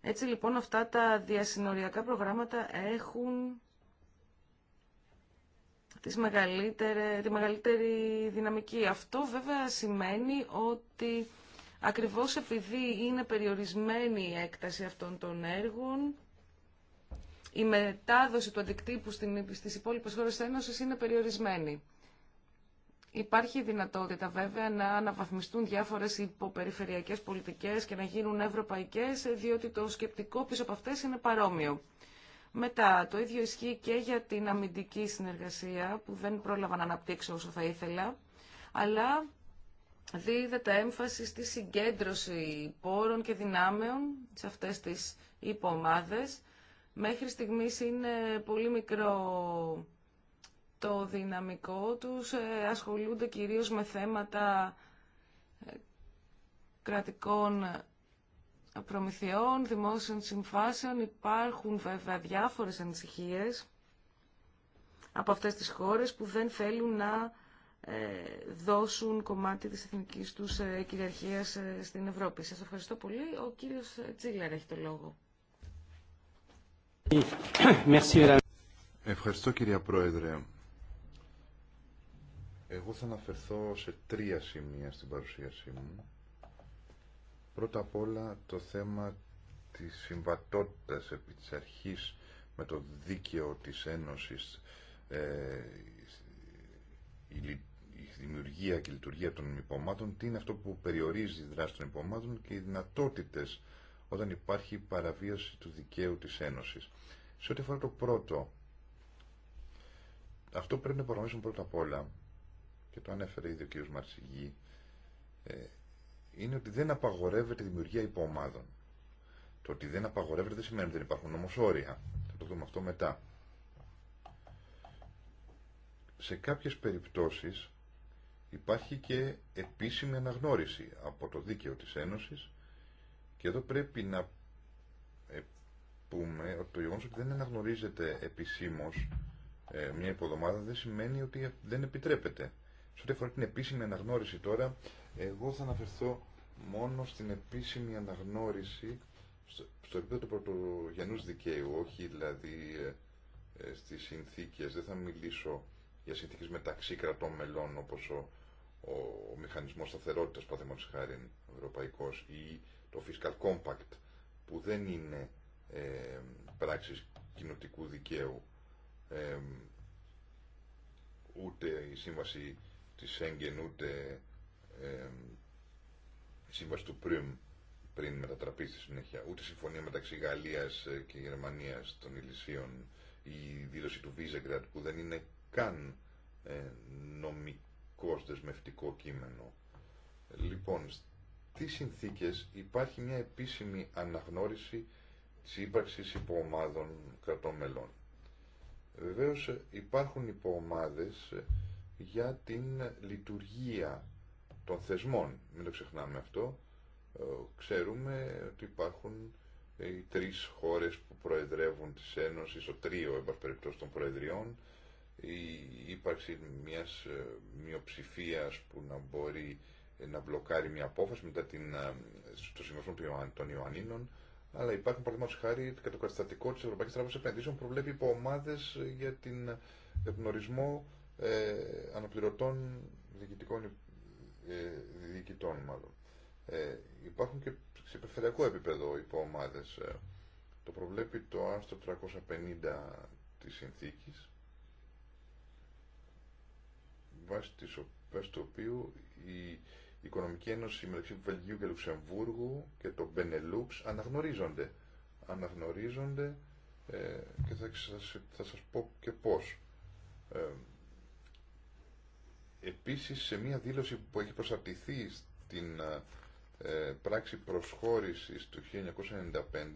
Έτσι λοιπόν αυτά τα διασυνοριακά προγράμματα έχουν τις τη μεγαλύτερη δυναμική. Αυτό βέβαια σημαίνει ότι ακριβώς επειδή είναι περιορισμένη η έκταση αυτών των έργων, η μετάδοση του αντικτύπου στις υπόλοιπες χώρες της Ένωσης είναι περιορισμένη. Υπάρχει δυνατότητα βέβαια να αναβαθμιστούν διάφορες υποπεριφερειακές πολιτικές και να γίνουν ευρωπαϊκές, διότι το σκεπτικό πίσω από αυτές είναι παρόμοιο. Μετά, το ίδιο ισχύει και για την αμυντική συνεργασία, που δεν πρόλαβα να αναπτύξω όσο θα ήθελα, αλλά δίδεται έμφαση στη συγκέντρωση πόρων και δυνάμεων σε αυτές τις υποομάδες. Μέχρι στιγμής είναι πολύ μικρό το δυναμικό τους, ε, ασχολούνται κυρίως με θέματα ε, κρατικών προμηθειών, δημόσιων συμφάσεων. Υπάρχουν βέβαια διάφορες ανησυχίες από αυτές τις χώρες που δεν θέλουν να ε, δώσουν κομμάτι της εθνικής τους ε, κυριαρχίας ε, στην Ευρώπη. Σας ευχαριστώ πολύ. Ο κύριος Τσίλερ έχει το λόγο. Ευχαριστώ κυρία Πρόεδρε. Εγώ θα αναφερθώ σε τρία σημεία στην παρουσίασή μου. Πρώτα απ' όλα το θέμα της συμβατότητας επί της αρχής με το δίκαιο της Ένωσης ε, η, η δημιουργία και η λειτουργία των υπομάτων τι είναι αυτό που περιορίζει η δράση των υπομάτων και οι δυνατότητες όταν υπάρχει παραβίαση του δικαίου της Ένωσης. Σε ό,τι αφορά το πρώτο αυτό πρέπει να υπογραμμίσουμε πρώτα απ' όλα και το ανέφερε ήδη ο κ. Μαρσηγή ε, είναι ότι δεν απαγορεύεται η δημιουργία υποομάδων. Το ότι δεν απαγορεύεται δεν σημαίνει ότι δεν υπάρχουν όμω όρια. Θα το δούμε αυτό μετά. Σε κάποιες περιπτώσεις υπάρχει και επίσημη αναγνώριση από το δίκαιο της Ένωσης και εδώ πρέπει να ε, πούμε ότι το γεγονός ότι δεν αναγνωρίζεται επισήμως ε, μια υποδομάδα δεν σημαίνει ότι δεν επιτρέπεται. Σε ό,τι αφορά την επίσημη αναγνώριση τώρα, εγώ θα αναφερθώ μόνο στην επίσημη αναγνώριση στο, επίπεδο του πρωτογενούς δικαίου, όχι δηλαδή ε, ε, στις συνθήκες. Δεν θα μιλήσω για συνθήκες μεταξύ κρατών μελών όπως ο, ο, ο μηχανισμός σταθερότητας, θερότες χάρη ευρωπαϊκός, ή το fiscal compact, που δεν είναι ε, πράξεις δικαίου, ε, ούτε η σύμβαση της Σέγγεν, ούτε ε, σύμβαση του ΠΡΙΜ πριν μετατραπεί στη συνέχεια, ούτε συμφωνία μεταξύ Γαλλίας ε, και Γερμανίας των Ηλυσίων, η δήλωση του Βίζεγκρατ που δεν είναι καν ε, νομικός δεσμευτικό κείμενο. Λοιπόν, στις συνθήκες υπάρχει μια επίσημη αναγνώριση της ύπαρξης υποομάδων κρατών μελών. Βεβαίως ε, υπάρχουν υποομάδες ε, για την λειτουργία των θεσμών. Μην το ξεχνάμε αυτό. Ε, ξέρουμε ότι υπάρχουν ε, οι τρεις χώρες που προεδρεύουν της Ένωσης, το τρίο εμπας των προεδριών, η ύπαρξη μιας ε, μειοψηφίας που να μπορεί να μπλοκάρει μια απόφαση μετά την, στο Συμβασμό των Ιωαννίνων, αλλά υπάρχουν παραδείγματο χάρη και το καταστατικό τη Ευρωπαϊκή Τράπεζα Επενδύσεων προβλέπει υπό για, την, για τον ορισμό ε, αναπληρωτών διοικητικών ε, διοικητών μάλλον. Ε, υπάρχουν και σε περιφερειακό επίπεδο υποομάδες. Ε, το προβλέπει το άρθρο 350 της συνθήκης βάσει, της, βάσει του οποίου η Οικονομική Ένωση μεταξύ Βελγίου και Λουξεμβούργου και το Μπενελούξ αναγνωρίζονται. Αναγνωρίζονται και θα, θα, θα σας πω και πώς. Επίσης, σε μία δήλωση που έχει προσαρτηθεί στην ε, ε, πράξη προσχώρησης του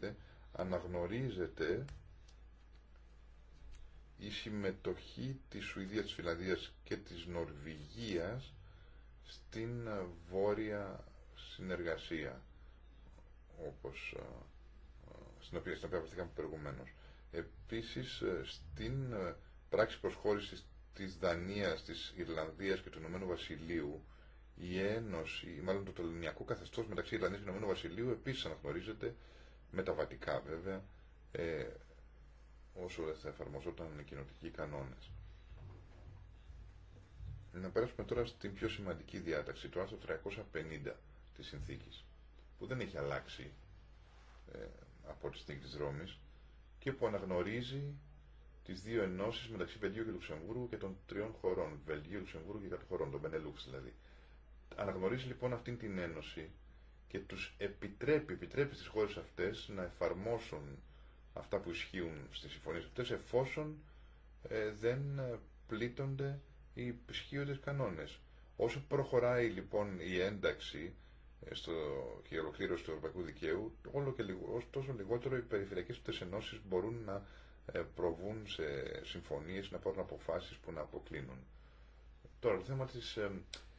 1995, αναγνωρίζεται η συμμετοχή της Σουηδίας, της Φιλανδίας και της Νορβηγίας στην ε, βόρεια συνεργασία, όπως, στην οποία βρεθήκαμε προηγουμένως. Επίσης, στην πράξη προσχώρησης της Δανίας, της Ιρλανδίας και του Ηνωμένου Βασιλείου η ένωση, μάλλον το τελωνιακό καθεστώς μεταξύ Ιρλανδίας και του Ηνωμένου Βασιλείου επίσης αναγνωρίζεται με τα βατικά βέβαια ε, όσο θα εφαρμοζόταν οι κοινοτικοί κανόνες. Να περάσουμε τώρα στην πιο σημαντική διάταξη, το άρθρο 350 της συνθήκης, που δεν έχει αλλάξει ε, από τη συνθήκη της Ρώμης και που αναγνωρίζει τι δύο ενώσει μεταξύ Βελγίου και Λουξεμβούργου και των τριών χωρών, Βελγίου, Λουξεμβούργου και κάτω χωρών, των Μπενελούξ δηλαδή. Αναγνωρίζει λοιπόν αυτή την ένωση και του επιτρέπει, επιτρέπει στις χώρες αυτές να εφαρμόσουν αυτά που ισχύουν στι συμφωνίες αυτέ εφόσον ε, δεν ε, πλήττονται οι ισχύοντε κανόνε. Όσο προχωράει λοιπόν η ένταξη ε, στο, και η ολοκλήρωση του ευρωπαϊκού δικαίου, όλο και λιγότερο οι περιφερειακέ αυτέ ενώσει μπορούν να ε, προβούν σε συμφωνίες, να πάρουν αποφάσεις που να αποκλίνουν. Τώρα, το θέμα της ε,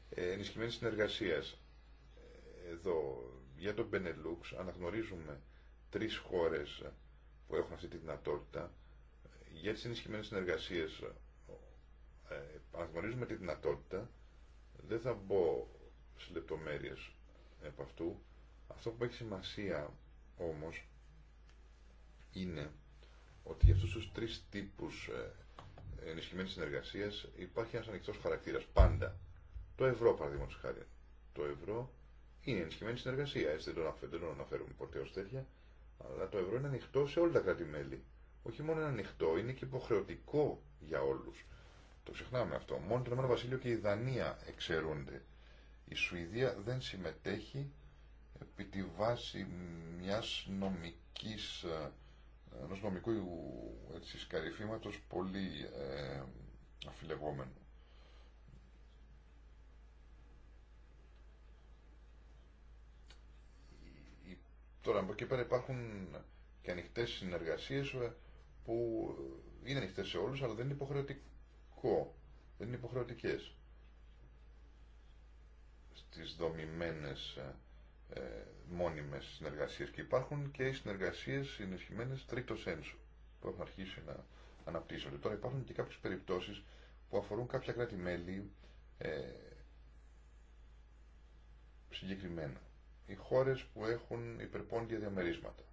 ε, ενισχυμένης συνεργασίας. Εδώ, για τον Πενελούξ, αναγνωρίζουμε τρεις χώρες που έχουν αυτή τη δυνατότητα. Για τις ενισχυμένες συνεργασίες αναγνωρίζουμε τη δυνατότητα. Δεν θα μπω σε λεπτομέρειες από αυτού. Αυτό που έχει σημασία όμως είναι ότι για αυτούς τους τρεις τύπους ε, ενισχυμένης συνεργασίας υπάρχει ένας ανοιχτός χαρακτήρας πάντα. Το ευρώ, παραδείγματος χάρη. Το ευρώ είναι ενισχυμένη συνεργασία, έτσι δεν το αναφέρουμε ποτέ ως τέτοια, αλλά το ευρώ είναι ανοιχτό σε όλα τα κράτη-μέλη. Όχι μόνο είναι ανοιχτό, είναι και υποχρεωτικό για όλους. Το ξεχνάμε αυτό. Μόνο το Ηνωμένο Βασίλειο και η Δανία εξαιρούνται. Η Σουηδία δεν συμμετέχει επί τη βάση μιας νομικής ε, ενός νομικού έτσι, πολύ ε, αφιλεγόμενου. Τώρα από εκεί πέρα υπάρχουν και ανοιχτέ συνεργασίες ε, που είναι ανοιχτέ σε όλους αλλά δεν είναι υποχρεωτικό. Δεν είναι υποχρεωτικές στις δομημένες ε, ε, μόνιμες συνεργασίες και υπάρχουν και οι συνεργασίες ενισχυμένες τρίτο ένσου που έχουν αρχίσει να αναπτύσσονται. Τώρα υπάρχουν και κάποιες περιπτώσεις που αφορούν κάποια κράτη-μέλη ε, συγκεκριμένα. Οι χώρες που έχουν υπερπόντια διαμερίσματα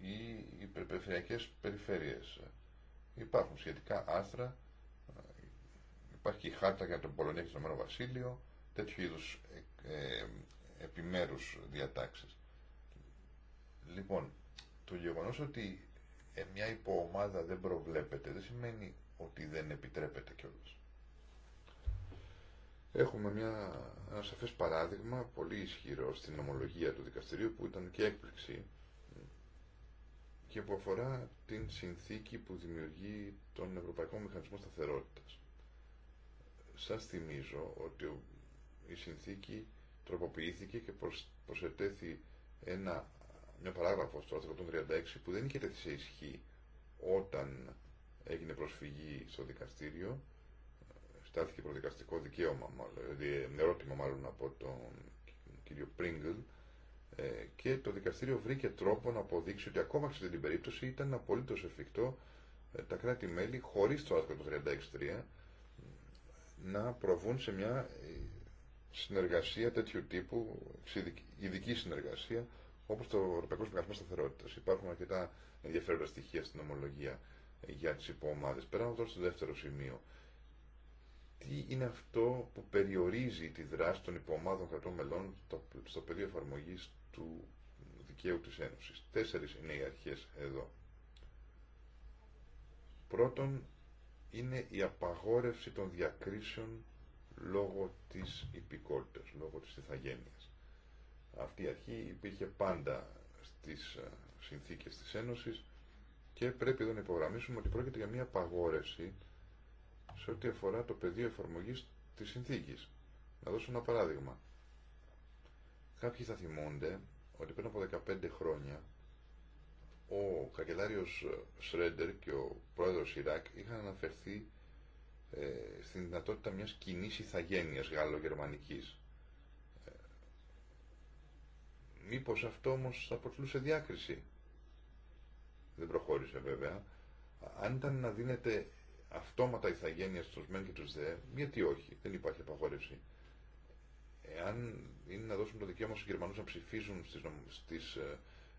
ή υπερπεριφερειακές περιφέρειες. Υπάρχουν σχετικά άρθρα, ε, υπάρχει η χάρτα για τον Πολωνία και τον Βασίλειο, τέτοιου είδους ε, ε, επιμέρους διατάξεις. Λοιπόν, το γεγονός ότι ε, μια υποομάδα δεν προβλέπεται δεν σημαίνει ότι δεν επιτρέπεται κιόλα. Έχουμε μια, ένα σαφές παράδειγμα πολύ ισχυρό στην ομολογία του δικαστηρίου που ήταν και έκπληξη και που αφορά την συνθήκη που δημιουργεί τον Ευρωπαϊκό Μηχανισμό Σταθερότητας. Σας θυμίζω ότι ο η συνθήκη τροποποιήθηκε και προσετέθη ένα, μια παράγραφο στο άρθρο 136 που δεν είχε τέθει σε ισχύ όταν έγινε προσφυγή στο δικαστήριο στάθηκε προδικαστικό δικαίωμα δηλαδή ε, ερώτημα μάλλον από τον κύριο Πρίγκλ ε, και το δικαστήριο βρήκε τρόπο να αποδείξει ότι ακόμα σε την περίπτωση ήταν απολύτω εφικτό ε, τα κράτη-μέλη χωρί το άρθρο 36.3 να προβούν σε μια συνεργασία τέτοιου τύπου, ειδική συνεργασία, όπως το Ευρωπαϊκό Συνεργασμό Σταθερότητας. Υπάρχουν αρκετά ενδιαφέροντα στοιχεία στην ομολογία για τις υποομάδες. Περάμε τώρα στο δεύτερο σημείο. Τι είναι αυτό που περιορίζει τη δράση των υποομάδων κρατών μελών στο πεδίο εφαρμογή του δικαίου της Ένωσης. Τέσσερις είναι οι αρχές εδώ. Πρώτον, είναι η απαγόρευση των διακρίσεων λόγω της υπηκότητας, λόγω της ηθαγένειας. Αυτή η αρχή υπήρχε πάντα στις ε, συνθήκες της Ένωσης και πρέπει εδώ να υπογραμμίσουμε ότι πρόκειται για μια απαγόρευση σε ό,τι αφορά το πεδίο εφαρμογής της συνθήκης. Να δώσω ένα παράδειγμα. Κάποιοι θα θυμούνται ότι πριν από 15 χρόνια ο καγκελάριος Σρέντερ και ο πρόεδρος Ιράκ είχαν αναφερθεί ε, στην δυνατότητα μιας κοινή ηθαγένειας γαλλογερμανικής. Ε, μήπως αυτό όμως θα αποτελούσε διάκριση. Δεν προχώρησε βέβαια. Αν ήταν να δίνεται αυτόματα ηθαγένεια στους μεν και τους δε, γιατί όχι, δεν υπάρχει απαγόρευση. Εάν είναι να δώσουν το δικαίωμα στους Γερμανούς να ψηφίζουν στις, στις ε,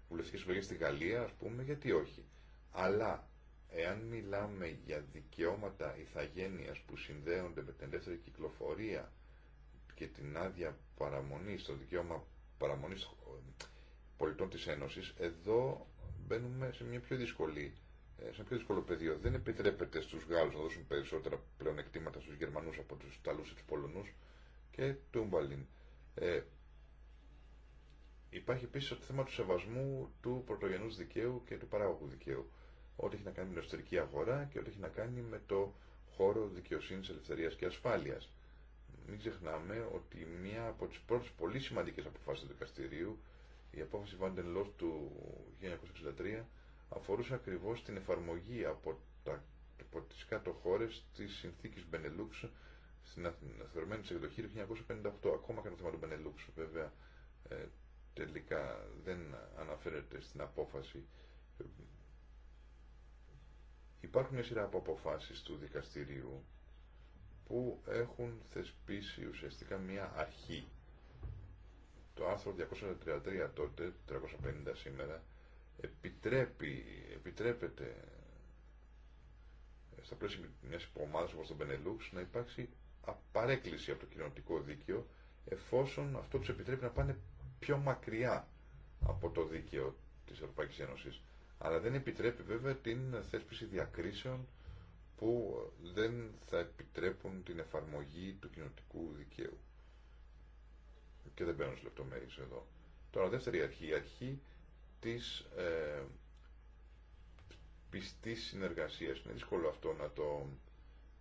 βουλευτικές εκλογές στη Γαλλία, ας πούμε, γιατί όχι. Αλλά Εάν μιλάμε για δικαιώματα ηθαγένειας που συνδέονται με την ελεύθερη κυκλοφορία και την άδεια παραμονή το δικαίωμα παραμονής ε, πολιτών της Ένωσης, εδώ μπαίνουμε σε μια πιο δύσκολη ε, σε ένα πιο δύσκολο πεδίο. Δεν επιτρέπεται στους Γάλλους να δώσουν περισσότερα πλεονεκτήματα στους Γερμανούς από τους Ιταλούς ή τους Πολωνούς και του Ε, υπάρχει επίσης το θέμα του σεβασμού του πρωτογενούς δικαίου και του παράγωγου δικαίου ό,τι έχει να κάνει με την εσωτερική αγορά και ό,τι έχει να κάνει με το χώρο δικαιοσύνης, ελευθερίας και ασφάλειας. Μην ξεχνάμε ότι μία από τις πρώτες πολύ σημαντικές αποφάσεις του δικαστηρίου, η απόφαση Βάντεν του 1963, αφορούσε ακριβώς την εφαρμογή από, τα, τις κάτω χώρες της συνθήκης Μπενελούξ στην αθερωμένη εκδοχή του 1958. Ακόμα και το θέμα του Μπενελούξ βέβαια ε, τελικά δεν αναφέρεται στην απόφαση Υπάρχουν μια σειρά από αποφάσεις του δικαστηρίου που έχουν θεσπίσει ουσιαστικά μια αρχή. Το άρθρο 233 τότε, 350 σήμερα, επιτρέπει, επιτρέπεται στα πλαίσια μια υποομάδα όπω τον Πενελούξ να υπάρξει απαρέκκληση από το κοινωνικό δίκαιο εφόσον αυτό του επιτρέπει να πάνε πιο μακριά από το δίκαιο τη Ευρωπαϊκή Ένωση αλλά δεν επιτρέπει βέβαια την θέσπιση διακρίσεων που δεν θα επιτρέπουν την εφαρμογή του κοινωτικού δικαίου. Και δεν μπαίνω σε λεπτομέρειες εδώ. Τώρα, δεύτερη αρχή, η αρχή της ε, πιστής συνεργασίας. Είναι δύσκολο αυτό να το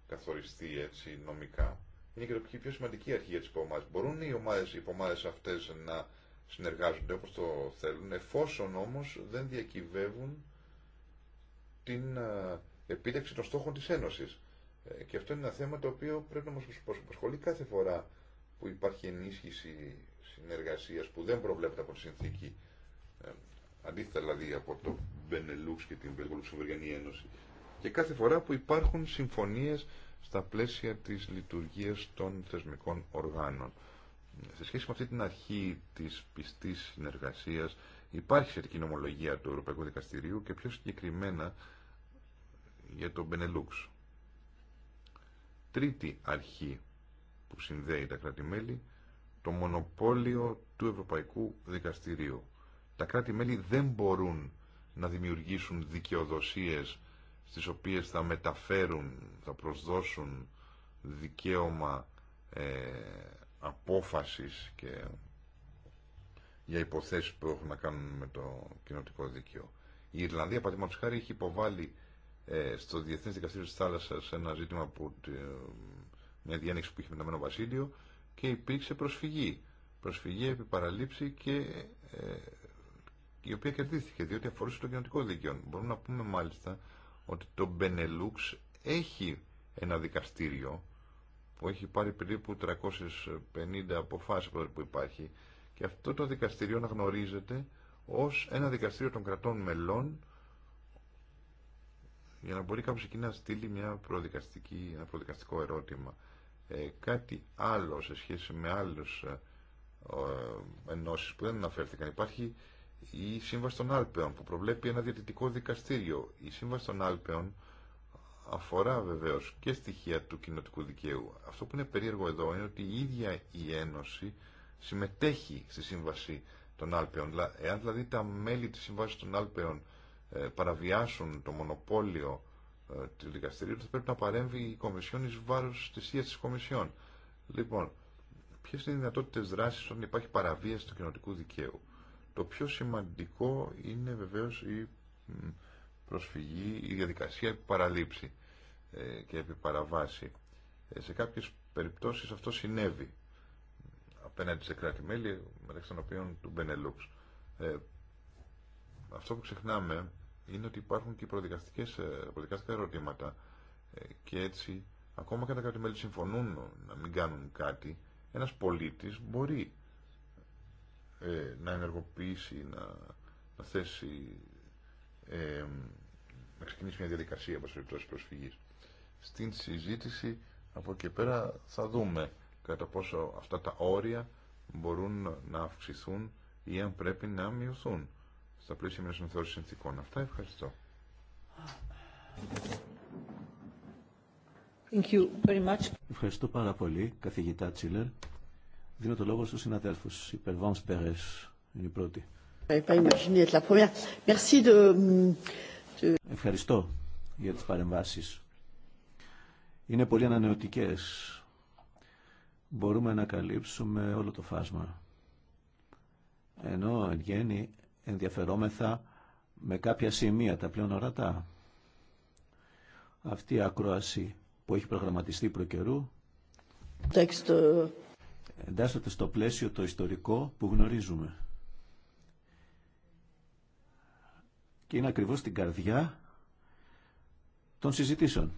καθοριστεί έτσι νομικά. Είναι και το πιο σημαντική αρχή τις υπομάδες. Μπορούν οι ομάδες, οι αυτές να συνεργάζονται όπως το θέλουν, εφόσον όμως δεν διακυβεύουν την ε, επίτευξη των στόχων της Ένωσης. Ε, και αυτό είναι ένα θέμα το οποίο πρέπει να μας προσχολεί κάθε φορά που υπάρχει ενίσχυση συνεργασίας που δεν προβλέπεται από τη συνθήκη, ε, αντίθετα δηλαδή από το Μπενελούξ και την Βελγολουξοβεργανή Ένωση, και κάθε φορά που υπάρχουν συμφωνίες στα πλαίσια της λειτουργίας των θεσμικών οργάνων σε σχέση με αυτή την αρχή της πιστής συνεργασίας υπάρχει σχετική νομολογία του Ευρωπαϊκού Δικαστηρίου και πιο συγκεκριμένα για τον Μπενελούξ. Τρίτη αρχή που συνδέει τα κράτη-μέλη, το μονοπόλιο του Ευρωπαϊκού Δικαστηρίου. Τα κράτη-μέλη δεν μπορούν να δημιουργήσουν δικαιοδοσίες στις οποίες θα μεταφέρουν, θα προσδώσουν δικαίωμα ε, απόφασης και για υποθέσεις που έχουν να κάνουν με το κοινοτικό δίκαιο. Η Ιρλανδία, παραδείγματος χάρη, έχει υποβάλει ε, στο Διεθνές Δικαστήριο της Θάλασσας ένα ζήτημα που, ε, μια που είχε με το Βασίλειο και υπήρξε προσφυγή. Προσφυγή επί παραλήψη και ε, η οποία κερδίστηκε διότι αφορούσε το κοινοτικό δίκαιο. Μπορούμε να πούμε μάλιστα ότι το Μπενελούξ έχει ένα δικαστήριο που έχει πάρει περίπου 350 αποφάσεις που υπάρχει και αυτό το δικαστήριο αναγνωρίζεται ως ένα δικαστήριο των κρατών μελών για να μπορεί κάποιος εκεί να στείλει μια προδικαστική, ένα προδικαστικό ερώτημα. Ε, κάτι άλλο σε σχέση με άλλους ε, ενώσεις που δεν αναφέρθηκαν. Υπάρχει η Σύμβαση των Άλπαιων που προβλέπει ένα διατητικό δικαστήριο. Η Σύμβαση των Άλπαιων αφορά βεβαίως και στοιχεία του κοινοτικού δικαίου. Αυτό που είναι περίεργο εδώ είναι ότι η ίδια η Ένωση συμμετέχει στη Σύμβαση των Άλπαιων. Εάν δηλαδή τα μέλη της Σύμβασης των Άλπαιων ε, παραβιάσουν το μονοπόλιο ε, του δικαστηρίου, θα πρέπει να παρέμβει η Κομισιόν εις βάρος της ίδιας της Κομισιόν. Λοιπόν, ποιε είναι οι δυνατότητες δράσης όταν υπάρχει παραβίαση του κοινοτικού δικαίου. Το πιο σημαντικό είναι βεβαίως η προσφυγή η διαδικασία επί ε, και επί παραβάση. Ε, σε κάποιες περιπτώσεις αυτό συνέβη απέναντι σε κράτη-μέλη μεταξύ των οποίων του Μπενελούξ. Ε, αυτό που ξεχνάμε είναι ότι υπάρχουν και προδικαστικές, προδικαστικά ερωτήματα και έτσι ακόμα και τα κράτη-μέλη συμφωνούν να μην κάνουν κάτι ένας πολίτης μπορεί να ενεργοποιήσει να, να θέσει ε, να ξεκινήσει μια διαδικασία περιπτώσει προσφυγής. Στην συζήτηση από εκεί πέρα θα δούμε κατά πόσο αυτά τα όρια μπορούν να αυξηθούν ή αν πρέπει να μειωθούν στα πλαίσια μια ενθόρησης συνθήκων. Αυτά ευχαριστώ. Thank you very much. Ευχαριστώ πάρα πολύ, καθηγητά Τσίλερ. Δίνω το λόγο στους συναδέλφους. Η Περβάμς Περές είναι η πρώτη. Ευχαριστώ για τις παρεμβάσεις. Είναι πολύ ανανεωτικές. Μπορούμε να καλύψουμε όλο το φάσμα. Ενώ εν γέννη ενδιαφερόμεθα με κάποια σημεία τα πλέον ορατά. Αυτή η ακρόαση που έχει προγραμματιστεί προκαιρού εντάσσεται στο πλαίσιο το ιστορικό που γνωρίζουμε. και είναι ακριβώς στην καρδιά των συζητήσεων.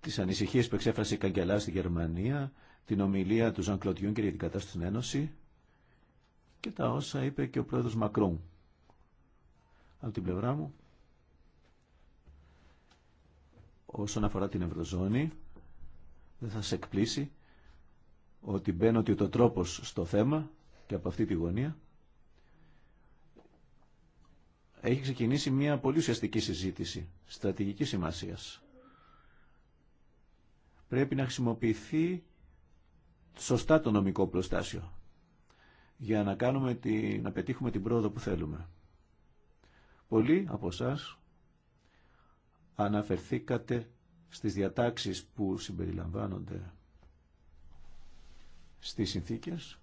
Τις ανησυχίες που εξέφρασε η Καγκελά στη Γερμανία, την ομιλία του Ζαν Κλωτιούν για την κατάσταση στην Ένωση και τα όσα είπε και ο πρόεδρος Μακρόν. Από την πλευρά μου, όσον αφορά την Ευρωζώνη, δεν θα σε εκπλήσει ότι μπαίνω ότι ο τρόπος στο θέμα και από αυτή τη γωνία έχει ξεκινήσει μια πολύ ουσιαστική συζήτηση στρατηγικής σημασίας. Πρέπει να χρησιμοποιηθεί σωστά το νομικό προστάσιο για να, κάνουμε τη, να πετύχουμε την πρόοδο που θέλουμε. Πολλοί από εσά αναφερθήκατε στις διατάξεις που συμπεριλαμβάνονται στις συνθήκες.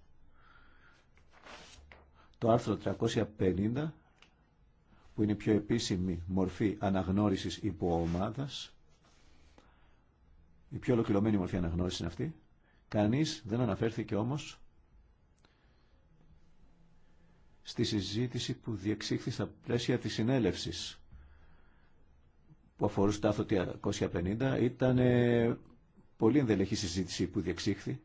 Το άρθρο 350 που είναι η πιο επίσημη μορφή αναγνώρισης υποομάδας, η πιο ολοκληρωμένη μορφή αναγνώρισης είναι αυτή, κανείς δεν αναφέρθηκε όμως στη συζήτηση που διεξήχθη στα πλαίσια της συνέλευσης που αφορούσε το άθρο 250 ήταν ε, πολύ ενδελεχή συζήτηση που διεξήχθη.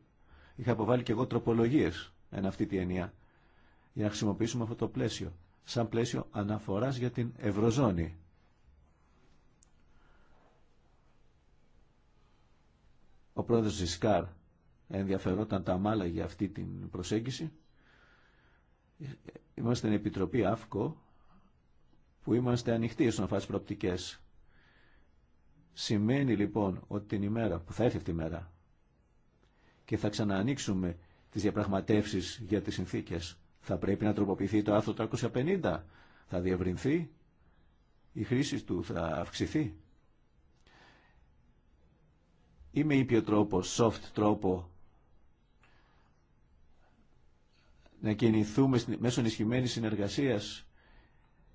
Είχα αποβάλει και εγώ τροπολογίες εν αυτή τη εννοία για να χρησιμοποιήσουμε αυτό το πλαίσιο σαν πλαίσιο αναφοράς για την Ευρωζώνη. Ο πρόεδρος Ζισκάρ ενδιαφερόταν τα μάλα για αυτή την προσέγγιση. Είμαστε στην Επιτροπή ΑΦΚΟ που είμαστε ανοιχτοί στον αφάσεις προοπτικές. Σημαίνει λοιπόν ότι την ημέρα που θα έρθει αυτή η μέρα και θα ξαναανοίξουμε τις διαπραγματεύσεις για τις συνθήκες θα πρέπει να τροποποιηθεί το άρθρο 350. Θα διευρυνθεί. Η χρήση του θα αυξηθεί. Ή με ήπιο τρόπο, soft τρόπο, να κινηθούμε μέσω ενισχυμένης συνεργασίας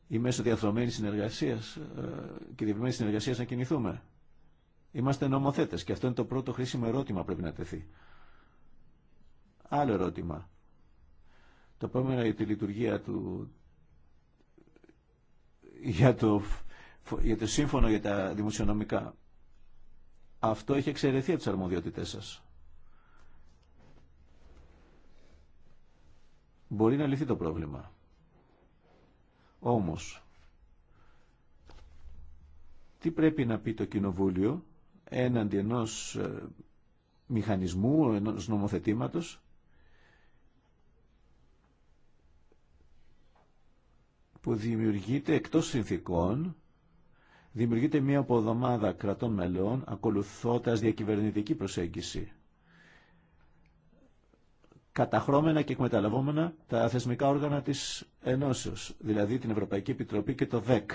ή μέσω διαθρωμένης συνεργασίας ε, και διευρυμένης συνεργασίας να κινηθούμε. Είμαστε νομοθέτες και αυτό είναι το πρώτο χρήσιμο ερώτημα πρέπει να τεθεί. Άλλο ερώτημα. Το επόμενο για τη λειτουργία του, για το, για το σύμφωνο για τα δημοσιονομικά. Αυτό έχει εξαιρεθεί από τις αρμοδιότητές σας. Μπορεί να λυθεί το πρόβλημα. Όμως, τι πρέπει να πει το Κοινοβούλιο έναντι ενός ε, μηχανισμού, ενός νομοθετήματος που δημιουργείται εκτός συνθήκων, δημιουργείται μια αποδομάδα κρατών μελών ακολουθώντας διακυβερνητική προσέγγιση. Καταχρώμενα και εκμεταλλευόμενα τα θεσμικά όργανα της Ενώσεως, δηλαδή την Ευρωπαϊκή Επιτροπή και το ΔΕΚ.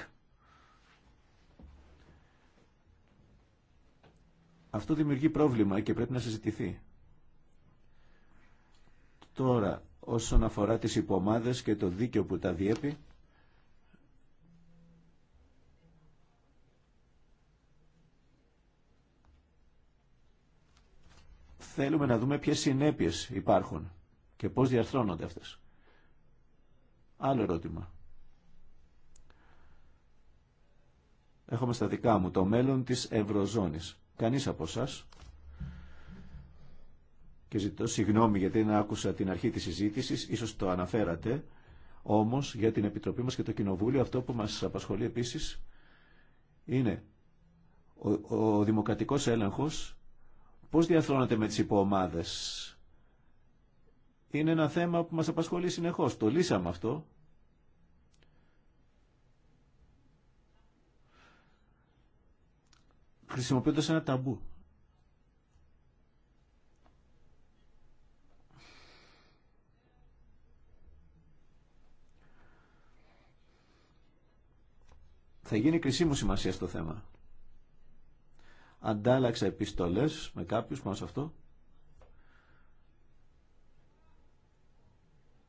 Αυτό δημιουργεί πρόβλημα και πρέπει να συζητηθεί. Τώρα, όσον αφορά τις υπομάδες και το δίκαιο που τα διέπει, θέλουμε να δούμε ποιες συνέπειες υπάρχουν και πώς διαρθρώνονται αυτές. Άλλο ερώτημα. Έχουμε στα δικά μου το μέλλον της Ευρωζώνης. Κανείς από εσά. Και ζητώ συγγνώμη γιατί δεν άκουσα την αρχή της συζήτησης, ίσως το αναφέρατε, όμως για την Επιτροπή μας και το Κοινοβούλιο αυτό που μας απασχολεί επίσης είναι ο, ο δημοκρατικός έλεγχος Πώς διαθρώνετε με τις υποομάδες. Είναι ένα θέμα που μας απασχολεί συνεχώς. Το λύσαμε αυτό. Χρησιμοποιώντας ένα ταμπού. Θα γίνει κρισίμου σημασία στο θέμα. Αντάλλαξα επιστολές με κάποιους πάνω σε αυτό.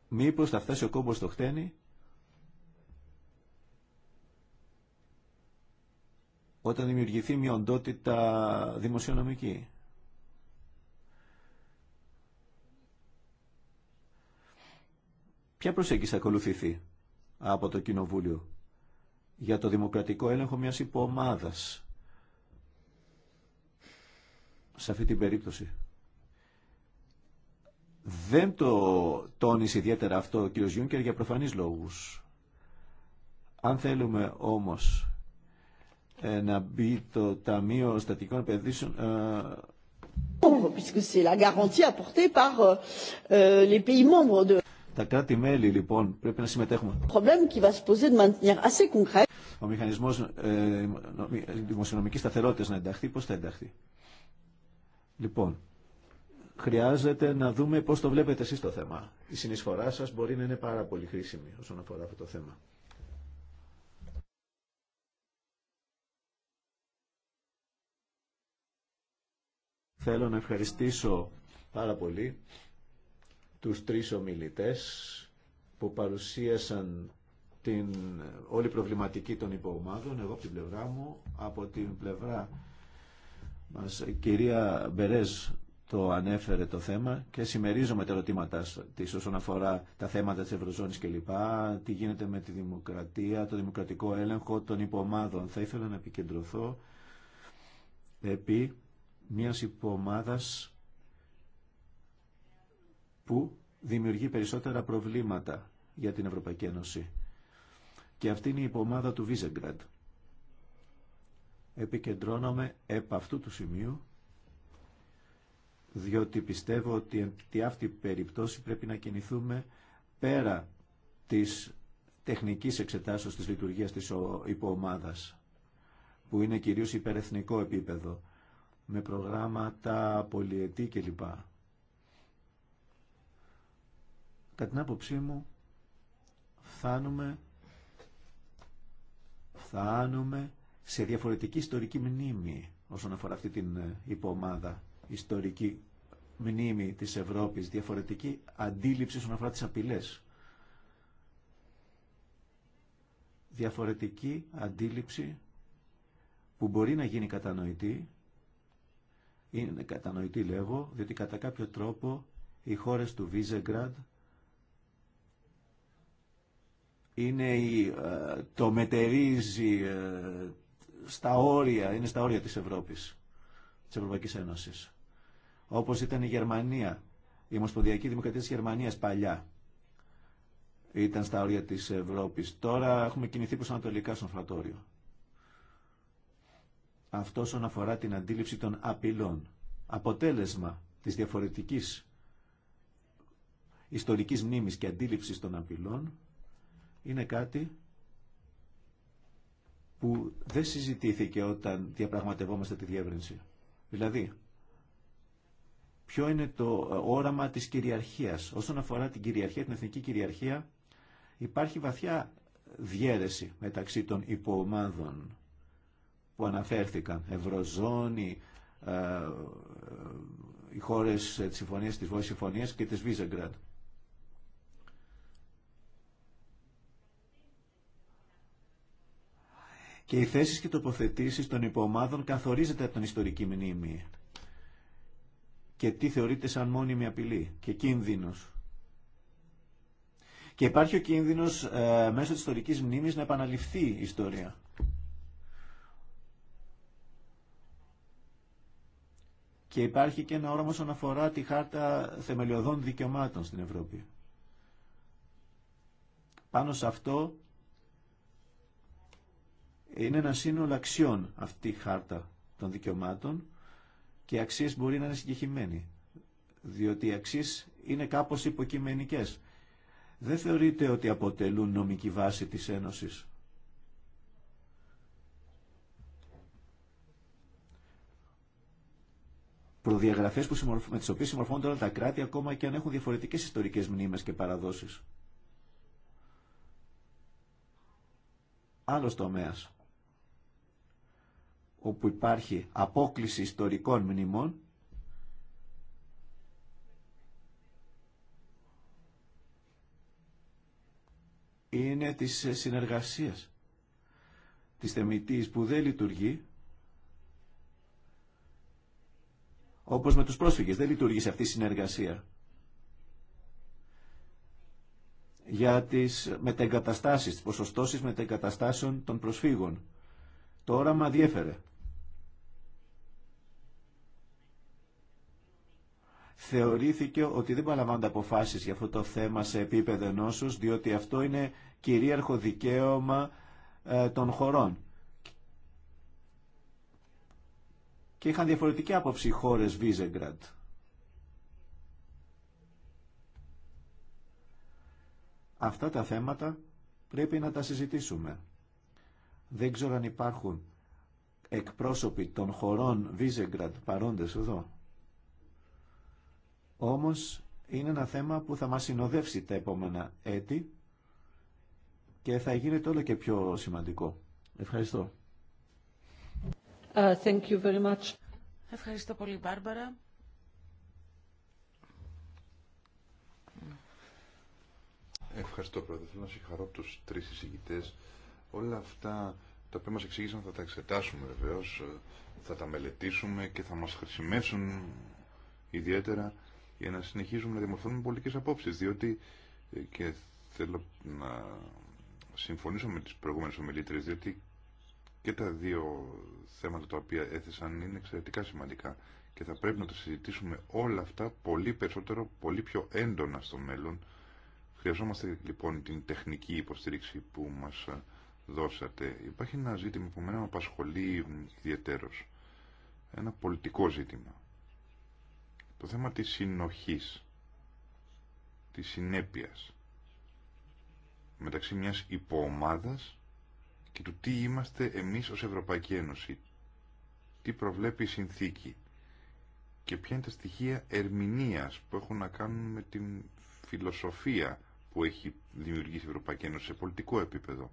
Μήπως θα φτάσει ο κόμπος στο χτένι όταν δημιουργηθεί μια οντότητα δημοσιονομική. Ποια προσέγγιση θα ακολουθηθεί από το Κοινοβούλιο για το δημοκρατικό έλεγχο μιας υποομάδας σε αυτή την περίπτωση. Δεν το τόνισε ιδιαίτερα αυτό ο κ. Γιούνκερ για προφανείς λόγους. Αν θέλουμε όμως ε, να μπει το Ταμείο Στατικών Επενδύσεων... Ε, euh, euh, τα κράτη-μέλη λοιπόν πρέπει να συμμετέχουμε. Ο μηχανισμός ε, δημοσιονομικής σταθερότητας να ενταχθεί, πώς θα ενταχθεί. Λοιπόν, χρειάζεται να δούμε πώς το βλέπετε εσείς το θέμα. Η συνεισφορά σας μπορεί να είναι πάρα πολύ χρήσιμη όσον αφορά αυτό το θέμα. Θέλω να ευχαριστήσω πάρα πολύ τους τρεις ομιλητές που παρουσίασαν την όλη προβληματική των υποομάδων, εγώ από την πλευρά μου, από την πλευρά μας. Η ε, κυρία Μπερές το ανέφερε το θέμα και συμμερίζομαι τα ερωτήματά τη όσον αφορά τα θέματα της Ευρωζώνης κλπ. Τι γίνεται με τη δημοκρατία, το δημοκρατικό έλεγχο των υπομάδων. Θα ήθελα να επικεντρωθώ επί μιας υπομάδας που δημιουργεί περισσότερα προβλήματα για την Ευρωπαϊκή Ένωση. Και αυτή είναι η υπομάδα του Βίζεγκραντ επικεντρώνομαι επ' αυτού του σημείου διότι πιστεύω ότι τη αυτή περίπτωση πρέπει να κινηθούμε πέρα της τεχνικής εξετάσεως της λειτουργίας της υποομάδας που είναι κυρίως υπερεθνικό επίπεδο με προγράμματα πολιετή κλπ. Κατά την άποψή μου φτάνουμε φτάνουμε σε διαφορετική ιστορική μνήμη όσον αφορά αυτή την ε, υπομάδα, ιστορική μνήμη της Ευρώπης, διαφορετική αντίληψη όσον αφορά τις απειλές. Διαφορετική αντίληψη που μπορεί να γίνει κατανοητή, είναι κατανοητή λέγω, διότι κατά κάποιο τρόπο οι χώρες του Βίζεγκραντ είναι ε, το μετερίζει ε, στα όρια, είναι στα όρια της Ευρώπης, της Ευρωπαϊκής Ένωσης. Όπως ήταν η Γερμανία, η Ομοσπονδιακή Δημοκρατία της Γερμανίας παλιά ήταν στα όρια της Ευρώπης. Τώρα έχουμε κινηθεί προς ανατολικά στον φρατόριο. Αυτό όσον αφορά την αντίληψη των απειλών. Αποτέλεσμα της διαφορετικής ιστορικής μνήμης και αντίληψης των απειλών είναι κάτι που δεν συζητήθηκε όταν διαπραγματευόμαστε τη διεύρυνση. Δηλαδή, ποιο είναι το ε, όραμα της κυριαρχίας. Όσον αφορά την κυριαρχία, την εθνική κυριαρχία, υπάρχει βαθιά διέρεση μεταξύ των υποομάδων που αναφέρθηκαν. Ευρωζώνη, ε, ε, οι χώρες της Συμφωνίας της Συμφωνίας και της Βίζεγκραντ. και οι θέσεις και τοποθετήσει των υποομάδων καθορίζεται από την ιστορική μνήμη και τι θεωρείται σαν μόνιμη απειλή και κίνδυνος. Και υπάρχει ο κίνδυνος ε, μέσω της ιστορικής μνήμη να επαναληφθεί η ιστορία. Και υπάρχει και ένα όραμα όσον αφορά τη χάρτα θεμελιωδών δικαιωμάτων στην Ευρώπη. Πάνω σε αυτό είναι ένα σύνολο αξιών αυτή η χάρτα των δικαιωμάτων και οι αξίες μπορεί να είναι συγκεκριμένοι, διότι οι αξίες είναι κάπως υποκειμενικές. Δεν θεωρείται ότι αποτελούν νομική βάση της Ένωσης. Προδιαγραφές που με τις οποίες συμμορφώνται όλα τα κράτη ακόμα και αν έχουν διαφορετικές ιστορικές μνήμες και παραδόσεις. Άλλος τομέας όπου υπάρχει απόκληση ιστορικών μνημών είναι της συνεργασίας της θεμητής που δεν λειτουργεί όπως με τους πρόσφυγες δεν λειτουργεί σε αυτή η συνεργασία για τις μετεγκαταστάσεις, τις ποσοστώσεις μετεγκαταστάσεων των προσφύγων. Το όραμα διέφερε. θεωρήθηκε ότι δεν παραλαμβάνονται αποφάσεις για αυτό το θέμα σε επίπεδο νόσους διότι αυτό είναι κυρίαρχο δικαίωμα ε, των χωρών. Και είχαν διαφορετική άποψη οι χώρες Βίζεγκραντ. Αυτά τα θέματα πρέπει να τα συζητήσουμε. Δεν ξέρω αν υπάρχουν εκπρόσωποι των χωρών Βίζεγκραντ παρόντες εδώ. Όμως είναι ένα θέμα που θα μας συνοδεύσει τα επόμενα έτη και θα γίνεται όλο και πιο σημαντικό. Ευχαριστώ. Uh, thank you very much. Ευχαριστώ πολύ, Μπάρμπαρα. Ευχαριστώ, Πρόεδρε. Θέλω να συγχαρώ του τρει Όλα αυτά τα οποία μα εξήγησαν θα τα εξετάσουμε βεβαίω, θα τα μελετήσουμε και θα μα χρησιμεύσουν ιδιαίτερα για να συνεχίζουμε να δημορφώνουμε πολιτικές απόψεις, διότι ε, και θέλω να συμφωνήσω με τις προηγούμενες ομιλήτρες, διότι και τα δύο θέματα τα οποία έθεσαν είναι εξαιρετικά σημαντικά και θα πρέπει να τα συζητήσουμε όλα αυτά πολύ περισσότερο, πολύ πιο έντονα στο μέλλον. Χρειαζόμαστε λοιπόν την τεχνική υποστήριξη που μας ε, δώσατε. Υπάρχει ένα ζήτημα που με απασχολεί ιδιαίτερος. Ένα πολιτικό ζήτημα. Το θέμα της συνοχής, της συνέπειας μεταξύ μιας υποομάδας και του τι είμαστε εμείς ως Ευρωπαϊκή Ένωση, τι προβλέπει η συνθήκη και ποια είναι τα στοιχεία ερμηνείας που έχουν να κάνουν με την φιλοσοφία που έχει δημιουργήσει η Ευρωπαϊκή Ένωση σε πολιτικό επίπεδο.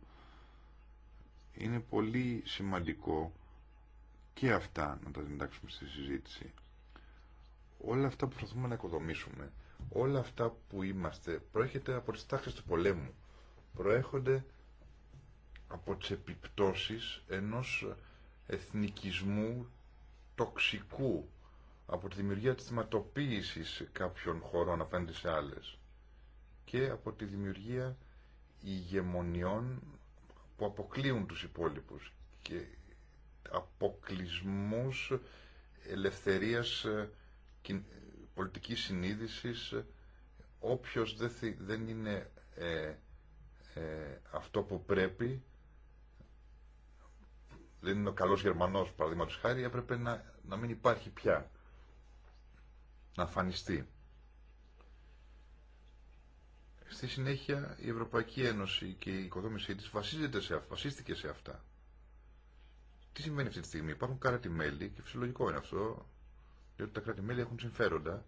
Είναι πολύ σημαντικό και αυτά να τα συντάξουμε στη συζήτηση όλα αυτά που προσπαθούμε να οικοδομήσουμε, όλα αυτά που είμαστε, προέρχεται από τις τάξεις του πολέμου. Προέρχονται από τις επιπτώσεις ενός εθνικισμού τοξικού, από τη δημιουργία της θυματοποίησης κάποιων χωρών απέναντι σε άλλες και από τη δημιουργία ηγεμονιών που αποκλείουν τους υπόλοιπους και αποκλισμούς ελευθερίας ε, πολιτικής συνείδησης όποιος δεν είναι ε, ε, αυτό που πρέπει δεν είναι ο καλός Γερμανός παραδείγματος χάρη έπρεπε να, μην υπάρχει πια να αφανιστεί στη συνέχεια η Ευρωπαϊκή Ένωση και η οικοδόμησή της βασίζεται σε, βασίστηκε σε αυτά τι σημαίνει αυτή τη στιγμή τη κράτη-μέλη και φυσιολογικό είναι αυτό διότι τα κράτη-μέλη έχουν συμφέροντα.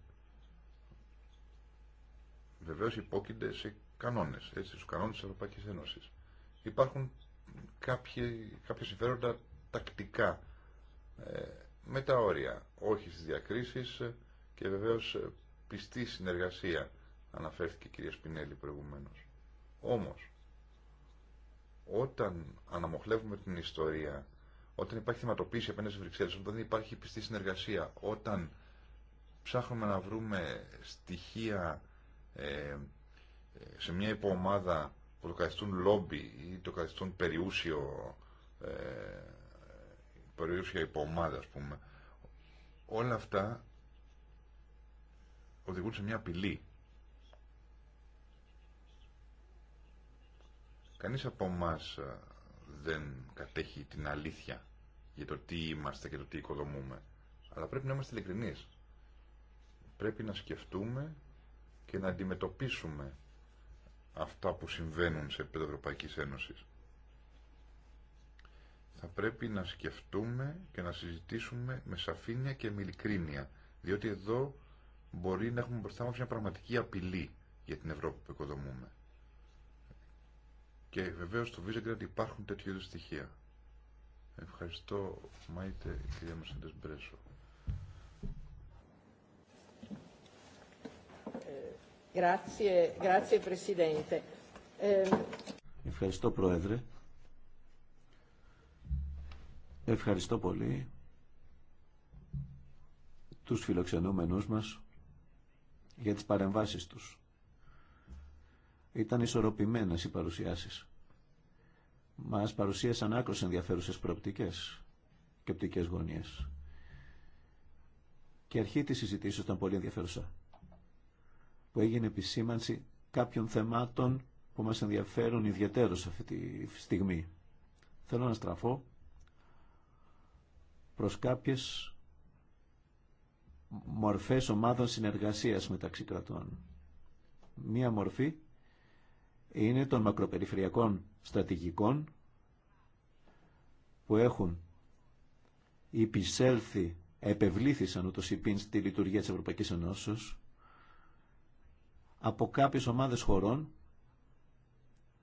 Βεβαίως υπόκεινται σε κανόνες, έτσι, στους κανόνες της Ευρωπαϊκής Ένωσης. Υπάρχουν κάποιοι, κάποια συμφέροντα τακτικά, ε, με τα όρια, όχι στις διακρίσεις ε, και βεβαίως ε, πιστή συνεργασία, αναφέρθηκε η κυρία Σπινέλη προηγουμένως. Όμως, όταν αναμοχλεύουμε την ιστορία όταν υπάρχει θεματοποίηση απέναντι στι Βρυξέλλε, όταν δεν υπάρχει πιστή συνεργασία, όταν ψάχνουμε να βρούμε στοιχεία ε, σε μια υποομάδα που το καθιστούν λόμπι ή το καθιστούν περιούσιο, ε, περιούσια υποομάδα, α πούμε, όλα αυτά οδηγούν σε μια απειλή. Κανείς από εμά ε, δεν κατέχει την αλήθεια για το τι είμαστε και το τι οικοδομούμε. Αλλά πρέπει να είμαστε ειλικρινεί. Πρέπει να σκεφτούμε και να αντιμετωπίσουμε αυτά που συμβαίνουν σε επίπεδο Ευρωπαϊκή Ένωση. Θα πρέπει να σκεφτούμε και να συζητήσουμε με σαφήνεια και με ειλικρίνεια. Διότι εδώ μπορεί να έχουμε μπροστά μα μια πραγματική απειλή για την Ευρώπη που οικοδομούμε. Και βεβαίω στο Βίζεγκραντ υπάρχουν τέτοιου είδου στοιχεία. Ευχαριστώ, Μάιτε, κυρία Μπρέσο. Ε, ε, Ευχαριστώ, Πρόεδρε. Ευχαριστώ πολύ τους φιλοξενούμενούς μας για τις παρεμβάσεις τους. Ήταν ισορροπημένες οι παρουσιάσεις μας παρουσίασαν άκρως ενδιαφέρουσες προοπτικές και οπτικές γωνίες. Και αρχή της συζητήσεως ήταν πολύ ενδιαφέρουσα, που έγινε επισήμανση κάποιων θεμάτων που μας ενδιαφέρουν ιδιαίτερως αυτή τη στιγμή. Θέλω να στραφώ προς κάποιες μορφές ομάδων συνεργασίας μεταξύ κρατών. Μία μορφή είναι των μακροπεριφερειακών στρατηγικών που έχουν υπησέλθει, επευλήθησαν ούτως υπήν στη λειτουργία της Ευρωπαϊκής Ενώσεως από κάποιες ομάδες χωρών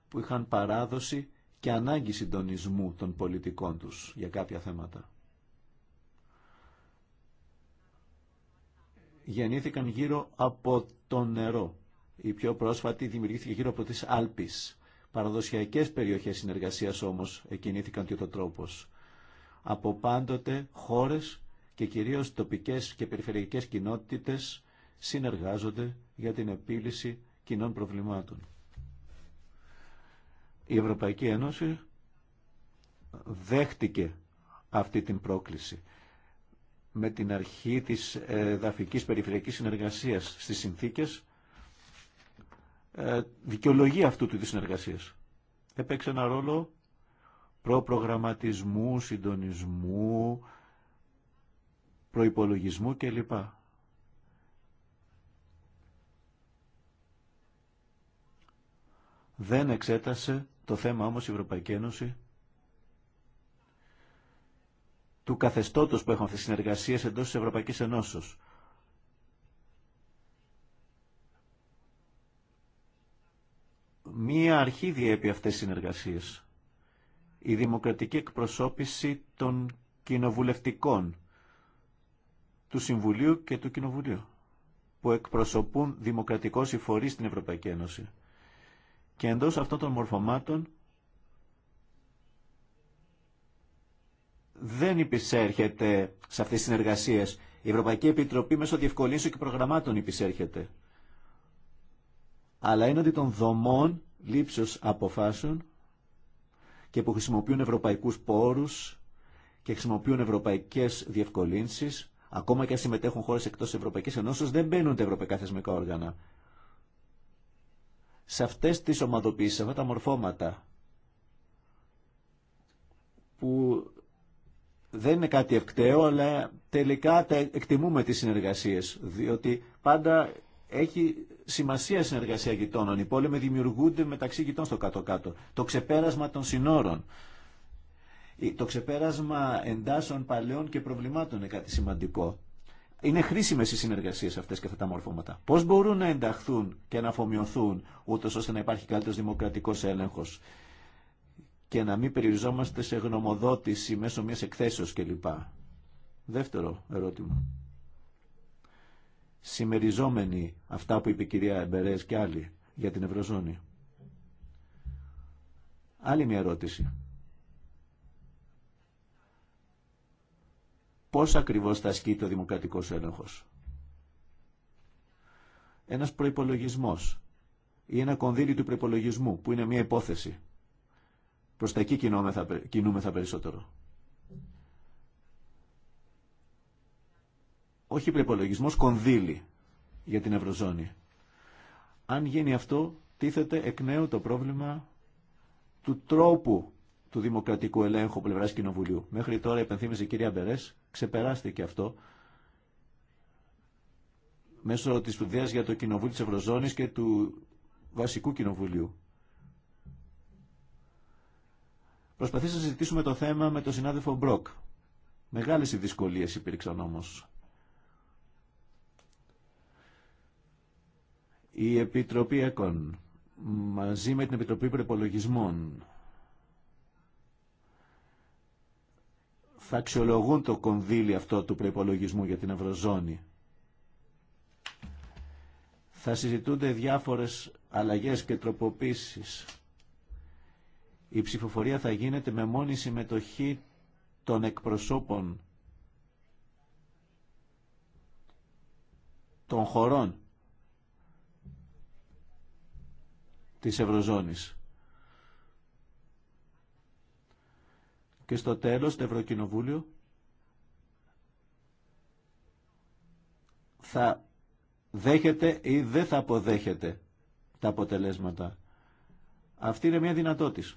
που είχαν παράδοση και ανάγκη συντονισμού των πολιτικών τους για κάποια θέματα. Γεννήθηκαν γύρω από το νερό. Η πιο πρόσφατη δημιουργήθηκε γύρω από τις Άλπεις Παραδοσιακές περιοχές συνεργασίας όμως εκινήθηκαν και ο τρόπος. Από πάντοτε χώρες και κυρίως τοπικές και περιφερειακές κοινότητες συνεργάζονται για την επίλυση κοινών προβλημάτων. Η Ευρωπαϊκή Ένωση δέχτηκε αυτή την πρόκληση με την αρχή της ε, δαφικής περιφερειακής συνεργασίας στις συνθήκες ε, δικαιολογία αυτού του της συνεργασίες. Έπαιξε ένα ρόλο προπρογραμματισμού, συντονισμού, προϋπολογισμού κλπ. Δεν εξέτασε το θέμα όμως η Ευρωπαϊκή Ένωση του καθεστώτος που έχουν αυτές τις συνεργασίες εντός της Ευρωπαϊκής Ενώσεως. μία αρχή διέπει αυτές τις συνεργασίες. Η δημοκρατική εκπροσώπηση των κοινοβουλευτικών του Συμβουλίου και του Κοινοβουλίου που εκπροσωπούν δημοκρατικώς οι φορείς στην Ευρωπαϊκή Ένωση. Και εντός αυτών των μορφωμάτων δεν υπησέρχεται σε αυτές τις συνεργασίες. Η Ευρωπαϊκή Επιτροπή μέσω διευκολύνσεων και προγραμμάτων υπησέρχεται. Αλλά είναι ότι των δομών λήψεως αποφάσεων και που χρησιμοποιούν ευρωπαϊκούς πόρους και χρησιμοποιούν ευρωπαϊκές διευκολύνσεις, ακόμα και αν συμμετέχουν χώρες εκτός Ευρωπαϊκής Ενώσεως, δεν μπαίνουν τα ευρωπαϊκά θεσμικά όργανα. Σε αυτές τις ομαδοποιήσεις, σε αυτά τα μορφώματα, που δεν είναι κάτι ευκταίο, αλλά τελικά τα εκτιμούμε τις συνεργασίες, διότι πάντα έχει σημασία συνεργασία γειτόνων. Οι πόλεμοι δημιουργούνται μεταξύ γειτών στο κάτω-κάτω. Το ξεπέρασμα των συνόρων. Το ξεπέρασμα εντάσσεων παλαιών και προβλημάτων είναι κάτι σημαντικό. Είναι χρήσιμε οι συνεργασίε αυτέ και αυτά τα μορφώματα. Πώ μπορούν να ενταχθούν και να αφομοιωθούν, ούτω ώστε να υπάρχει καλύτερο δημοκρατικό έλεγχο και να μην περιοριζόμαστε σε γνωμοδότηση μέσω μια εκθέσεω κλπ. Δεύτερο ερώτημα συμμεριζόμενοι αυτά που είπε η κυρία Εμπερές και άλλοι για την Ευρωζώνη. Άλλη μια ερώτηση. Πώς ακριβώς θα ασκείται το δημοκρατικός έλεγχος. Ένας προϋπολογισμός ή ένα κονδύλι του προϋπολογισμού που είναι μια υπόθεση. Προς τα εκεί κινούμεθα περισσότερο. όχι προπολογισμό, κονδύλι για την Ευρωζώνη. Αν γίνει αυτό, τίθεται εκ νέου το πρόβλημα του τρόπου του δημοκρατικού ελέγχου πλευρά Κοινοβουλίου. Μέχρι τώρα, υπενθύμησε η κυρία Μπερέ, ξεπεράστηκε αυτό μέσω τη σπουδαία για το Κοινοβούλιο τη Ευρωζώνη και του Βασικού Κοινοβουλίου. Προσπαθήσαμε να συζητήσουμε το θέμα με τον συνάδελφο Μπροκ. Μεγάλες οι δυσκολίες υπήρξαν όμω. Η Επιτροπή ΕΚΟΝ μαζί με την Επιτροπή Προπολογισμών θα αξιολογούν το κονδύλι αυτό του προπολογισμού για την Ευρωζώνη. Θα συζητούνται διάφορες αλλαγές και τροποποίησεις. Η ψηφοφορία θα γίνεται με μόνη συμμετοχή των εκπροσώπων των χωρών της Ευρωζώνης. Και στο τέλος το Ευρωκοινοβούλιο θα δέχεται ή δεν θα αποδέχεται τα αποτελέσματα. Αυτή είναι μια δυνατότητα.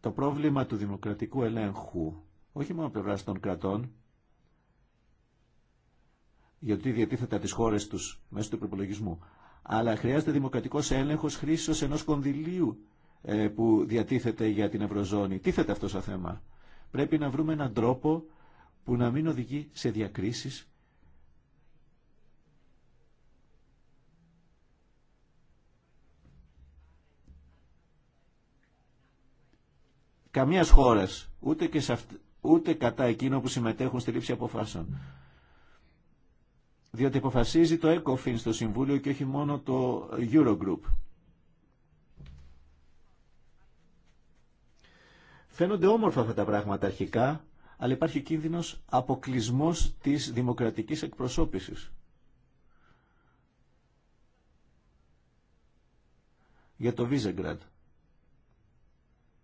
Το πρόβλημα του δημοκρατικού ελέγχου, όχι μόνο πλευρά των κρατών, γιατί διατίθεται από τι χώρε του μέσω του προπολογισμού. Αλλά χρειάζεται δημοκρατικό έλεγχο χρήση ενό κονδυλίου ε, που διατίθεται για την Ευρωζώνη. Τίθεται αυτό σαν θέμα. Πρέπει να βρούμε έναν τρόπο που να μην οδηγεί σε διακρίσεις καμίας χώρας, ούτε, και ούτε κατά εκείνο που συμμετέχουν στη λήψη αποφάσεων διότι αποφασίζει το ECOFIN στο Συμβούλιο και όχι μόνο το Eurogroup. Φαίνονται όμορφα αυτά τα πράγματα αρχικά, αλλά υπάρχει κίνδυνος αποκλεισμός της δημοκρατικής εκπροσώπησης. Για το Βίζεγκραντ,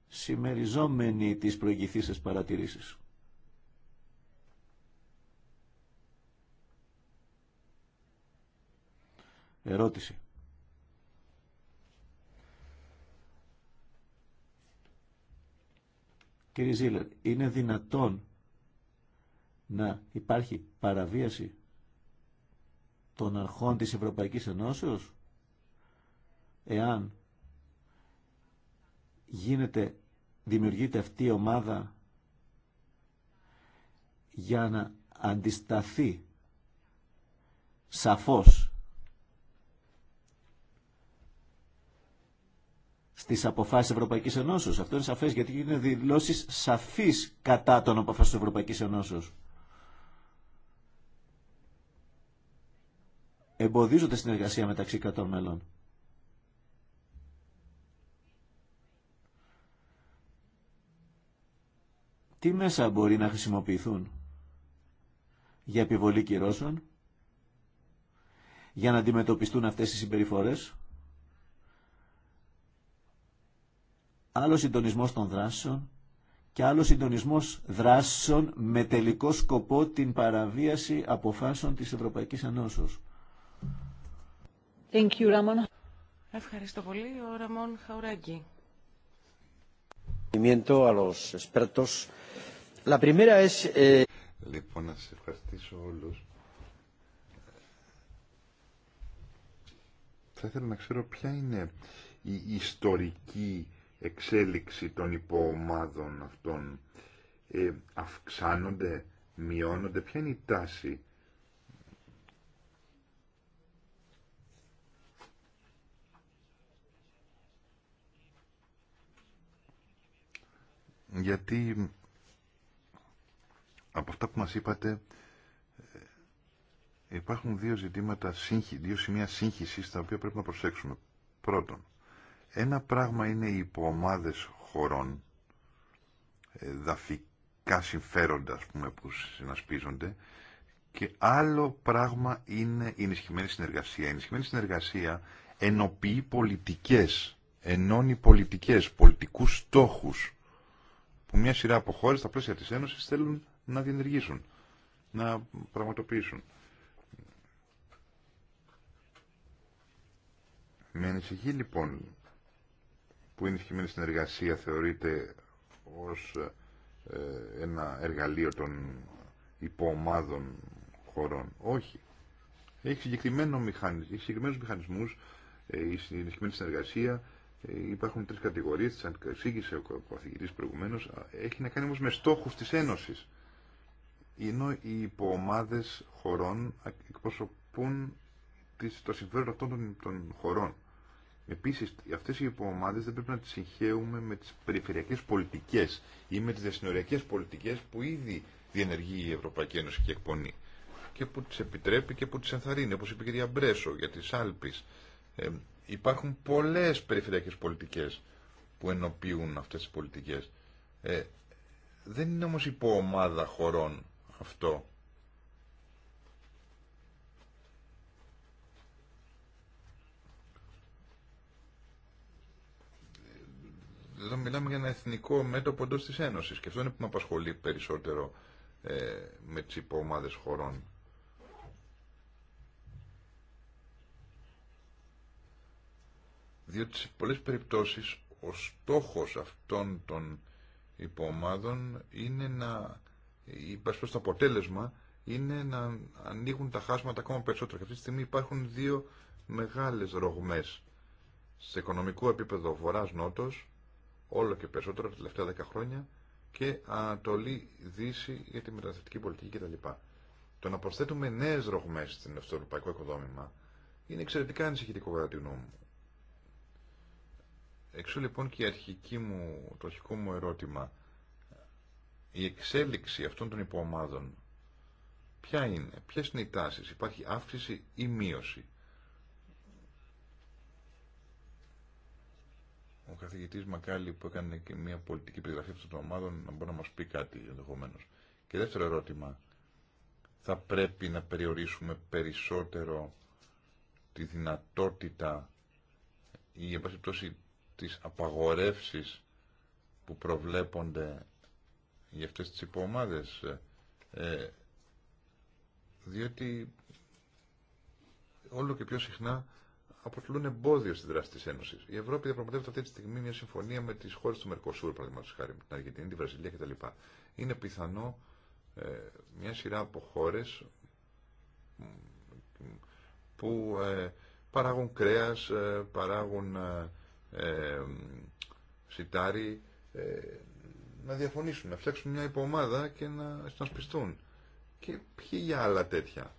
συμμεριζόμενοι τις προηγηθήσεις παρατηρήσεις. Ερώτηση. Κύριε Ζήλερ, είναι δυνατόν να υπάρχει παραβίαση των αρχών της Ευρωπαϊκής Ενώσεως εάν γίνεται, δημιουργείται αυτή η ομάδα για να αντισταθεί σαφώς στι αποφάσει Ευρωπαϊκή Ενώσεω. Αυτό είναι σαφέ γιατί είναι δηλώσει σαφή κατά των αποφάσεων τη Ευρωπαϊκή Ενώσεω. Εμποδίζονται συνεργασία μεταξύ κρατών μέλων. Τι μέσα μπορεί να χρησιμοποιηθούν για επιβολή κυρώσεων, για να αντιμετωπιστούν αυτές οι συμπεριφορές. άλλο συντονισμό των δράσεων και άλλο συντονισμό δράσεων με τελικό σκοπό την παραβίαση αποφάσεων τη Ευρωπαϊκή Ενώσεω. Thank you, Ramon. Ευχαριστώ πολύ, ο Ραμόν Χαουράκη. Eh, λοιπόν, να σα ευχαριστήσω όλου. Θα ήθελα να ξέρω ποια είναι η ιστορική εξέλιξη των υποομάδων αυτών ε, αυξάνονται, μειώνονται, ποια είναι η τάση. Γιατί από αυτά που μας είπατε ε, υπάρχουν δύο ζητήματα, δύο σημεία σύγχυσης τα οποία πρέπει να προσέξουμε. Πρώτον, ένα πράγμα είναι οι υποομάδες χωρών, ε, δαφικά συμφέροντα ας πούμε, που συνασπίζονται και άλλο πράγμα είναι η ενισχυμένη συνεργασία. Η ενισχυμένη συνεργασία ενοποιεί πολιτικές, ενώνει πολιτικές, πολιτικούς στόχους που μια σειρά από χώρε στα πλαίσια της Ένωσης θέλουν να διενεργήσουν, να πραγματοποιήσουν. Με ανησυχεί λοιπόν που είναι ενισχυμένη συνεργασία θεωρείται ως ε, ένα εργαλείο των υποομάδων χωρών. Όχι. Έχει, συγκεκριμένο μηχανισμό. Έχει συγκεκριμένους μηχανισμούς ε, η ενισχυμένη συνεργασία. Ε, υπάρχουν τρεις κατηγορίες, τις εξήγησε ο καθηγητής προηγουμένως. Έχει να κάνει όμως με στόχους της Ένωσης. Ενώ οι υποομάδες χωρών εκπροσωπούν το συμφέρον αυτών των χωρών. Επίση, αυτέ οι υποομάδες δεν πρέπει να τις συγχαίουμε με τις περιφερειακές πολιτικές ή με τις διασυνοριακές πολιτικές που ήδη διενεργεί η Ευρωπαϊκή Ένωση και εκπονεί και που τις επιτρέπει και που τις ενθαρρύνει, όπως είπε η κυρία Μπρέσο για τις Άλπεις. Ε, υπάρχουν πολλές περιφερειακές πολιτικέ που ενοποιούν αυτέ τι πολιτικέ. Ε, δεν είναι όμω υποομάδα χωρών αυτό. εδώ μιλάμε για ένα εθνικό μέτωπο εντό τη Ένωση και αυτό είναι που με απασχολεί περισσότερο ε, με τι υποομάδε χωρών. Διότι σε πολλέ περιπτώσει ο στόχο αυτών των υποομάδων είναι να. Το αποτέλεσμα είναι να ανοίγουν τα χάσματα ακόμα περισσότερο. Και αυτή τη στιγμή υπάρχουν δύο μεγάλε ρογμέ Σε οικονομικό επίπεδο βορράς-νότος όλο και περισσότερο τα τελευταία δέκα χρόνια και Ανατολή, Δύση για τη μεταναστευτική πολιτική κτλ. Το να προσθέτουμε νέε ρογμέ στην ευρωπαϊκό οικοδόμημα είναι εξαιρετικά ανησυχητικό κατά τη γνώμη μου. Εξού λοιπόν και η αρχική μου, το αρχικό μου ερώτημα, η εξέλιξη αυτών των υποομάδων, ποια είναι, ποιε είναι οι τάσει υπάρχει αύξηση ή μείωση. ο καθηγητή μακάλι που έκανε και μια πολιτική περιγραφή αυτών των ομάδων να μπορεί να μα πει κάτι ενδεχομένω. Και δεύτερο ερώτημα, θα πρέπει να περιορίσουμε περισσότερο τη δυνατότητα ή εν πάση τις απαγορεύσεις που προβλέπονται για αυτές τις υποομάδες ε, διότι όλο και πιο συχνά αποτελούν εμπόδιο στη δράση τη Ένωση. Η Ευρώπη διαπραγματεύεται αυτή τη στιγμή μια συμφωνία με τι χώρε του Μερκοσούρ, παραδείγματο χάρη, με την Αργεντινή, τη Βραζιλία κτλ. Είναι πιθανό ε, μια σειρά από χώρε που ε, παράγουν κρέα, ε, παράγουν σιτάρι, να διαφωνήσουν, να φτιάξουν μια υπομάδα και να συνασπιστούν. Και ποιοι για άλλα τέτοια.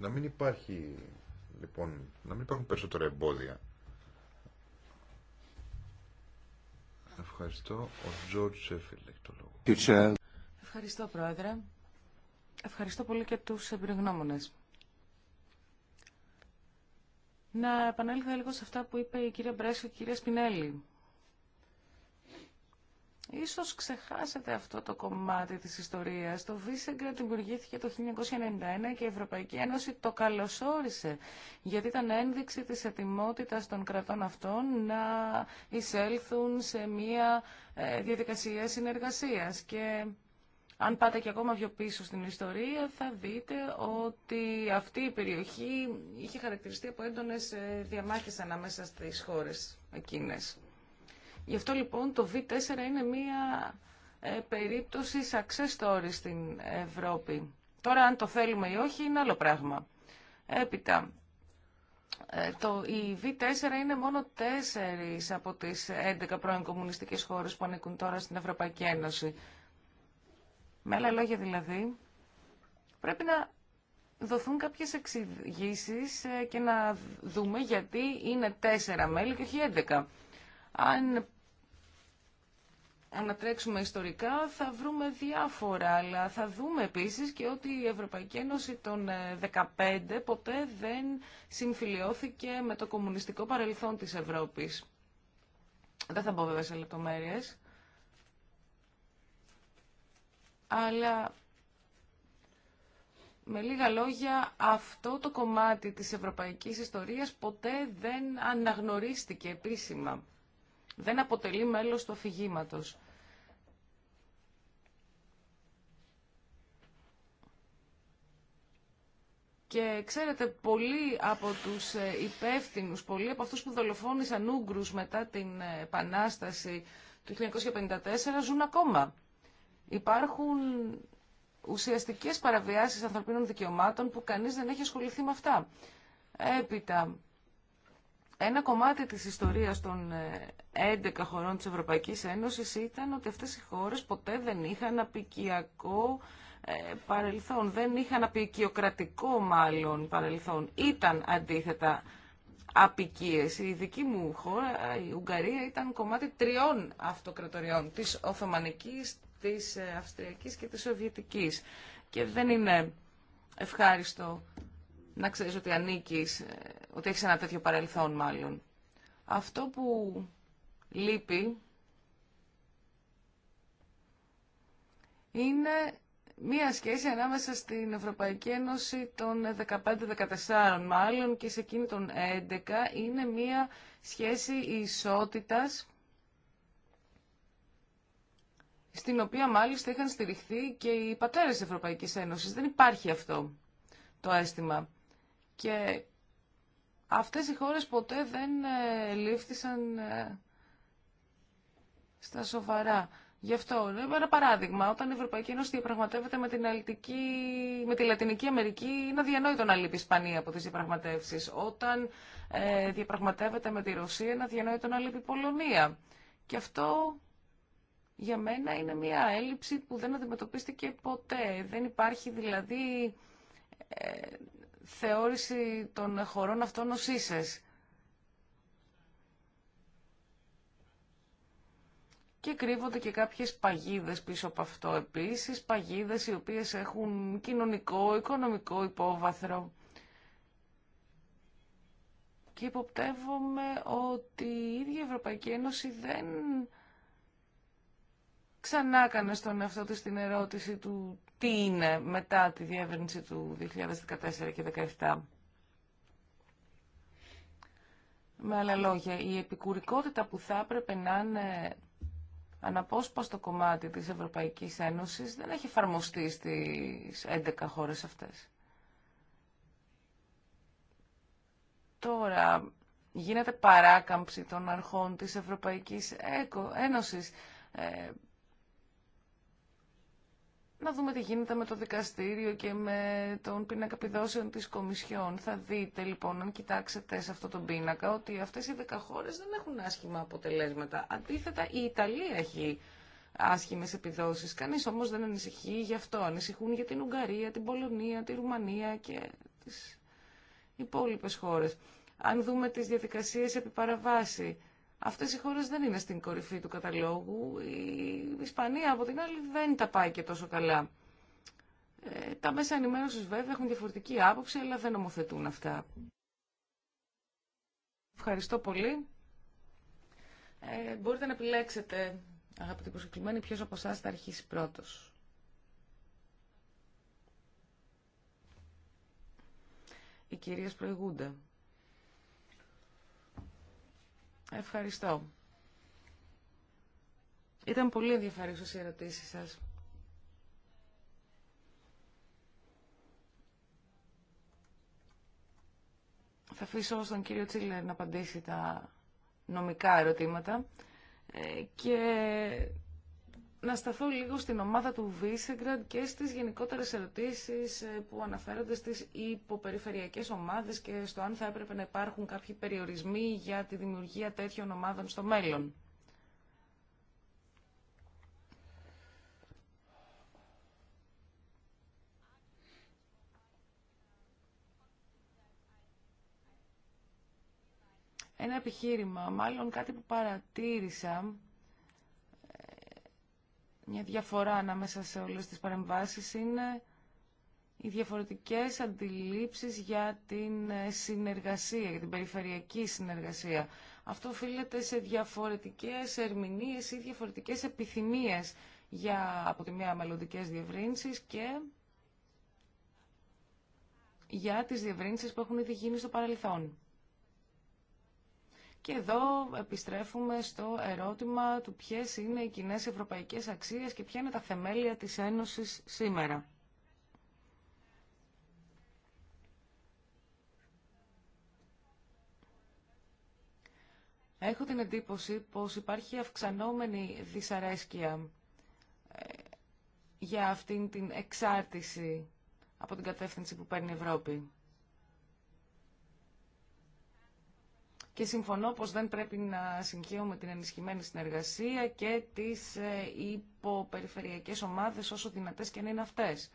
Να μην υπάρχει, λοιπόν, να μην υπάρχουν περισσότερα εμπόδια. Ευχαριστώ. Ο Τζόρτ Σέφιλ έχει το λόγο. Ευχαριστώ, Πρόεδρε. Ευχαριστώ πολύ και τους εμπειρογνώμονες. Να επανέλθω λίγο σε αυτά που είπε η κυρία Μπρέσο και η κυρία Σπινέλη. Ίσως ξεχάσετε αυτό το κομμάτι της ιστορίας. Το Βίσεγκρα δημιουργήθηκε το 1991 και η Ευρωπαϊκή Ένωση το καλωσόρισε, γιατί ήταν ένδειξη της ετοιμότητας των κρατών αυτών να εισέλθουν σε μια ε, διαδικασία συνεργασίας. Και αν πάτε και ακόμα πιο πίσω στην ιστορία, θα δείτε ότι αυτή η περιοχή είχε χαρακτηριστεί από έντονες ε, διαμάχες ανάμεσα στις χώρες εκείνες. Γι' αυτό λοιπόν το V4 είναι μία ε, περίπτωση success story στην Ευρώπη. Τώρα αν το θέλουμε ή όχι είναι άλλο πράγμα. Έπειτα, ε, το, η V4 είναι μόνο τέσσερις από τις 11 πρώην κομμουνιστικές χώρες που ανήκουν τώρα στην Ευρωπαϊκή Ένωση. Με άλλα λόγια δηλαδή, πρέπει να δοθούν κάποιες εξηγήσει ε, και να δούμε γιατί είναι τέσσερα μέλη και όχι 11. Αν ανατρέξουμε ιστορικά θα βρούμε διάφορα, αλλά θα δούμε επίσης και ότι η Ευρωπαϊκή Ένωση των 15 ε, ποτέ δεν συμφιλιώθηκε με το κομμουνιστικό παρελθόν της Ευρώπης. Δεν θα μπω βέβαια σε λεπτομέρειες. Αλλά με λίγα λόγια, αυτό το κομμάτι της ευρωπαϊκής ιστορίας ποτέ δεν αναγνωρίστηκε επίσημα δεν αποτελεί μέλος του αφηγήματο. Και ξέρετε, πολλοί από τους ε, υπεύθυνου, πολλοί από αυτούς που δολοφόνησαν Ούγκρους μετά την ε, Επανάσταση του 1954 ζουν ακόμα. Υπάρχουν ουσιαστικές παραβιάσεις ανθρωπίνων δικαιωμάτων που κανείς δεν έχει ασχοληθεί με αυτά. Έπειτα, ένα κομμάτι της ιστορίας των 11 ε, χωρών της Ευρωπαϊκής Ένωσης ήταν ότι αυτές οι χώρες ποτέ δεν είχαν απικιακό ε, παρελθόν, δεν είχαν απικιοκρατικό μάλλον παρελθόν. Ήταν αντίθετα απικίες. Η δική μου χώρα, η Ουγγαρία, ήταν κομμάτι τριών αυτοκρατοριών, της Οθωμανικής, της ε, Αυστριακής και της Σοβιετικής. Και δεν είναι ευχάριστο να ξέρεις ότι ανήκεις, ε, ότι έχεις ένα τέτοιο παρελθόν μάλλον. Αυτό που λείπει είναι μία σχέση ανάμεσα στην Ευρωπαϊκή Ένωση των 15-14 μάλλον και σε εκείνη των 11 είναι μία σχέση ισότητας στην οποία μάλιστα είχαν στηριχθεί και οι πατέρες της Ευρωπαϊκής Ένωσης. Δεν υπάρχει αυτό το αίσθημα. Και αυτές οι χώρες ποτέ δεν ε, λήφθησαν ε, στα σοβαρά. Γι' αυτό, ναι, ένα παράδειγμα, όταν η Ευρωπαϊκή Ένωση διαπραγματεύεται με, την Αλτική, με τη Λατινική Αμερική, είναι αδιανόητο να λείπει η Ισπανία από τις διαπραγματεύσεις. Όταν ε, διαπραγματεύεται με τη Ρωσία, είναι αδιανόητο να λείπει η Πολωνία. Και αυτό για μένα είναι μια έλλειψη που δεν αντιμετωπίστηκε ποτέ. Δεν υπάρχει δηλαδή θεώρηση των χωρών αυτών ως ίσες. Και κρύβονται και κάποιες παγίδες πίσω από αυτό επίσης, παγίδες οι οποίες έχουν κοινωνικό, οικονομικό υπόβαθρο. Και υποπτεύομαι ότι η ίδια η Ευρωπαϊκή Ένωση δεν ξανά έκανε στον εαυτό της την ερώτηση του τι είναι μετά τη διεύρυνση του 2014 και 2017. Με άλλα λόγια, η επικουρικότητα που θα έπρεπε να είναι αναπόσπαστο κομμάτι της Ευρωπαϊκής Ένωσης δεν έχει εφαρμοστεί στις 11 χώρες αυτές. Τώρα γίνεται παράκαμψη των αρχών της Ευρωπαϊκής Ένωσης. Ε, να δούμε τι γίνεται με το δικαστήριο και με τον πίνακα επιδόσεων της Κομισιόν. Θα δείτε λοιπόν, αν κοιτάξετε σε αυτό τον πίνακα, ότι αυτές οι δέκα χώρες δεν έχουν άσχημα αποτελέσματα. Αντίθετα, η Ιταλία έχει άσχημες επιδόσεις. Κανείς όμως δεν ανησυχεί γι' αυτό. Ανησυχούν για την Ουγγαρία, την Πολωνία, τη Ρουμανία και τις υπόλοιπες χώρες. Αν δούμε τις διαδικασίες επί παραβάση, Αυτές οι χώρε δεν είναι στην κορυφή του καταλόγου. Η Ισπανία, από την άλλη, δεν τα πάει και τόσο καλά. Ε, τα μέσα ενημέρωση βέβαια έχουν διαφορετική άποψη, αλλά δεν νομοθετούν αυτά. Ευχαριστώ πολύ. Ε, μπορείτε να επιλέξετε, αγαπητοί προσκεκλημένοι, ποιος από εσά θα αρχίσει πρώτος. Οι κυρία προηγούνται. Ευχαριστώ. Ήταν πολύ ενδιαφέρουσες οι ερωτήσεις σας. Θα αφήσω στον κύριο Τσίλερ να απαντήσει τα νομικά ερωτήματα ε, και να σταθώ λίγο στην ομάδα του Βίσεγκραντ και στις γενικότερες ερωτήσεις ε, που αναφέρονται στις υποπεριφερειακές ομάδες και στο αν θα έπρεπε να υπάρχουν κάποιοι περιορισμοί για τη δημιουργία τέτοιων ομάδων στο μέλλον. Ένα επιχείρημα, μάλλον κάτι που παρατήρησα, μια διαφορά ανάμεσα σε όλες τις παρεμβάσεις είναι οι διαφορετικές αντιλήψεις για την ε, συνεργασία, για την περιφερειακή συνεργασία. Αυτό οφείλεται σε διαφορετικές ερμηνείες ή διαφορετικές επιθυμίες για από τη μία μελλοντικές διευρύνσεις και για τις διευρύνσεις που έχουν ήδη γίνει στο παρελθόν. Και εδώ επιστρέφουμε στο ερώτημα του ποιες είναι οι κοινέ ευρωπαϊκές αξίες και ποια είναι τα θεμέλια της Ένωσης σήμερα. Έχω την εντύπωση πως υπάρχει αυξανόμενη δυσαρέσκεια ε, για αυτήν την εξάρτηση από την κατεύθυνση που παίρνει η Ευρώπη. και συμφωνώ πως δεν πρέπει να συγχύουμε την ενισχυμένη συνεργασία και τις ε, υποπεριφερειακές ομάδες όσο δυνατές και να είναι αυτές.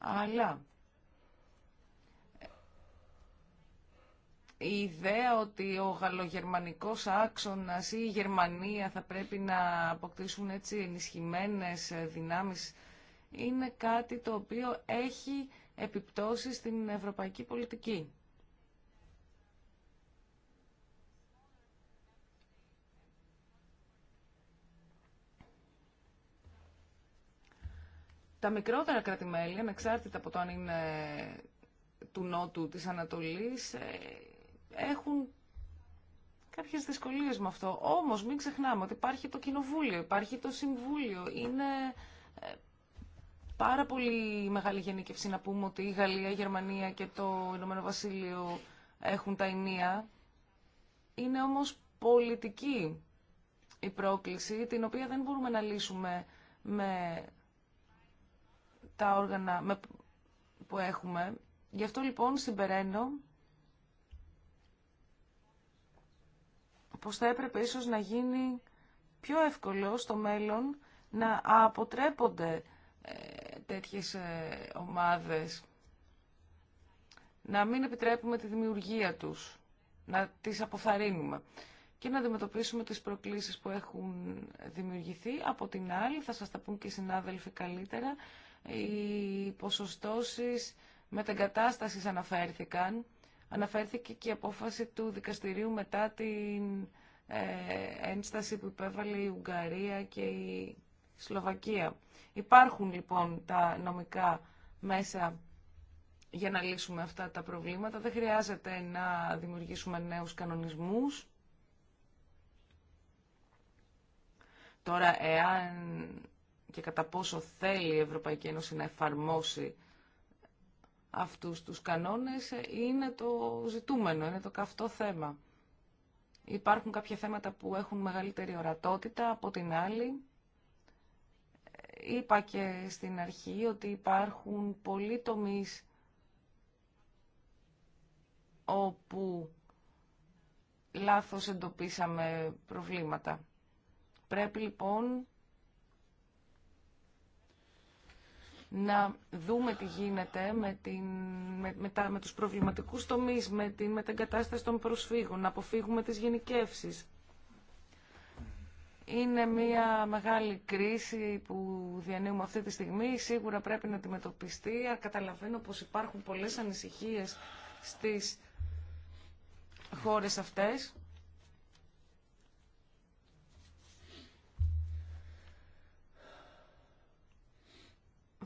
Αλλά ε, η ιδέα ότι ο γαλλογερμανικός άξονας ή η Γερμανία θα πρέπει να αποκτήσουν έτσι ενισχυμένες ε, δυνάμεις είναι κάτι το οποίο έχει επιπτώσει στην ευρωπαϊκή πολιτική. τα μικρότερα κρατημέλη, ανεξάρτητα από το αν είναι του Νότου, της Ανατολής, ε, έχουν κάποιες δυσκολίες με αυτό. Όμως μην ξεχνάμε ότι υπάρχει το Κοινοβούλιο, υπάρχει το Συμβούλιο. Είναι ε, πάρα πολύ μεγάλη γενίκευση να πούμε ότι η Γαλλία, η Γερμανία και το Ηνωμένο Βασίλειο έχουν τα ενία. Είναι όμως πολιτική η πρόκληση, την οποία δεν μπορούμε να λύσουμε με τα όργανα που έχουμε. Γι' αυτό λοιπόν συμπεραίνω πως θα έπρεπε ίσως να γίνει πιο εύκολο στο μέλλον να αποτρέπονται ε, τέτοιες ε, ομάδες, να μην επιτρέπουμε τη δημιουργία τους, να τις αποθαρρύνουμε και να αντιμετωπίσουμε τις προκλήσεις που έχουν δημιουργηθεί. Από την άλλη, θα σας τα πούν και οι συνάδελφοι καλύτερα, οι ποσοστώσεις μετεγκατάστασης αναφέρθηκαν. Αναφέρθηκε και η απόφαση του δικαστηρίου μετά την ε, ένσταση που υπέβαλε η Ουγγαρία και η Σλοβακία. Υπάρχουν λοιπόν τα νομικά μέσα για να λύσουμε αυτά τα προβλήματα. Δεν χρειάζεται να δημιουργήσουμε νέους κανονισμούς. Τώρα, εάν και κατά πόσο θέλει η Ευρωπαϊκή Ένωση να εφαρμόσει αυτούς τους κανόνες είναι το ζητούμενο, είναι το καυτό θέμα. Υπάρχουν κάποια θέματα που έχουν μεγαλύτερη ορατότητα από την άλλη. Είπα και στην αρχή ότι υπάρχουν πολλοί τομείς όπου λάθος εντοπίσαμε προβλήματα. Πρέπει λοιπόν να δούμε τι γίνεται με, την, με, με, τα, με τους προβληματικούς τομείς, με την κατάσταση των προσφύγων, να αποφύγουμε τις γενικεύσεις. Είναι μια μεγάλη κρίση που διανύουμε αυτή τη στιγμή, σίγουρα πρέπει να αντιμετωπιστεί. Καταλαβαίνω πως υπάρχουν πολλές ανησυχίες στις χώρες αυτές.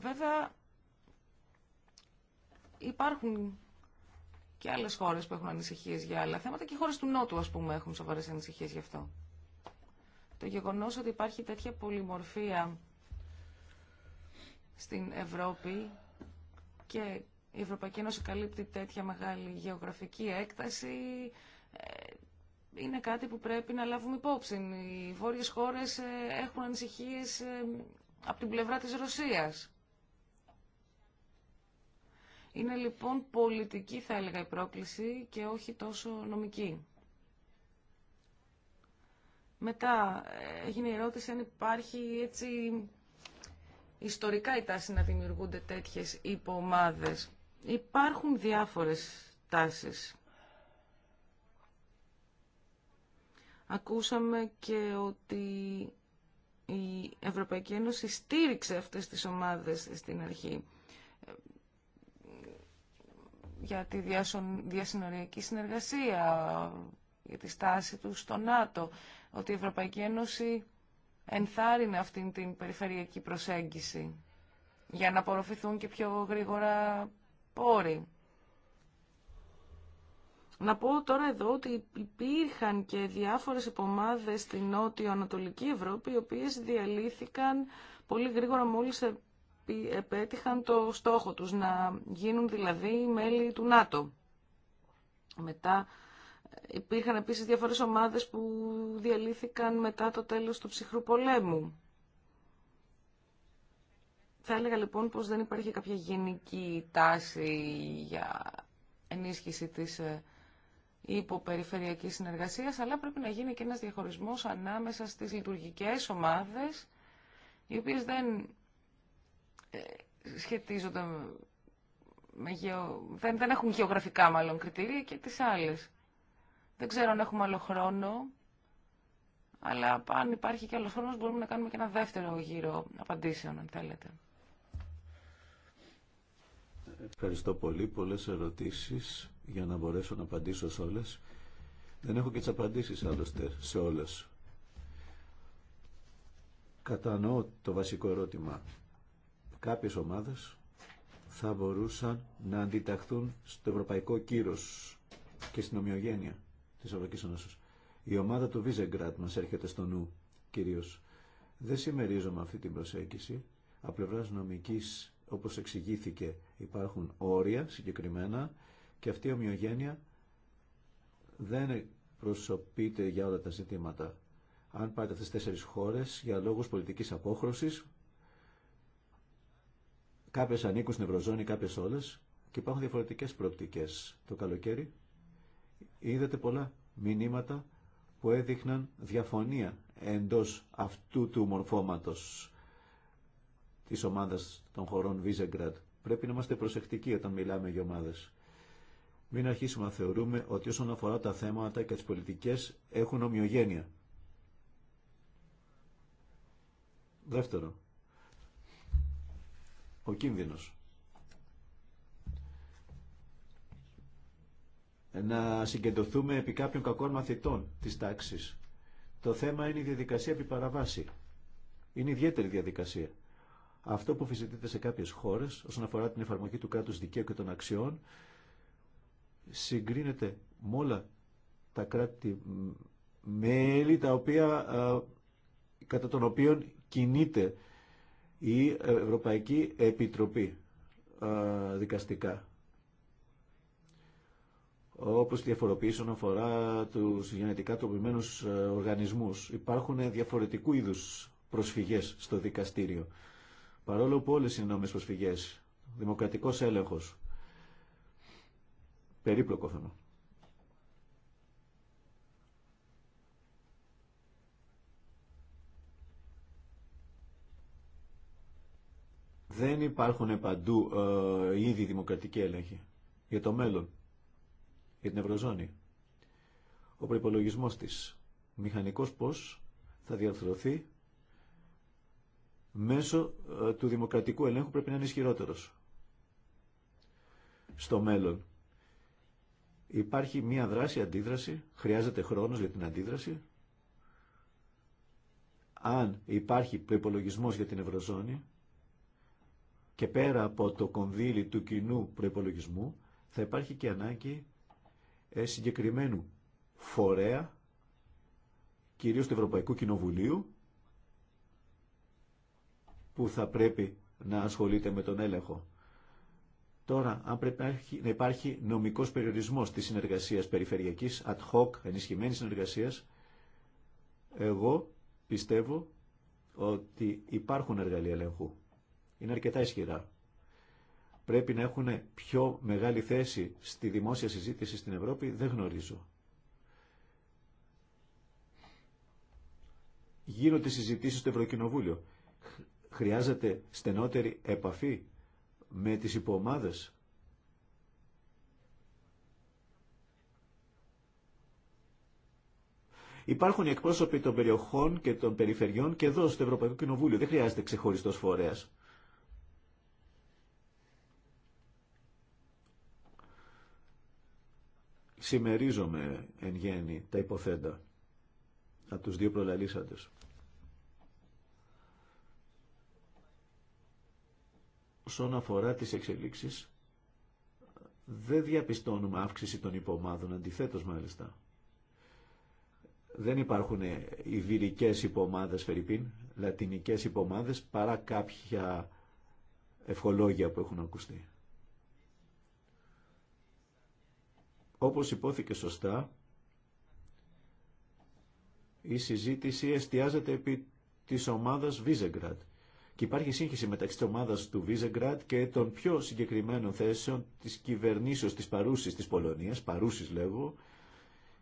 Βέβαια, υπάρχουν και άλλες χώρες που έχουν ανησυχίε για άλλα θέματα και χώρε χώρες του Νότου, ας πούμε, έχουν σοβαρέ ανησυχίε γι' αυτό. Το γεγονός ότι υπάρχει τέτοια πολυμορφία στην Ευρώπη και η Ευρωπαϊκή Ένωση καλύπτει τέτοια μεγάλη γεωγραφική έκταση ε, είναι κάτι που πρέπει να λάβουμε υπόψη. Οι βόρειες χώρες ε, έχουν ανησυχίες ε, από την πλευρά της Ρωσίας. Είναι λοιπόν πολιτική θα έλεγα η πρόκληση και όχι τόσο νομική. Μετά ε, έγινε η ερώτηση αν υπάρχει έτσι ιστορικά η τάση να δημιουργούνται τέτοιες υποομάδες. Υπάρχουν διάφορες τάσεις. Ακούσαμε και ότι η Ευρωπαϊκή Ένωση στήριξε αυτές τις ομάδες στην αρχή για τη διασυνοριακή συνεργασία, για τη στάση του στο ΝΑΤΟ, ότι η Ευρωπαϊκή Ένωση ενθάρρυνε αυτήν την περιφερειακή προσέγγιση για να απορροφηθούν και πιο γρήγορα πόροι. Να πω τώρα εδώ ότι υπήρχαν και διάφορες επομάδες στην νότιο-ανατολική Ευρώπη, οι οποίες διαλύθηκαν πολύ γρήγορα μόλις επέτυχαν το στόχο τους, να γίνουν δηλαδή μέλη του ΝΑΤΟ. Μετά ε, υπήρχαν επίσης διάφορες ομάδες που διαλύθηκαν μετά το τέλος του ψυχρού πολέμου. Θα έλεγα λοιπόν πως δεν υπάρχει κάποια γενική τάση για ενίσχυση της ε, υποπεριφερειακής συνεργασίας, αλλά πρέπει να γίνει και ένας διαχωρισμός ανάμεσα στις λειτουργικές ομάδες, οι οποίες δεν σχετίζονται με γεω... δεν, δεν έχουν γεωγραφικά μάλλον κριτήρια και τις άλλες. Δεν ξέρω αν έχουμε άλλο χρόνο, αλλά αν υπάρχει και άλλο χρόνο μπορούμε να κάνουμε και ένα δεύτερο γύρο απαντήσεων, αν θέλετε. Ευχαριστώ πολύ. Πολλές ερωτήσεις για να μπορέσω να απαντήσω σε όλες. Δεν έχω και τις απαντήσεις άλλωστε σε όλες. Κατανοώ το βασικό ερώτημα κάποιες ομάδες θα μπορούσαν να αντιταχθούν στο ευρωπαϊκό κύρος και στην ομοιογένεια της Ευρωπαϊκής Ένωσης. Η ομάδα του Βίζεγκρατ μας έρχεται στο νου κυρίως. Δεν συμμερίζομαι αυτή την προσέγγιση. Από πλευρά νομικής, όπως εξηγήθηκε, υπάρχουν όρια συγκεκριμένα και αυτή η ομοιογένεια δεν προσωπείται για όλα τα ζητήματα. Αν πάτε αυτές τις τέσσερις για λόγους πολιτικής απόχρωση Κάποιε ανήκουν στην Ευρωζώνη, κάποιε όλε και υπάρχουν διαφορετικέ προοπτικέ. Το καλοκαίρι είδατε πολλά μηνύματα που έδειχναν διαφωνία εντός αυτού του μορφώματος της ομάδας των χωρών Βίζεγκραντ. Πρέπει να είμαστε προσεκτικοί όταν μιλάμε για ομάδες. Μην αρχίσουμε να θεωρούμε ότι όσον αφορά τα θέματα και τι πολιτικέ έχουν ομοιογένεια. Δεύτερο, ο κίνδυνος. Να συγκεντρωθούμε επί κάποιων κακών μαθητών της τάξης. Το θέμα είναι η διαδικασία επί παραβάση. Είναι ιδιαίτερη διαδικασία. Αυτό που φυζητείται σε κάποιες χώρες όσον αφορά την εφαρμογή του κράτους δικαίου και των αξιών συγκρίνεται με όλα τα κράτη-μέλη τα οποία, κατά των οποίων κινείται η Ευρωπαϊκή Επιτροπή δικαστικά. Όπως διαφοροποιήσει όσον αφορά τους γενετικά τροπημένους οργανισμούς. Υπάρχουν διαφορετικού είδους προσφυγές στο δικαστήριο. Παρόλο που όλες είναι νόμιες προσφυγές, δημοκρατικός έλεγχος, περίπλοκο θέμα. Δεν υπάρχουν παντού ε, ήδη δημοκρατικοί έλεγχοι για το μέλλον, για την Ευρωζώνη. Ο προπολογισμό της, μηχανικός πώς θα διαρθρωθεί μέσω ε, του δημοκρατικού ελέγχου πρέπει να είναι ισχυρότερο. στο μέλλον. Υπάρχει μία δράση, αντίδραση, χρειάζεται χρόνος για την αντίδραση. Αν υπάρχει προπολογισμό για την Ευρωζώνη, και πέρα από το κονδύλι του κοινού προϋπολογισμού θα υπάρχει και ανάγκη ε, συγκεκριμένου φορέα, κυρίως του Ευρωπαϊκού Κοινοβουλίου, που θα πρέπει να ασχολείται με τον έλεγχο. Τώρα, αν πρέπει να υπάρχει νομικός περιορισμός της συνεργασίας περιφερειακής, ad hoc, ενισχυμένης συνεργασίας, εγώ πιστεύω ότι υπάρχουν εργαλεία ελέγχου είναι αρκετά ισχυρά. Πρέπει να έχουν πιο μεγάλη θέση στη δημόσια συζήτηση στην Ευρώπη, δεν γνωρίζω. Γίνονται συζητήσεις στο Ευρωκοινοβούλιο. Χρειάζεται στενότερη επαφή με τις υποομάδες. Υπάρχουν οι εκπρόσωποι των περιοχών και των περιφερειών και εδώ στο Ευρωπαϊκό Κοινοβούλιο. Δεν χρειάζεται ξεχωριστό φορέας. συμμερίζομαι εν γέννη τα υποθέντα από τους δύο προλαλήσαντες. Όσον αφορά τις εξελίξεις, δεν διαπιστώνουμε αύξηση των υπομάδων, αντιθέτως μάλιστα. Δεν υπάρχουν ιβυρικές υπομάδες, Φερρυπίν, λατινικές υπομάδες, παρά κάποια ευχολόγια που έχουν ακουστεί. Όπως υπόθηκε σωστά, η συζήτηση εστιάζεται επί της ομάδας Βίζεγκρατ και υπάρχει σύγχυση μεταξύ της ομάδας του Βίζεγκρατ και των πιο συγκεκριμένων θέσεων της κυβερνήσεως της παρούσης της Πολωνίας, παρούσης λέγω,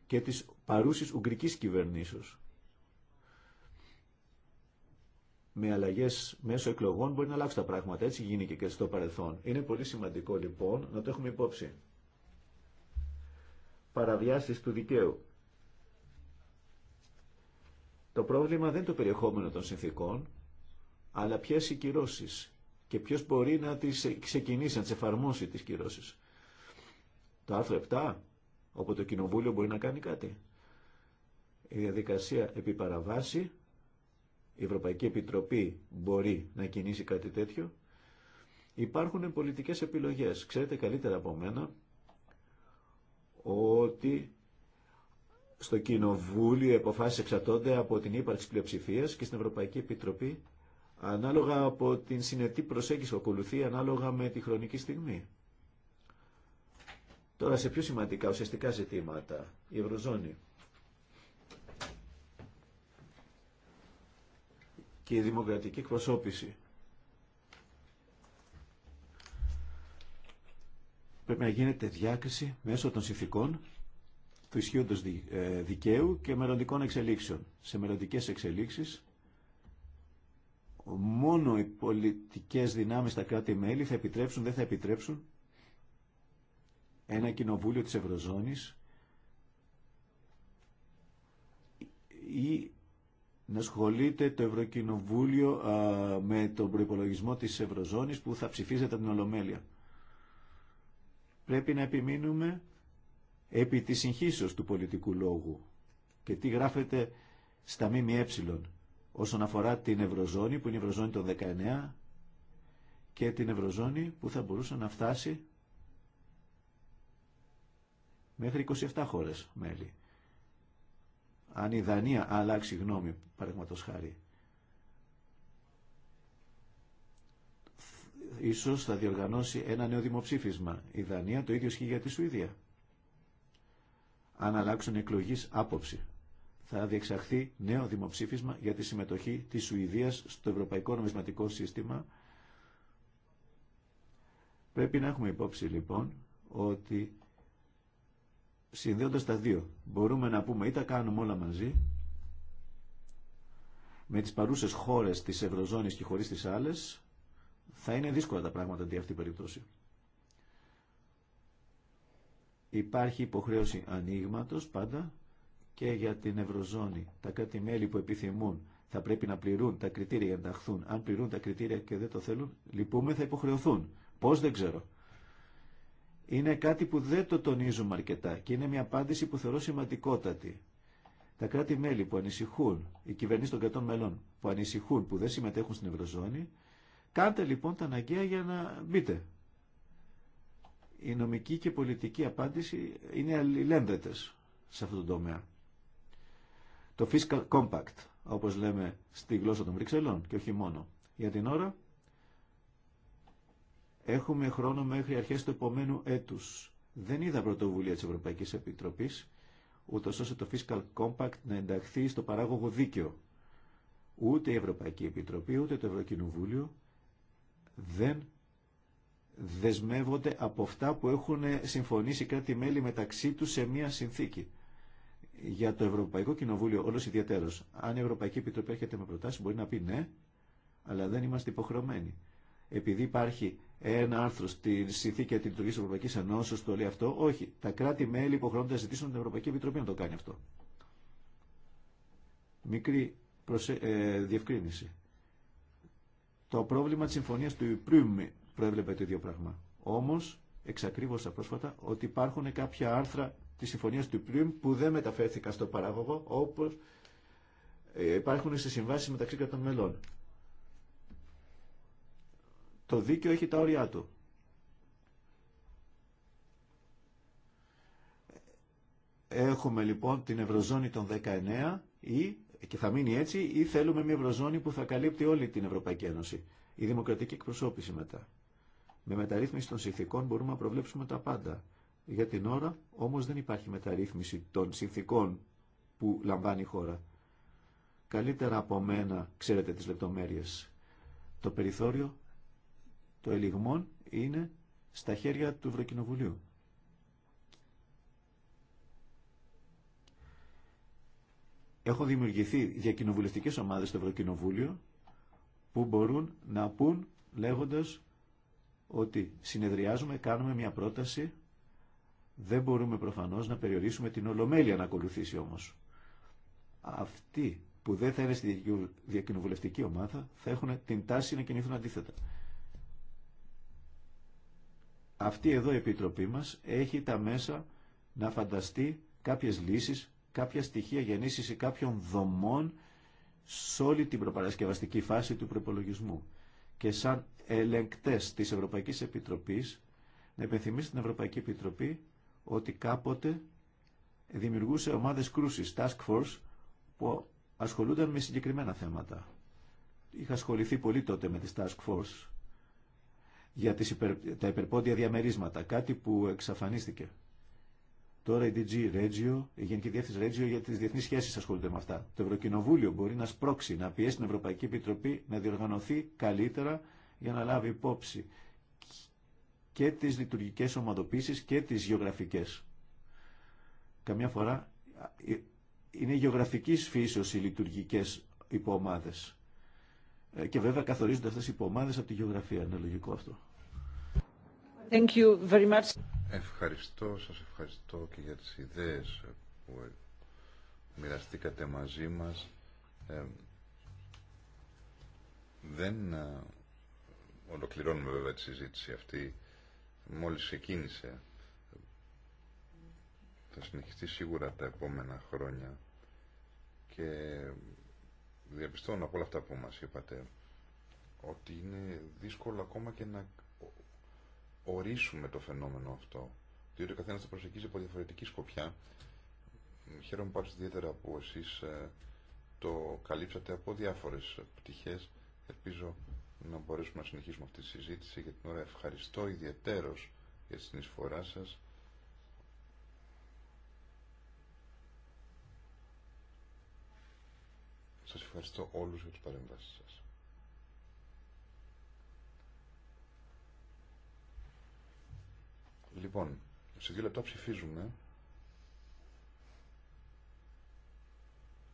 και της παρούσης ουγγρικής κυβερνήσεως. Με αλλαγέ μέσω εκλογών μπορεί να αλλάξει τα πράγματα. Έτσι γίνει και στο παρελθόν. Είναι πολύ σημαντικό λοιπόν να το έχουμε υπόψη παραβιάσεις του δικαίου. Το πρόβλημα δεν είναι το περιεχόμενο των συνθήκων, αλλά ποιες οι κυρώσει και ποιος μπορεί να τις ξεκινήσει, να τις εφαρμόσει τις κυρώσεις. Το άρθρο 7, όπου το Κοινοβούλιο μπορεί να κάνει κάτι. Η διαδικασία επί η Ευρωπαϊκή Επιτροπή μπορεί να κινήσει κάτι τέτοιο. Υπάρχουν πολιτικές επιλογές. Ξέρετε καλύτερα από μένα ότι στο Κοινοβούλιο οι αποφάσει εξατώνται από την ύπαρξη πλειοψηφία και στην Ευρωπαϊκή Επιτροπή ανάλογα από την συνετή προσέγγιση που ακολουθεί ανάλογα με τη χρονική στιγμή. Τώρα σε πιο σημαντικά ουσιαστικά ζητήματα, η Ευρωζώνη και η δημοκρατική εκπροσώπηση. πρέπει να γίνεται διάκριση μέσω των συνθηκών του ισχύοντο ε, δικαίου και μελλοντικών εξελίξεων. Σε μελλοντικέ εξελίξει, μόνο οι πολιτικέ δυνάμει στα κράτη-μέλη θα επιτρέψουν, δεν θα επιτρέψουν ένα κοινοβούλιο της Ευρωζώνης ή να ασχολείται το Ευρωκοινοβούλιο με τον προϋπολογισμό της Ευρωζώνης που θα ψηφίζεται από την Ολομέλεια πρέπει να επιμείνουμε επί της συγχύσεως του πολιτικού λόγου και τι γράφεται στα ΜΜΕ όσον αφορά την Ευρωζώνη που είναι η Ευρωζώνη των 19 και την Ευρωζώνη που θα μπορούσε να φτάσει μέχρι 27 χώρες μέλη. Αν η Δανία αλλάξει γνώμη, παραδείγματος χάρη, ίσως θα διοργανώσει ένα νέο δημοψήφισμα. Η Δανία το ίδιο ισχύει για τη Σουηδία. Αν αλλάξουν εκλογή άποψη, θα διεξαχθεί νέο δημοψήφισμα για τη συμμετοχή της Σουηδίας στο Ευρωπαϊκό Νομισματικό Σύστημα. Πρέπει να έχουμε υπόψη λοιπόν ότι συνδέοντας τα δύο μπορούμε να πούμε ή τα κάνουμε όλα μαζί με τις παρούσες χώρες της Ευρωζώνης και χωρίς τις άλλες θα είναι δύσκολα τα πράγματα αντί αυτή η περίπτωση. Υπάρχει υποχρέωση ανοίγματο πάντα και για την Ευρωζώνη. Τα κράτη-μέλη που επιθυμούν θα πρέπει να πληρούν τα κριτήρια για να ενταχθούν. Αν πληρούν τα κριτήρια και δεν το θέλουν, λυπούμε, θα υποχρεωθούν. Πώ δεν ξέρω. Είναι κάτι που δεν το τονίζουμε αρκετά και είναι μια απάντηση που θεωρώ σημαντικότατη. Τα κράτη-μέλη που ανησυχούν, οι κυβερνήσει των κρατών μελών που ανησυχούν, που δεν συμμετέχουν στην Ευρωζώνη, Κάντε λοιπόν τα αναγκαία για να μπείτε. Η νομική και πολιτική απάντηση είναι αλληλένδετες σε αυτό το τομέα. Το fiscal compact, όπως λέμε στη γλώσσα των Βρυξελών και όχι μόνο. Για την ώρα έχουμε χρόνο μέχρι αρχές του επομένου έτους. Δεν είδα πρωτοβουλία της Ευρωπαϊκής Επιτροπής, ούτως ώστε το fiscal compact να ενταχθεί στο παράγωγο δίκαιο. Ούτε η Ευρωπαϊκή Επιτροπή, ούτε το Ευρωκοινοβούλιο δεν δεσμεύονται από αυτά που έχουν συμφωνήσει κάτι μέλη μεταξύ τους σε μία συνθήκη. Για το Ευρωπαϊκό Κοινοβούλιο όλος ιδιαίτερος, αν η Ευρωπαϊκή Επιτροπή έρχεται με προτάσεις μπορεί να πει ναι, αλλά δεν είμαστε υποχρεωμένοι. Επειδή υπάρχει ένα άρθρο στη συνθήκη τη λειτουργία τη Ευρωπαϊκή Ενώσεω το λέει αυτό, όχι. Τα κράτη-μέλη υποχρεώνονται να ζητήσουν την Ευρωπαϊκή Επιτροπή να το κάνει αυτό. Μικρή προσε... Ε, διευκρίνηση. Το πρόβλημα της συμφωνίας του Ιπρούμ προέβλεπε το ίδιο πράγμα. Όμως, εξακρίβωσα πρόσφατα ότι υπάρχουν κάποια άρθρα της συμφωνίας του Πρίμ που δεν μεταφέρθηκαν στο παράγωγο, όπως ε, υπάρχουν σε συμβάσει μεταξύ κρατών μελών. Το δίκαιο έχει τα όρια του. Έχουμε λοιπόν την Ευρωζώνη των 19 ή και θα μείνει έτσι ή θέλουμε μια ευρωζώνη που θα καλύπτει όλη την Ευρωπαϊκή Ένωση. Η δημοκρατική εκπροσώπηση μετά. Με μεταρρύθμιση των συνθήκων μπορούμε να προβλέψουμε τα πάντα. Για την ώρα όμως δεν υπάρχει μεταρρύθμιση των συνθήκων που λαμβάνει η χώρα. Καλύτερα από μένα ξέρετε τις λεπτομέρειες. Το περιθώριο το ελιγμών είναι στα χέρια του Ευρωκοινοβουλίου. Έχουν δημιουργηθεί διακοινοβουλευτικές ομάδες στο Ευρωκοινοβούλιο που μπορούν να πούν λέγοντας ότι συνεδριάζουμε, κάνουμε μια πρόταση, δεν μπορούμε προφανώς να περιορίσουμε την ολομέλεια να ακολουθήσει όμως. Αυτοί που δεν θα είναι στη διακοινοβουλευτική ομάδα θα έχουν την τάση να κινηθούν αντίθετα. Αυτή εδώ η Επιτροπή μας έχει τα μέσα να φανταστεί κάποιες λύσεις κάποια στοιχεία γεννήσης κάποιων δομών σε όλη την προπαρασκευαστική φάση του προπολογισμού. Και σαν ελεγκτές της Ευρωπαϊκής Επιτροπής, να υπενθυμίσει την Ευρωπαϊκή Επιτροπή ότι κάποτε δημιουργούσε ομάδες κρούσης, task force, που ασχολούνταν με συγκεκριμένα θέματα. Είχα ασχοληθεί πολύ τότε με τις task force για τις τα υπερπόντια διαμερίσματα, κάτι που εξαφανίστηκε. Τώρα η DG Regio, η Γενική Διεύθυνση Regio για τι διεθνεί σχέσει ασχολείται με αυτά. Το Ευρωκοινοβούλιο μπορεί να σπρώξει, να πιέσει την Ευρωπαϊκή Επιτροπή να διοργανωθεί καλύτερα για να λάβει υπόψη και τι λειτουργικέ ομαδοποίησει και τι γεωγραφικέ. Καμιά φορά ε, είναι γεωγραφική φύσεω οι λειτουργικέ υποομάδε. Ε, και βέβαια καθορίζονται αυτέ οι υποομάδε από τη γεωγραφία. Είναι λογικό αυτό. Thank you very much. Ευχαριστώ, σας ευχαριστώ και για τις ιδέες ε, που ε, μοιραστήκατε μαζί μας. Ε, δεν ολοκληρώνουμε βέβαια τη συζήτηση αυτή. Μόλις ξεκίνησε. Θα συνεχιστεί σίγουρα τα επόμενα χρόνια και διαπιστώνω από όλα αυτά που μας είπατε ότι είναι δύσκολο ακόμα και να ορίσουμε το φαινόμενο αυτό. Διότι ο καθένα το προσεγγίζει από διαφορετική σκοπιά. Χαίρομαι πάντω ιδιαίτερα που εσεί ε, το καλύψατε από διάφορε πτυχέ. Ελπίζω να μπορέσουμε να συνεχίσουμε αυτή τη συζήτηση. Για την ώρα ευχαριστώ ιδιαίτερω για τη συνεισφορά σα. Σας ευχαριστώ όλους για τις παρεμβάσεις σας. Λοιπόν, σε δύο λεπτά ψηφίζουμε.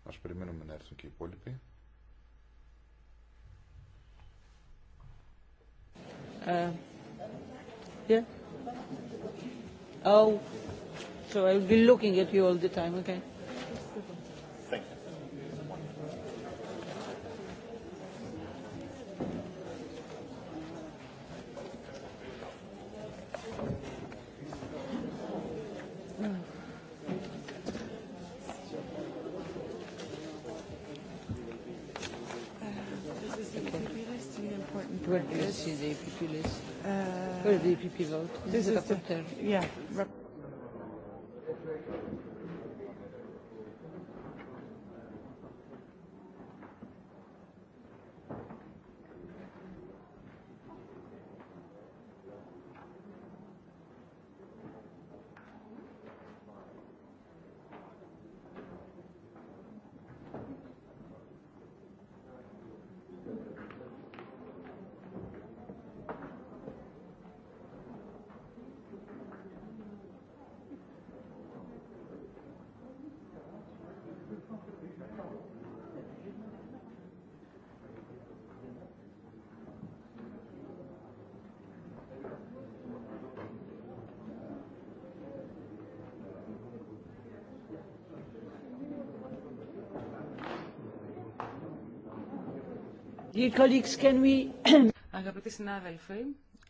Ας περιμένουμε να έρθουν και οι υπόλοιποι. Uh, yeah. Oh, so I'll be looking at you all the time, okay. This is the, yeah. Αγαπητοί συνάδελφοι,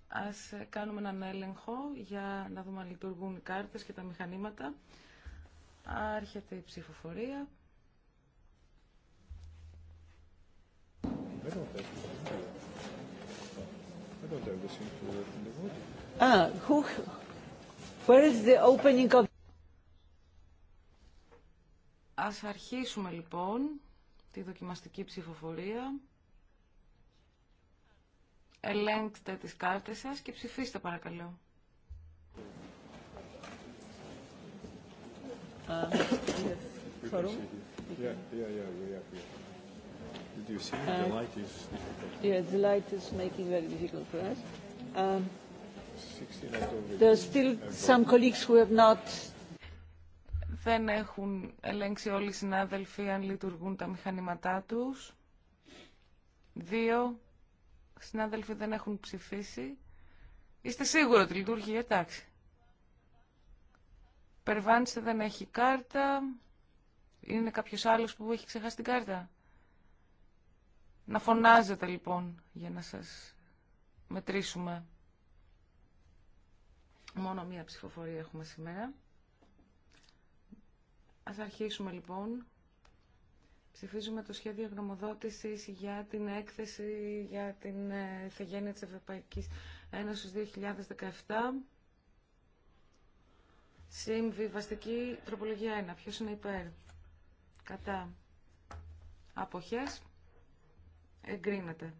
ας κάνουμε έναν έλεγχο για να δούμε αν λειτουργούν οι κάρτες και τα μηχανήματα. Άρχεται η ψηφοφορία. Α, ah, where is the opening of... Ας αρχίσουμε λοιπόν τη δοκιμαστική ψηφοφορία ελέγξτε τις κάρτες σας και ψηφίστε παρακαλώ. Δεν έχουν ελέγξει όλοι οι συνάδελφοι αν λειτουργούν τα μηχανήματά τους. Δύο Συνάδελφοι δεν έχουν ψηφίσει. Είστε σίγουροι ότι λειτουργεί, εντάξει. Περβάνησε δεν έχει κάρτα. Είναι κάποιος άλλος που έχει ξεχάσει την κάρτα. Να φωνάζετε λοιπόν για να σας μετρήσουμε. Μόνο μία ψηφοφορία έχουμε σήμερα. Ας αρχίσουμε λοιπόν Ψηφίζουμε το σχέδιο γνωμοδότησης για την έκθεση για την ε, θεγένεια της Ευρωπαϊκής Ένωσης 2017. Συμβιβαστική τροπολογία 1. Ποιος είναι υπέρ. Κατά. Αποχές. Εγκρίνεται.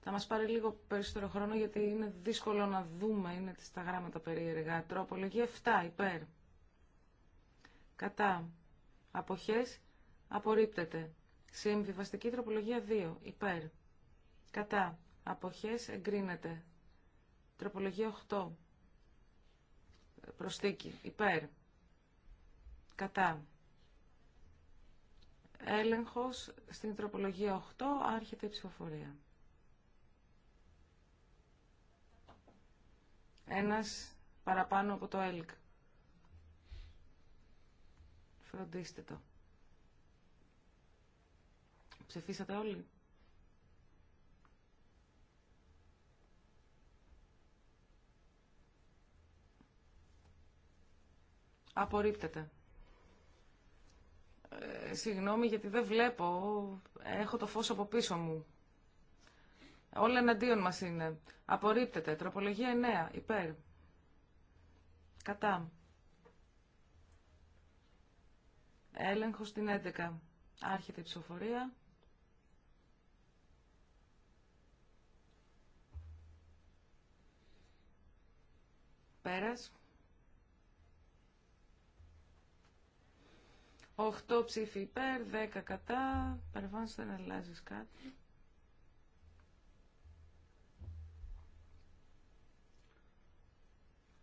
Θα μας πάρει λίγο περισσότερο χρόνο γιατί είναι δύσκολο να δούμε, είναι στα γράμματα περίεργα. Τροπολογία 7, υπέρ. Κατά. Αποχές απορρίπτεται. Συμβιβαστική τροπολογία 2. Υπέρ. Κατά. Αποχές εγκρίνεται. Τροπολογία 8. Προστίκη. Υπέρ. Κατά. Έλεγχος στην τροπολογία 8. Άρχεται η ψηφοφορία. Ένας παραπάνω από το ΕΛΚ. Φροντίστε το. Ψεφίσατε όλοι. Απορρίπτεται. Ε, συγγνώμη γιατί δεν βλέπω. Έχω το φως από πίσω μου. Όλα εναντίον μας είναι. Απορρίπτεται. Τροπολογία 9. Υπέρ. Κατά. Έλεγχο στην 11. Άρχεται η ψηφοφορία. Πέρας. 8 ψήφοι υπέρ, 10 κατά. Παρεμβάνω δεν αλλάζει κάτι.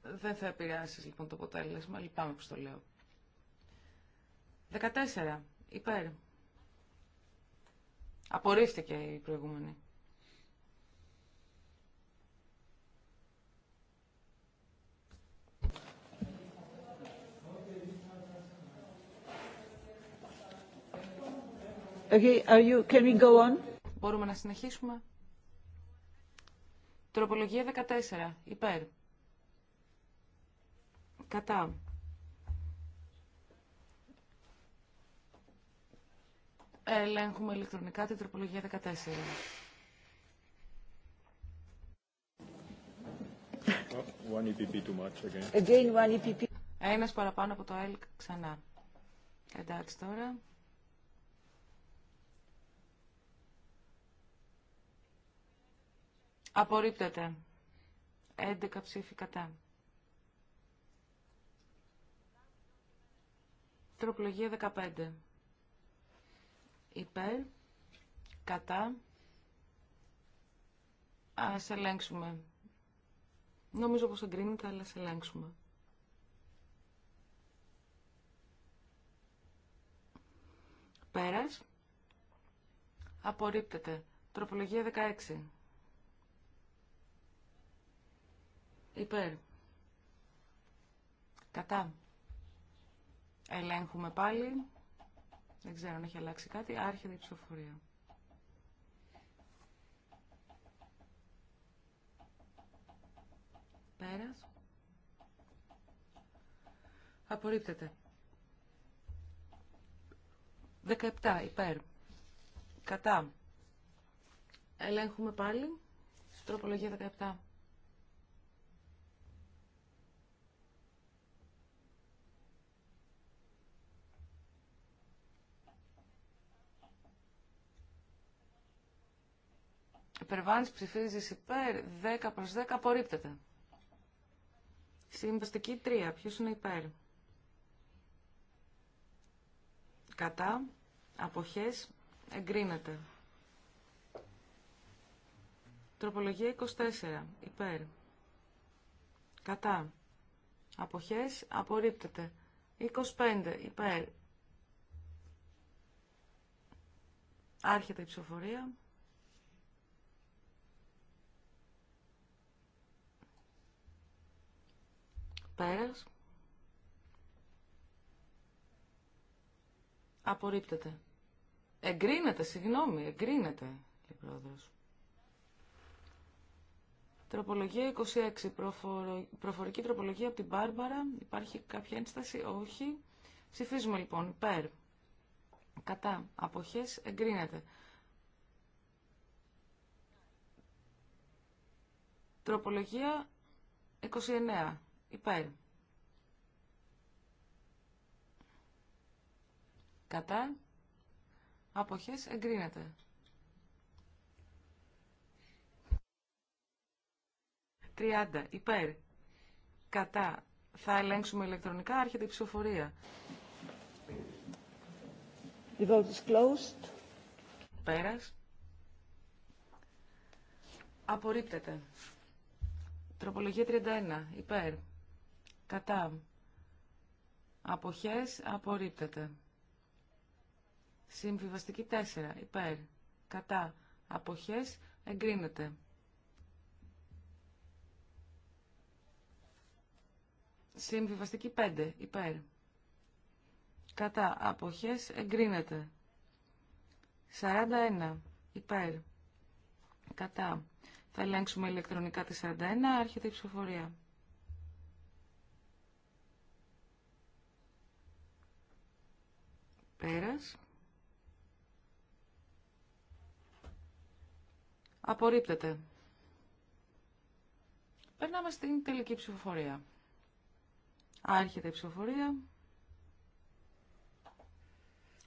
Δεν θα επηρεάσει λοιπόν το αποτέλεσμα. Λυπάμαι που στο λέω. 14. Υπέρ. Απορρίφθηκε η προηγούμενη. Okay, are you, can we go on? Μπορούμε να συνεχίσουμε. Τροπολογία 14. Υπέρ. Κατά. Ελέγχουμε ηλεκτρονικά την τροπολογία 14. Ένα one e too much again. Again, e Ένας παραπάνω από το ΕΛΚ ξανά. Εντάξει τώρα. Απορρίπτεται. 11 ψήφοι κατά. Τροπολογία 15 υπέρ, κατά, ας ελέγξουμε. Νομίζω πως εγκρίνεται, αλλά ας ελέγξουμε. Πέρας, απορρίπτεται. Τροπολογία 16. Υπέρ. Κατά. Ελέγχουμε πάλι. Δεν ξέρω αν έχει αλλάξει κάτι. Άρχεται η ψηφοφορία. Πέρας. Απορρίπτεται. 17 υπέρ. Κατά. Ελέγχουμε πάλι. Τροπολογία 17. Υπερβάνης ψηφίζεις υπέρ, 10 προς 10 απορρίπτεται. Συμβαστική 3, ποιος είναι υπέρ. Κατά, αποχές, εγκρίνεται. Τροπολογία 24, υπέρ. Κατά, αποχές, απορρίπτεται. 25, υπέρ. Άρχεται η ψηφοφορία. Πέρας. Απορρίπτεται. Εγκρίνεται, συγγνώμη, εγκρίνεται, λέει πρόεδρος. Τροπολογία 26, προφορική τροπολογία από την Μπάρμπαρα. Υπάρχει κάποια ένσταση, όχι. Ψηφίζουμε λοιπόν, περ. Κατά, αποχές, εγκρίνεται. Τροπολογία 29. Υπέρ. Κατά. Αποχές εγκρίνεται. Τριάντα. Υπέρ. Κατά. Θα ελέγξουμε ηλεκτρονικά. Άρχεται η ψηφοφορία. The vote is closed. Πέρας. Απορρίπτεται. Τροπολογία 31. Υπέρ κατά αποχές απορρίπτεται. Συμβιβαστική 4 υπέρ κατά αποχές εγκρίνεται. Συμβιβαστική 5 υπέρ κατά αποχές εγκρίνεται. 41 υπέρ κατά. Θα ελέγξουμε ηλεκτρονικά τη 41, άρχεται η ψηφοφορία. Πέρας. Απορρίπτεται. Περνάμε στην τελική ψηφοφορία. Άρχεται η ψηφοφορία.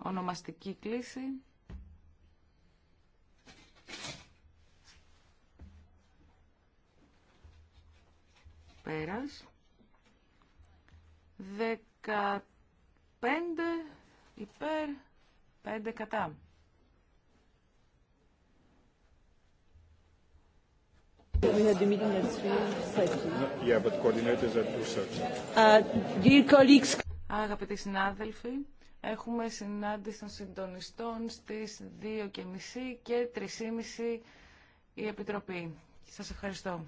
Ονομαστική κλίση. Πέρας. 15 υπέρ, 5 κατά. Yeah, but uh, Αγαπητοί συνάδελφοι, έχουμε συνάντηση των συντονιστών στις 2.30 και 3.30 η Επιτροπή. Σας ευχαριστώ.